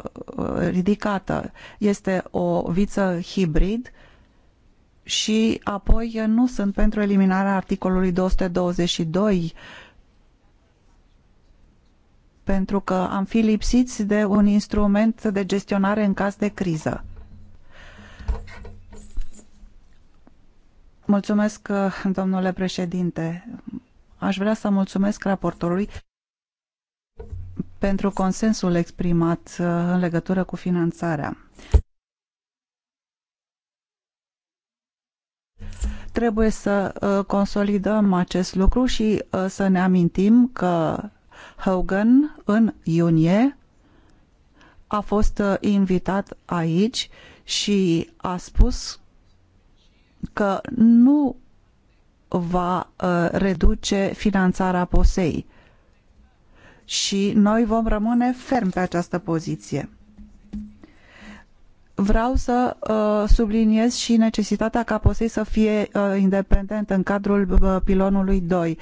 ridicată. Este o viță hibrid și apoi nu sunt pentru eliminarea articolului 222 pentru că am fi lipsiți de un instrument de gestionare în caz de criză. Mulțumesc, uh, domnule președinte. Aș vrea să mulțumesc raportorului pentru consensul exprimat uh, în legătură cu finanțarea. Trebuie să uh, consolidăm acest lucru și să ne amintim că Hogan în iunie a fost invitat aici și a spus că nu va uh, reduce finanțarea POSEI și noi vom rămâne ferm pe această poziție. Vreau să uh, subliniez și necesitatea ca POSEI să fie uh, independent în cadrul pilonului 2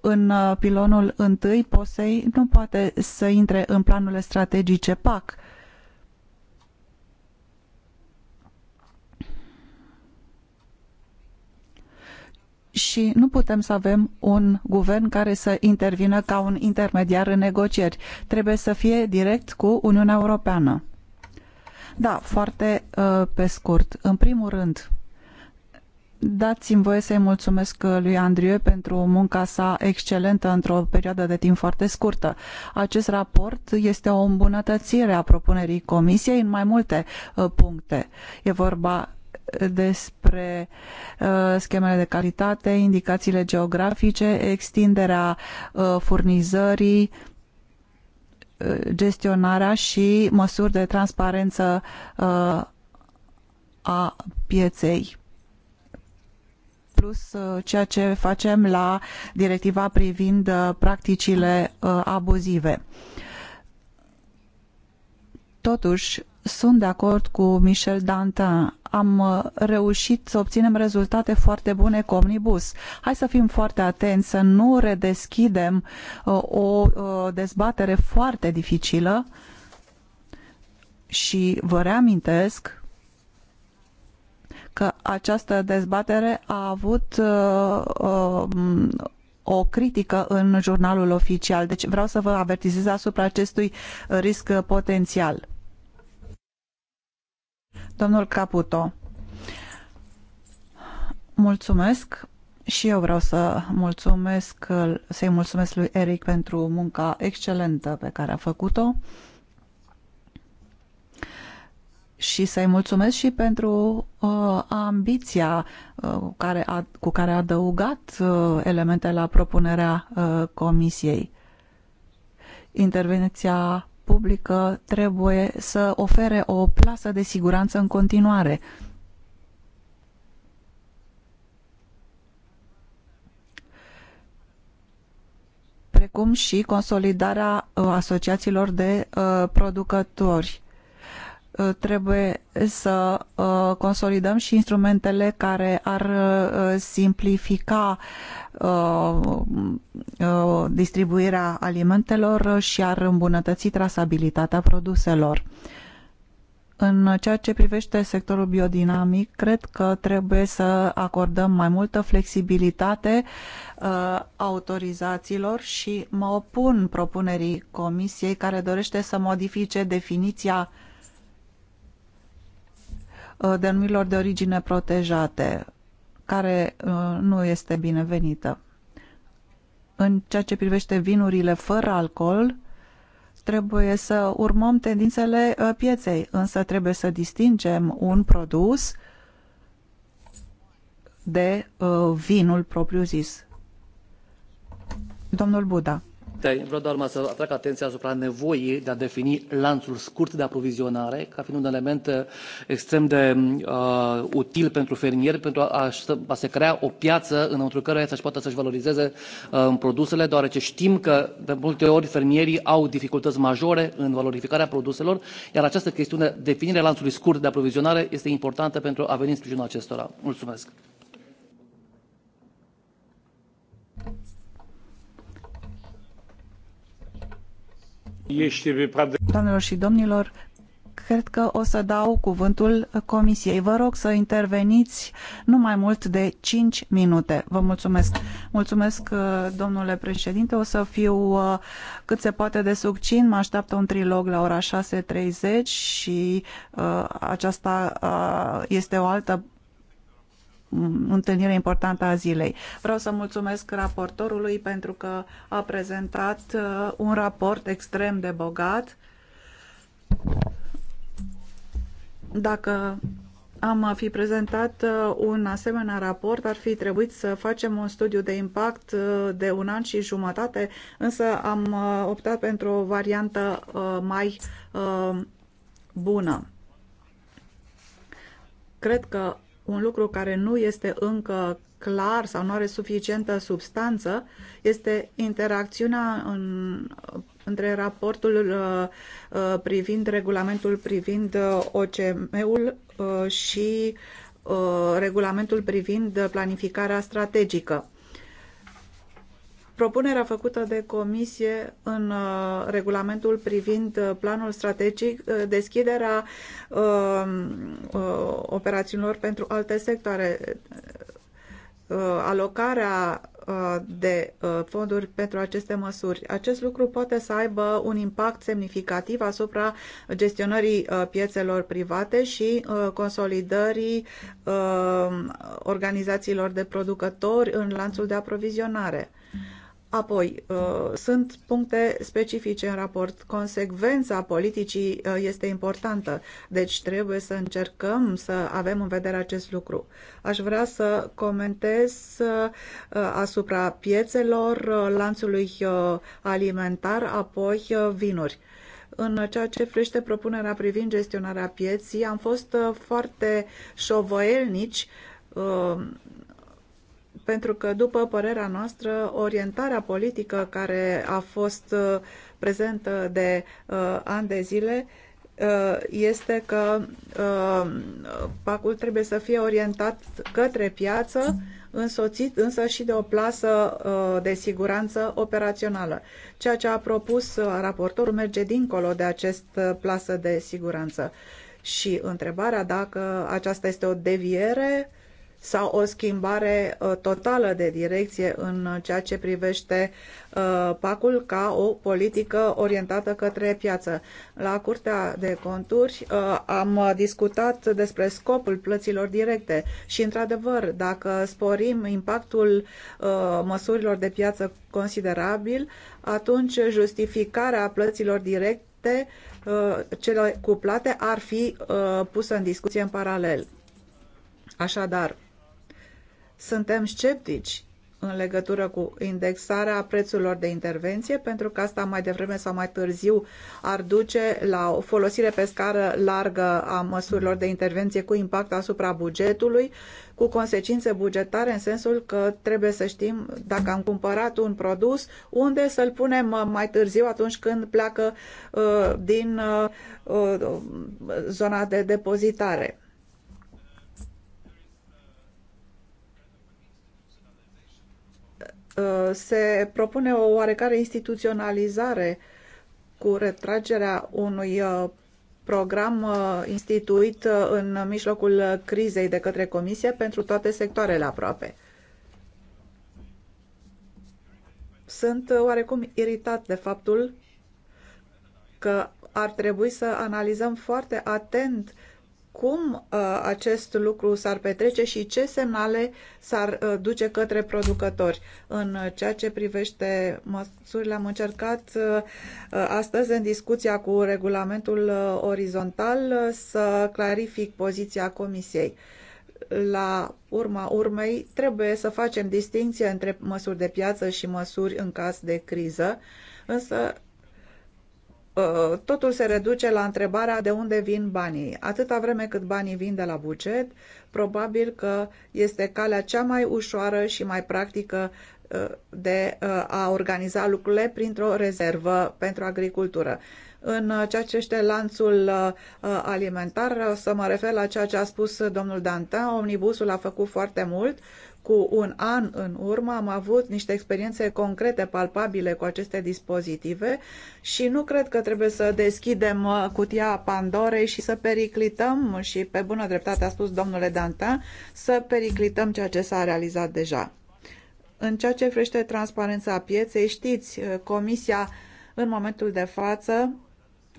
în pilonul întâi, POSEI nu poate să intre în planurile strategice PAC. Uh, și nu putem să avem un guvern care să intervină ca un intermediar în negocieri. Trebuie să fie direct cu Uniunea Europeană. Da, foarte uh, pe scurt. În primul rând, dați-mi voie să-i mulțumesc uh, lui Andrieu pentru munca sa excelentă într-o perioadă de timp foarte scurtă. Acest raport este o îmbunătățire a propunerii Comisiei în mai multe uh, puncte. E vorba despre uh, schemele de calitate, indicațiile geografice, extinderea uh, furnizării, uh, gestionarea și măsuri de transparență uh, a pieței plus uh, ceea ce facem la directiva privind uh, practicile abuzive. Totuși, sunt de acord cu Michel Dantin. Am uh, reușit să obținem rezultate foarte bune cu Omnibus. Hai să fim foarte atenți, să nu redeschidem uh, o uh, dezbatere foarte dificilă și vă reamintesc că această dezbatere a avut o critică în jurnalul oficial. Deci vreau să vă avertizez asupra acestui risc potențial. Domnul Caputo, mulțumesc și eu vreau să mulțumesc, să-i mulțumesc lui Eric pentru munca excelentă pe care a făcut-o și să-i mulțumesc și pentru uh, ambiția uh, cu, care a, cu care a adăugat uh, elemente la propunerea uh, comisiei. Intervenția publică trebuie să ofere o plasă de siguranță în continuare. precum și consolidarea uh, asociațiilor de uh, producători Uh, trebuie să uh, consolidăm și instrumentele care ar uh, simplifica distribuirea alimentelor și ar îmbunătăți trasabilitatea produselor. În ceea ce privește sectorul biodinamic, cred că trebuie să acordăm mai multă flexibilitate uh, autorizațiilor și mă opun propunerii comisiei care dorește să modifice definiția uh, Uh, denumirilor de origine protejate, care uh, nu este binevenită. În ceea ce privește vinurile fără alcool, trebuie să urmăm tendințele uh, pieței, însă trebuie să distingem un produs de vinul propriu-zis. Domnul Buda vreau doar să atrag atenția asupra nevoii de a defini lanțul scurt de aprovizionare ca fiind un element uh, extrem de uh, util pentru fermieri pentru a se crea o piață înăuntrul care să-și poată să-și valorizeze uh, produsele deoarece știm că de multe ori fermierii au dificultăți majore în valorificarea produselor iar această chestiune definirea lanțului scurt de aprovizionare este importantă pentru a veni în sprijinul acestora. mulțumesc. Doamnelor și domnilor, cred că o să dau cuvântul Comisiei. Vă rog să interveniți nu mai mult de cinci minute. Vă mulțumesc. Mulțumesc, uh, domnule președinte. O să fiu uh, cât se poate de succint. Mă așteaptă un trilog la ora 6.30 și uh, aceasta uh, este o altă întâlnire importantă a zilei. Vreau să mulțumesc raportorului pentru că a prezentat uh, un raport extrem de bogat. Dacă am fi prezentat uh, un asemenea raport, ar fi trebuit să facem un studiu de impact uh, de un an și jumătate, însă am optat pentru o variantă mai bună. Cred că un lucru care nu este încă clar sau nu are suficientă substanță este interacțiunea în, între raportul uh, uh privind regulamentul privind uh, OCM-ul uh, și uh, regulamentul privind planificarea strategică. Propunerea făcută de comisie în uh, regulamentul privind uh, planul strategic, uh, deschiderea um, operațiunilor pentru alte sectoare, alocarea de fonduri pentru aceste măsuri. Acest lucru poate să aibă un impact semnificativ asupra gestionării piețelor private și consolidării organizațiilor de producători în lanțul de aprovizionare. Apoi, uh, sunt puncte specifice în raport. Consecvența politicii uh, este importantă, deci trebuie să încercăm să avem în vedere acest lucru. Aș vrea să comentez uh, asupra piețelor, lanțului alimentar, apoi vinuri. În ceea ce privește propunerea privind gestionarea pieții, am fost foarte șovăielnici pentru că, după părerea noastră, orientarea politică care a fost uh, prezentă de uh, ani de zile uh, este că uh, pacul trebuie să fie orientat către piață, însoțit însă și de o plasă uh, de siguranță operațională. Ceea ce a propus uh, raportorul merge dincolo de acest plasă de siguranță. Și întrebarea dacă aceasta este o deviere sau o schimbare uh, totală de direcție în ceea ce privește uh, pacul ca o politică orientată către piață. La Curtea de Conturi uh, am discutat despre scopul plăților directe și, într-adevăr, dacă sporim impactul măsurilor de piață considerabil, atunci justificarea plăților directe cele cuplate ar fi pusă în discuție în paralel. Așadar, suntem sceptici în legătură cu indexarea prețurilor de intervenție, pentru că asta mai devreme sau mai târziu ar duce la o folosire pe scară largă a măsurilor de intervenție cu impact asupra bugetului, cu consecințe bugetare în sensul că trebuie să știm dacă am cumpărat un produs, unde să-l punem mai târziu atunci când pleacă uh, din uh, uh, zona de depozitare Uh, se propune o oarecare instituționalizare cu retragerea unui uh, program uh, instituit în mijlocul crizei de către Comisie pentru toate sectoarele aproape. Sunt oarecum iritat de faptul că ar trebui să analizăm foarte atent cum uh, acest lucru s-ar petrece și ce semnale s-ar uh, duce către producători. În uh, ceea ce privește măsurile, am încercat astăzi în discuția cu regulamentul orizontal să clarific poziția Comisiei la urma urmei trebuie să facem distinție între măsuri de piață și măsuri în caz de criză, însă Uh, totul se reduce la întrebarea de unde vin banii. Atâta vreme cât banii vin de la buget, probabil că este calea cea mai ușoară și mai practică uh, de uh, a organiza lucrurile printr-o rezervă pentru agricultură. În ceea ce este lanțul alimentar, o să mă refer la ceea ce a spus domnul Dantin, omnibusul a făcut foarte mult, cu un an în urmă am avut niște experiențe concrete, palpabile cu aceste dispozitive și nu cred că trebuie să deschidem uh, cutia Pandorei și să periclităm, și pe bună dreptate a spus domnule Dantin, să periclităm ceea ce s-a realizat deja. În ceea ce frește transparența pieței, știți, uh, Comisia în momentul de față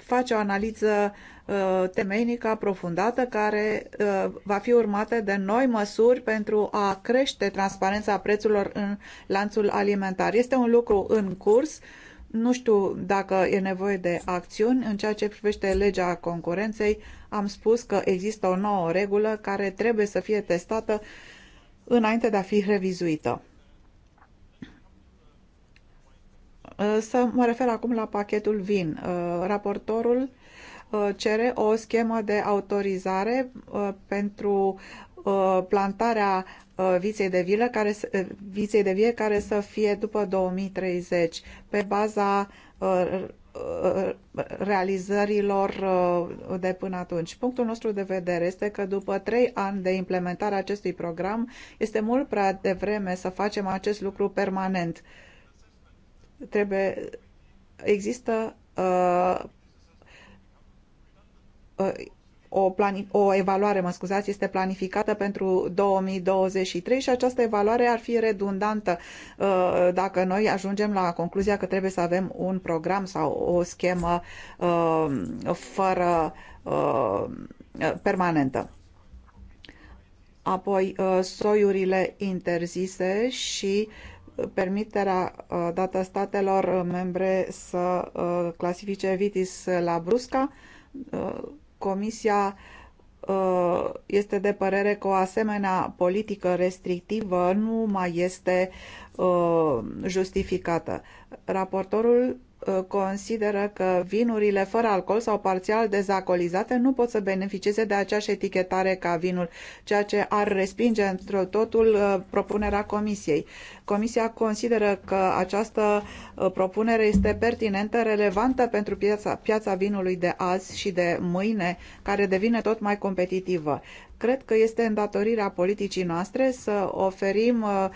face o analiză uh, temeinică aprofundată care uh, va fi urmată de noi măsuri pentru a crește transparența prețurilor în lanțul alimentar. Este un lucru în curs. Nu știu dacă e nevoie de acțiuni. În ceea ce privește legea concurenței, am spus că există o nouă regulă care trebuie să fie testată înainte de a fi revizuită. Uh, să mă refer acum la pachetul vin. Uh, raportorul uh, cere o schemă de autorizare pentru plantarea viței de, vilă care, viței de vie care să fie după 2030 pe baza realizărilor de până atunci. Punctul nostru de vedere este că după trei ani de implementare a acestui program este mult prea devreme să facem acest lucru permanent. Uh, trebuie există uh, uh, o, plani- o evaluare, mă scuzați, este planificată pentru 2023 și această evaluare ar fi redundantă uh, dacă noi ajungem la concluzia că trebuie să avem un program sau o schemă uh, fără uh, permanentă. Apoi, uh, soiurile interzise și uh, permiterea uh, dată statelor uh, membre să uh, clasifice vitis la brusca. Comisia este de părere că o asemenea politică restrictivă nu mai este justificată. Raportorul Uh, consideră că vinurile fără alcool sau parțial dezacolizate nu pot să beneficieze de aceeași etichetare ca vinul, ceea ce ar respinge într totul uh, propunerea Comisiei. Comisia consideră că această uh, propunere este pertinentă, relevantă pentru piața, piața vinului de azi și de mâine, care devine tot mai competitivă. Cred că este îndatorirea politicii noastre să oferim uh,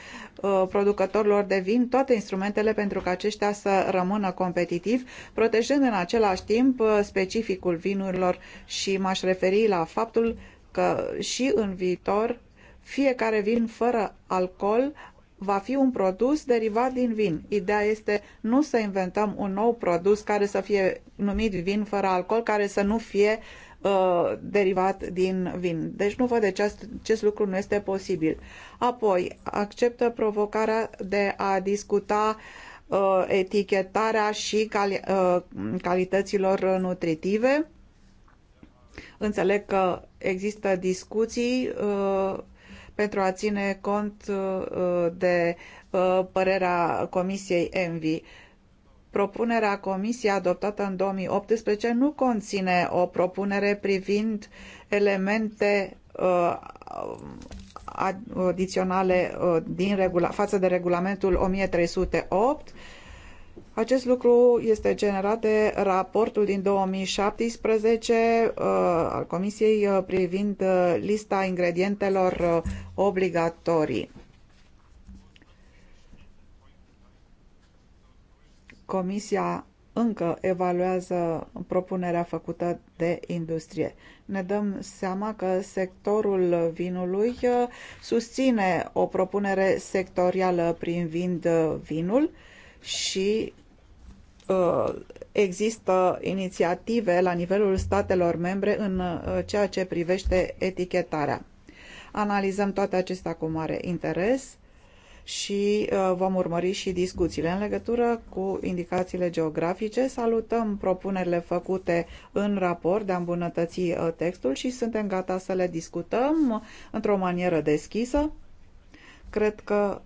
uh, producătorilor de vin toate instrumentele pentru ca aceștia să rămână competitivi, protejând în același timp uh, specificul vinurilor și m-aș referi la faptul că și în viitor fiecare vin fără alcool va fi un produs derivat din vin. Ideea este nu să inventăm un nou produs care să fie numit vin fără alcool, care să nu fie Uh, derivat din vin. Deci nu văd de ce acest lucru nu este posibil. Apoi, acceptă provocarea de a discuta uh, etichetarea și cali, uh, calităților nutritive. Înțeleg că există discuții uh, pentru a ține cont uh, de uh, părerea Comisiei Envi. Propunerea comisiei adoptată în 2018 nu conține o propunere privind elemente uh, adiționale uh, din regula, față de regulamentul 1308. Acest lucru este generat de raportul din 2017 uh, al Comisiei uh, privind uh, lista ingredientelor uh, obligatorii. Comisia încă evaluează propunerea făcută de industrie. Ne dăm seama că sectorul vinului uh, susține o propunere sectorială prin de uh, vinul și uh, există inițiative la nivelul statelor membre în ceea ce privește etichetarea. Analizăm toate acestea cu mare interes și uh, vom urmări și discuțiile. În legătură cu indicațiile geografice, salutăm propunerile făcute în raport de a îmbunătăți uh, textul și suntem gata să le discutăm într-o manieră deschisă. Cred că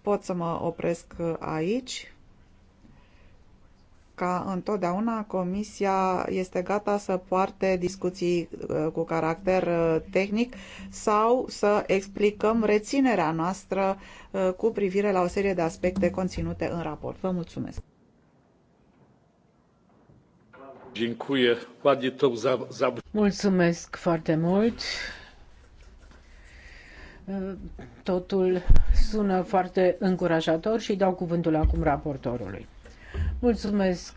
pot să mă opresc uh, aici ca întotdeauna Comisia este gata să poarte discuții uh, cu caracter uh, tehnic sau să explicăm reținerea noastră uh, cu privire la o serie de aspecte conținute în raport. Vă mulțumesc! Mulțumesc foarte mult! Totul sună foarte încurajator și dau cuvântul acum raportorului. Mulțumesc,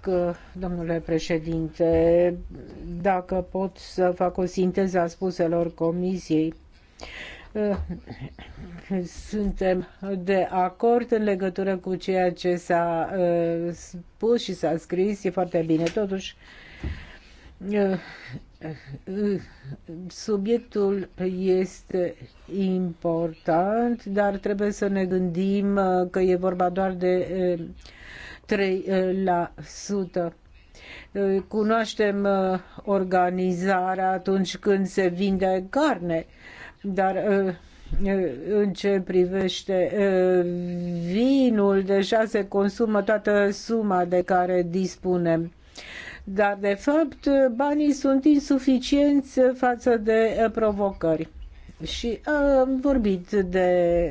domnule președinte. Dacă pot să fac o sinteză a spuselor comisiei, suntem de acord în legătură cu ceea ce s-a uh, spus și s-a scris, e foarte bine. Totuși, uh, subiectul este important, dar trebuie să ne gândim uh, că e vorba doar de 3%. Uh, uh, cunoaștem uh, organizarea atunci când se vinde carne, dar în ce privește vinul, deja se consumă toată suma de care dispunem. Dar, de fapt, banii sunt insuficienți față de provocări. Și am vorbit de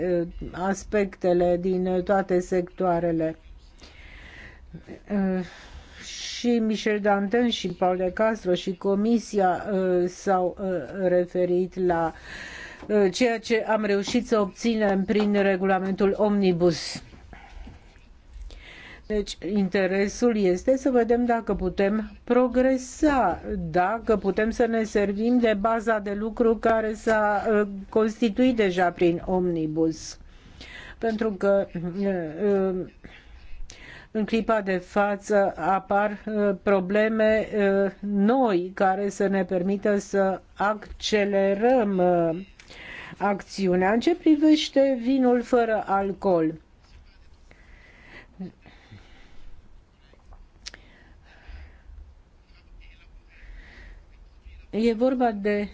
aspectele din toate sectoarele. Uh, și Michel Danten și Paul de Castro și Comisia uh, s-au uh, referit la ceea ce am reușit să obținem prin regulamentul Omnibus. Deci, interesul este să vedem dacă putem progresa, dacă putem să ne servim de baza de lucru care s-a constituit deja prin omnibus. Pentru că în clipa de față apar uh, probleme uh, noi care să ne permită să accelerăm uh, acțiunea. În ce privește vinul fără alcool? E vorba de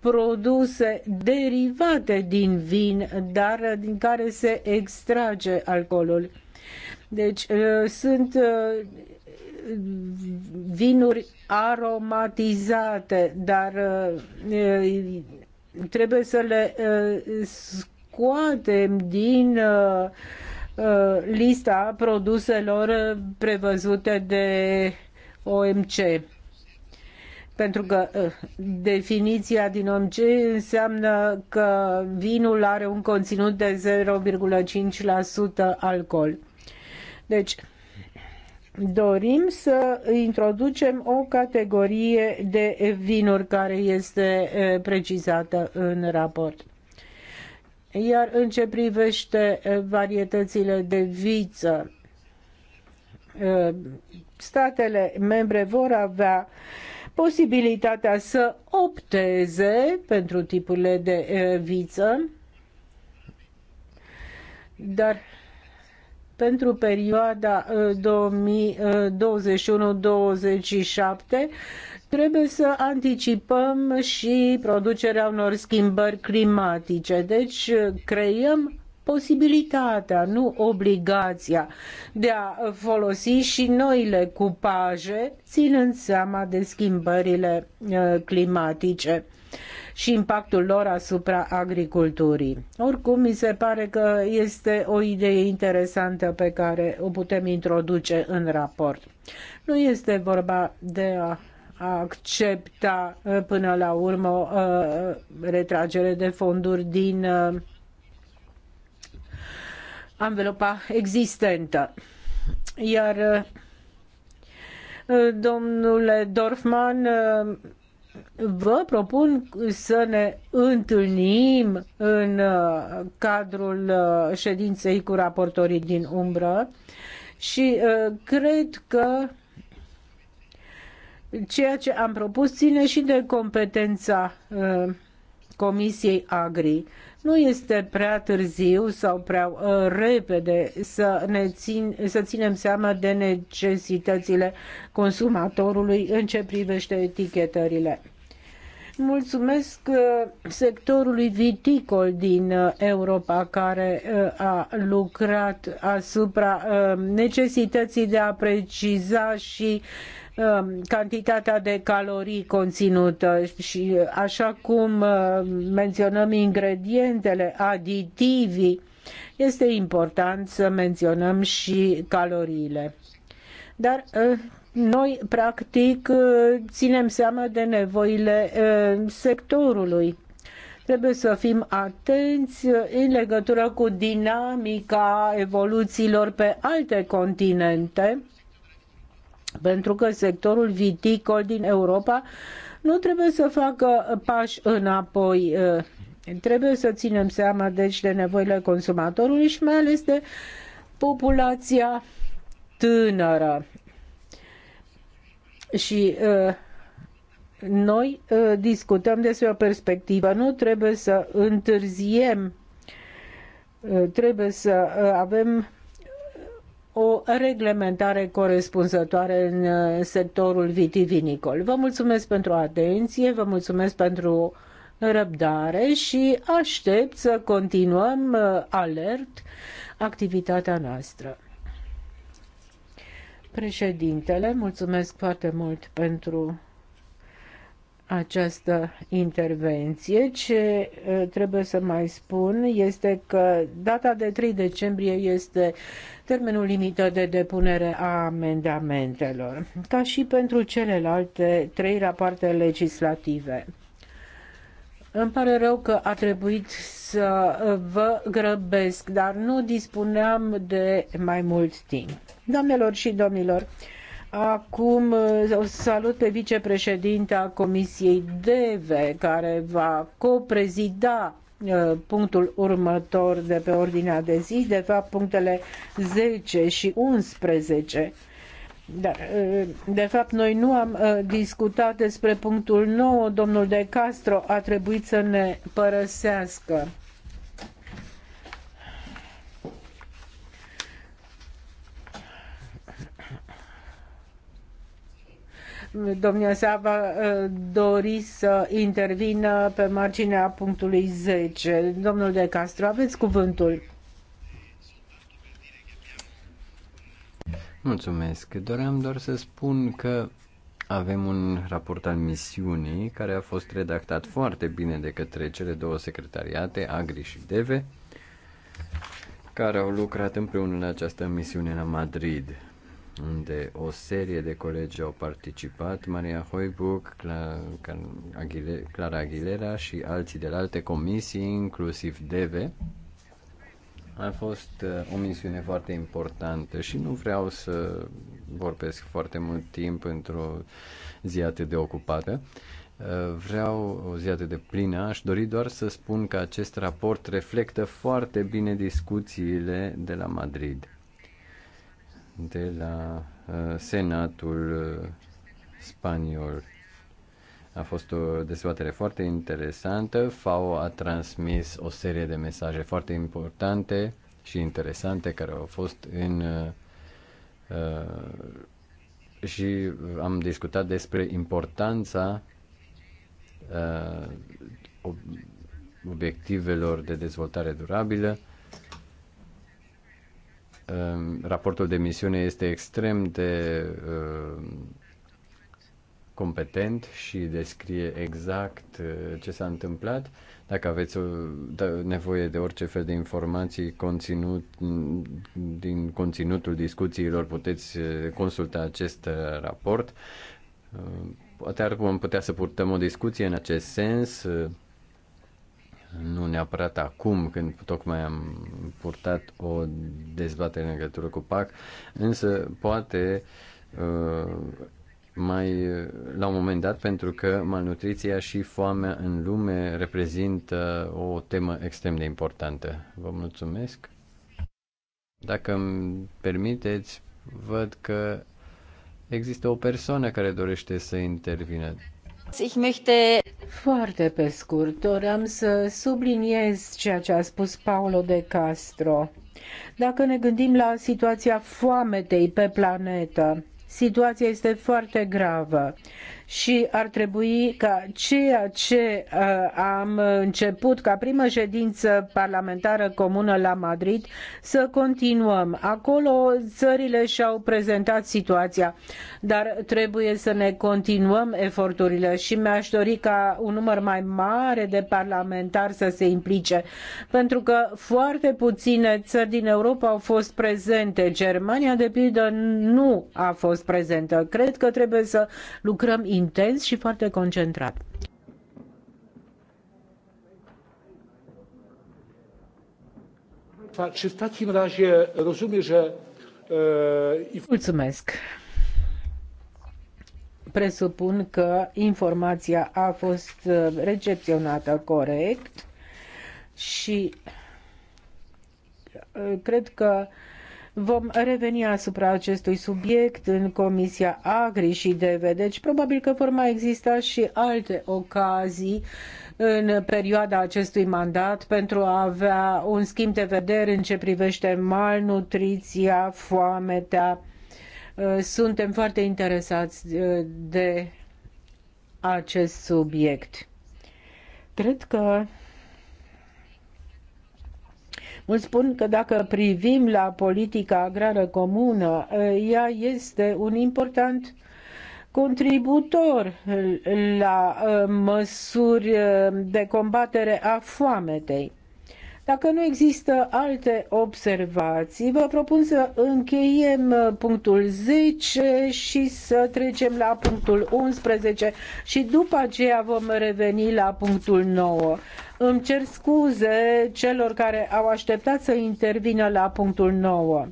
produse derivate din vin, dar din care se extrage alcoolul deci uh, sunt uh, vinuri aromatizate, dar uh, trebuie să le scoatem din lista produselor prevăzute de OMC. Pentru că definiția din OMC înseamnă că vinul are un conținut de 0,5% alcool. Deci, dorim să introducem o categorie de vinuri care este precizată în raport. Iar în ce privește varietățile de viță, statele membre vor avea posibilitatea să opteze pentru tipurile de viță, dar pentru perioada 2021-2027 ă, ă, trebuie să anticipăm și producerea unor schimbări climatice. Deci ă, creăm posibilitatea, nu obligația de a folosi și noile cupaje, ținând seama de schimbările climatice și impactul lor asupra agriculturii. Oricum, mi se pare că este o idee interesantă pe care o putem introduce în raport. Nu este vorba de a accepta uh, până la urmă o uh, retragere de fonduri din uh, anvelopa existentă. Iar domnule Dorfman Vă propun să ne întâlnim în uh, cadrul uh, ședinței cu raportorii din umbră și uh, cred că ceea ce am propus ține și de competența Comisiei Agri. Nu este prea târziu sau prea uh, repede să, ne țin, să ținem seama de necesitățile consumatorului în ce privește etichetările. Mulțumesc uh, sectorului viticol din uh, Europa care uh, a lucrat asupra necesității de a preciza și Um, cantitatea de calorii conținută și așa cum uh, menționăm ingredientele, aditivii, este important să menționăm și caloriile. Dar uh, noi, practic, uh, ținem seama de nevoile sectorului. Trebuie să fim atenți în legătură cu dinamica evoluțiilor pe alte continente pentru că sectorul viticol din Europa nu trebuie să facă pași înapoi. Uh, trebuie să ținem seama deci de nevoile consumatorului și mai ales de populația tânără. Și uh, noi uh, discutăm despre o perspectivă. Nu trebuie să întârziem, trebuie să avem o reglementare corespunzătoare în uh, sectorul vitivinicol. Vă mulțumesc pentru atenție, vă mulțumesc pentru răbdare și aștept să continuăm uh, alert activitatea noastră. Președintele, mulțumesc foarte mult pentru această intervenție. Ce uh, trebuie să mai spun este că data de 3 decembrie este termenul limită de depunere a amendamentelor, ca și pentru celelalte trei rapoarte legislative. Îmi pare rău că a trebuit să vă grăbesc, dar nu dispuneam de mai mult timp. Doamnelor și domnilor, Acum o salut pe vicepreședinta Comisiei DEVE, care va coprezida Uh, punctul următor de pe ordinea de zi, de fapt punctele 10 și 11. Dar, uh, de fapt, noi nu am uh, discutat despre punctul 9. Domnul De Castro a trebuit să ne părăsească. domnia sa va ă, dori să intervină pe marginea punctului 10. Domnul De Castro, aveți cuvântul. Mulțumesc. Doream doar să spun că avem un raport al misiunii care a fost redactat foarte bine de către cele două secretariate, Agri și Deve, care au lucrat împreună la această misiune la Madrid unde o serie de colegi au participat, Maria Hoibuc, Clara Aguilera și alții de la alte comisii, inclusiv DEVE. A fost uh, o misiune foarte importantă și nu vreau să vorbesc foarte mult timp într-o zi atât de ocupată. Uh, vreau o zi atât de plină. Aș dori doar să spun că acest raport reflectă foarte bine discuțiile de la Madrid de la uh, Senatul uh, spaniol. A fost o dezbatere foarte interesantă. FAO a transmis o serie de mesaje foarte importante și interesante care au fost în uh, uh și am discutat despre importanța uh, obiectivelor de dezvoltare durabilă Um, raportul de misiune este extrem de um, competent și descrie exact uh, ce s-a întâmplat. Dacă aveți da, nevoie de orice fel de informații conținut, din conținutul discuțiilor, puteți uh, consulta acest uh, raport. Poate ar putea să purtăm o discuție în acest sens nu neapărat acum, când tocmai am purtat o dezbatere în legătură cu PAC, însă poate uh, mai uh, la un moment dat, pentru că malnutriția și foamea în lume reprezintă o temă extrem de importantă. Vă mulțumesc. Dacă îmi permiteți, văd că există o persoană care dorește să intervină. Deci, foarte pe scurt, doream să subliniez ceea ce a spus Paulo de Castro. Dacă ne gândim la situația foametei pe planetă, situația este foarte gravă și ar trebui ca ceea ce uh, am început ca primă ședință parlamentară comună la Madrid să continuăm. Acolo țările și-au prezentat situația, dar trebuie să ne continuăm eforturile și mi-aș dori ca un număr mai mare de parlamentari să se implice, pentru că foarte puține țări din Europa au fost prezente. Germania, de pildă, nu a fost prezentă. Cred că trebuie să lucrăm intens și foarte concentrat. Czy w takim razie że... Mulțumesc. Presupun că informația a fost recepționată corect și cred că Vom reveni asupra acestui subiect în Comisia Agri și DV, deci probabil că vor mai exista și alte ocazii în perioada acestui mandat pentru a avea un schimb de vedere în ce privește malnutriția, foametea. Uh, suntem foarte interesați uh, de acest subiect. Cred că Mulți spun că dacă privim la politica agrară comună, ea este un important contributor la uh, măsuri uh, de combatere a foametei. Dacă nu există alte observații, vă propun să încheiem uh, punctul 10 și să trecem la punctul 11 și după aceea vom reveni la punctul 9. Îmi cer scuze celor care au așteptat să intervină la punctul 9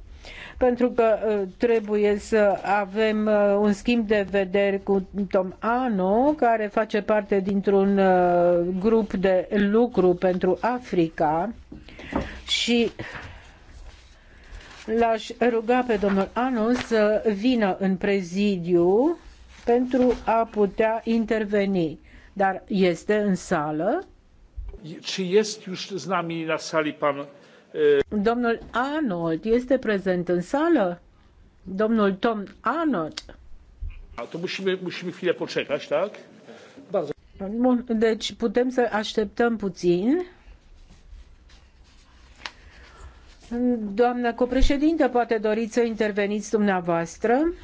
pentru că uh, trebuie să avem uh, un schimb de vederi cu Tom Ano, care face parte dintr-un uh, grup de lucru pentru Africa și l-aș ruga pe domnul Ano să vină în prezidiu pentru a putea interveni. Dar este în sală? Czy jest już z nami na sali pan... Domnul Arnold este prezent în sală? Domnul Tom Arnold. A, to musimy, musimy chwilę poczekać, tak? Bardzo. Bun, deci putem să așteptăm puțin. Doamna copreședintă, poate doriți să interveniți dumneavoastră.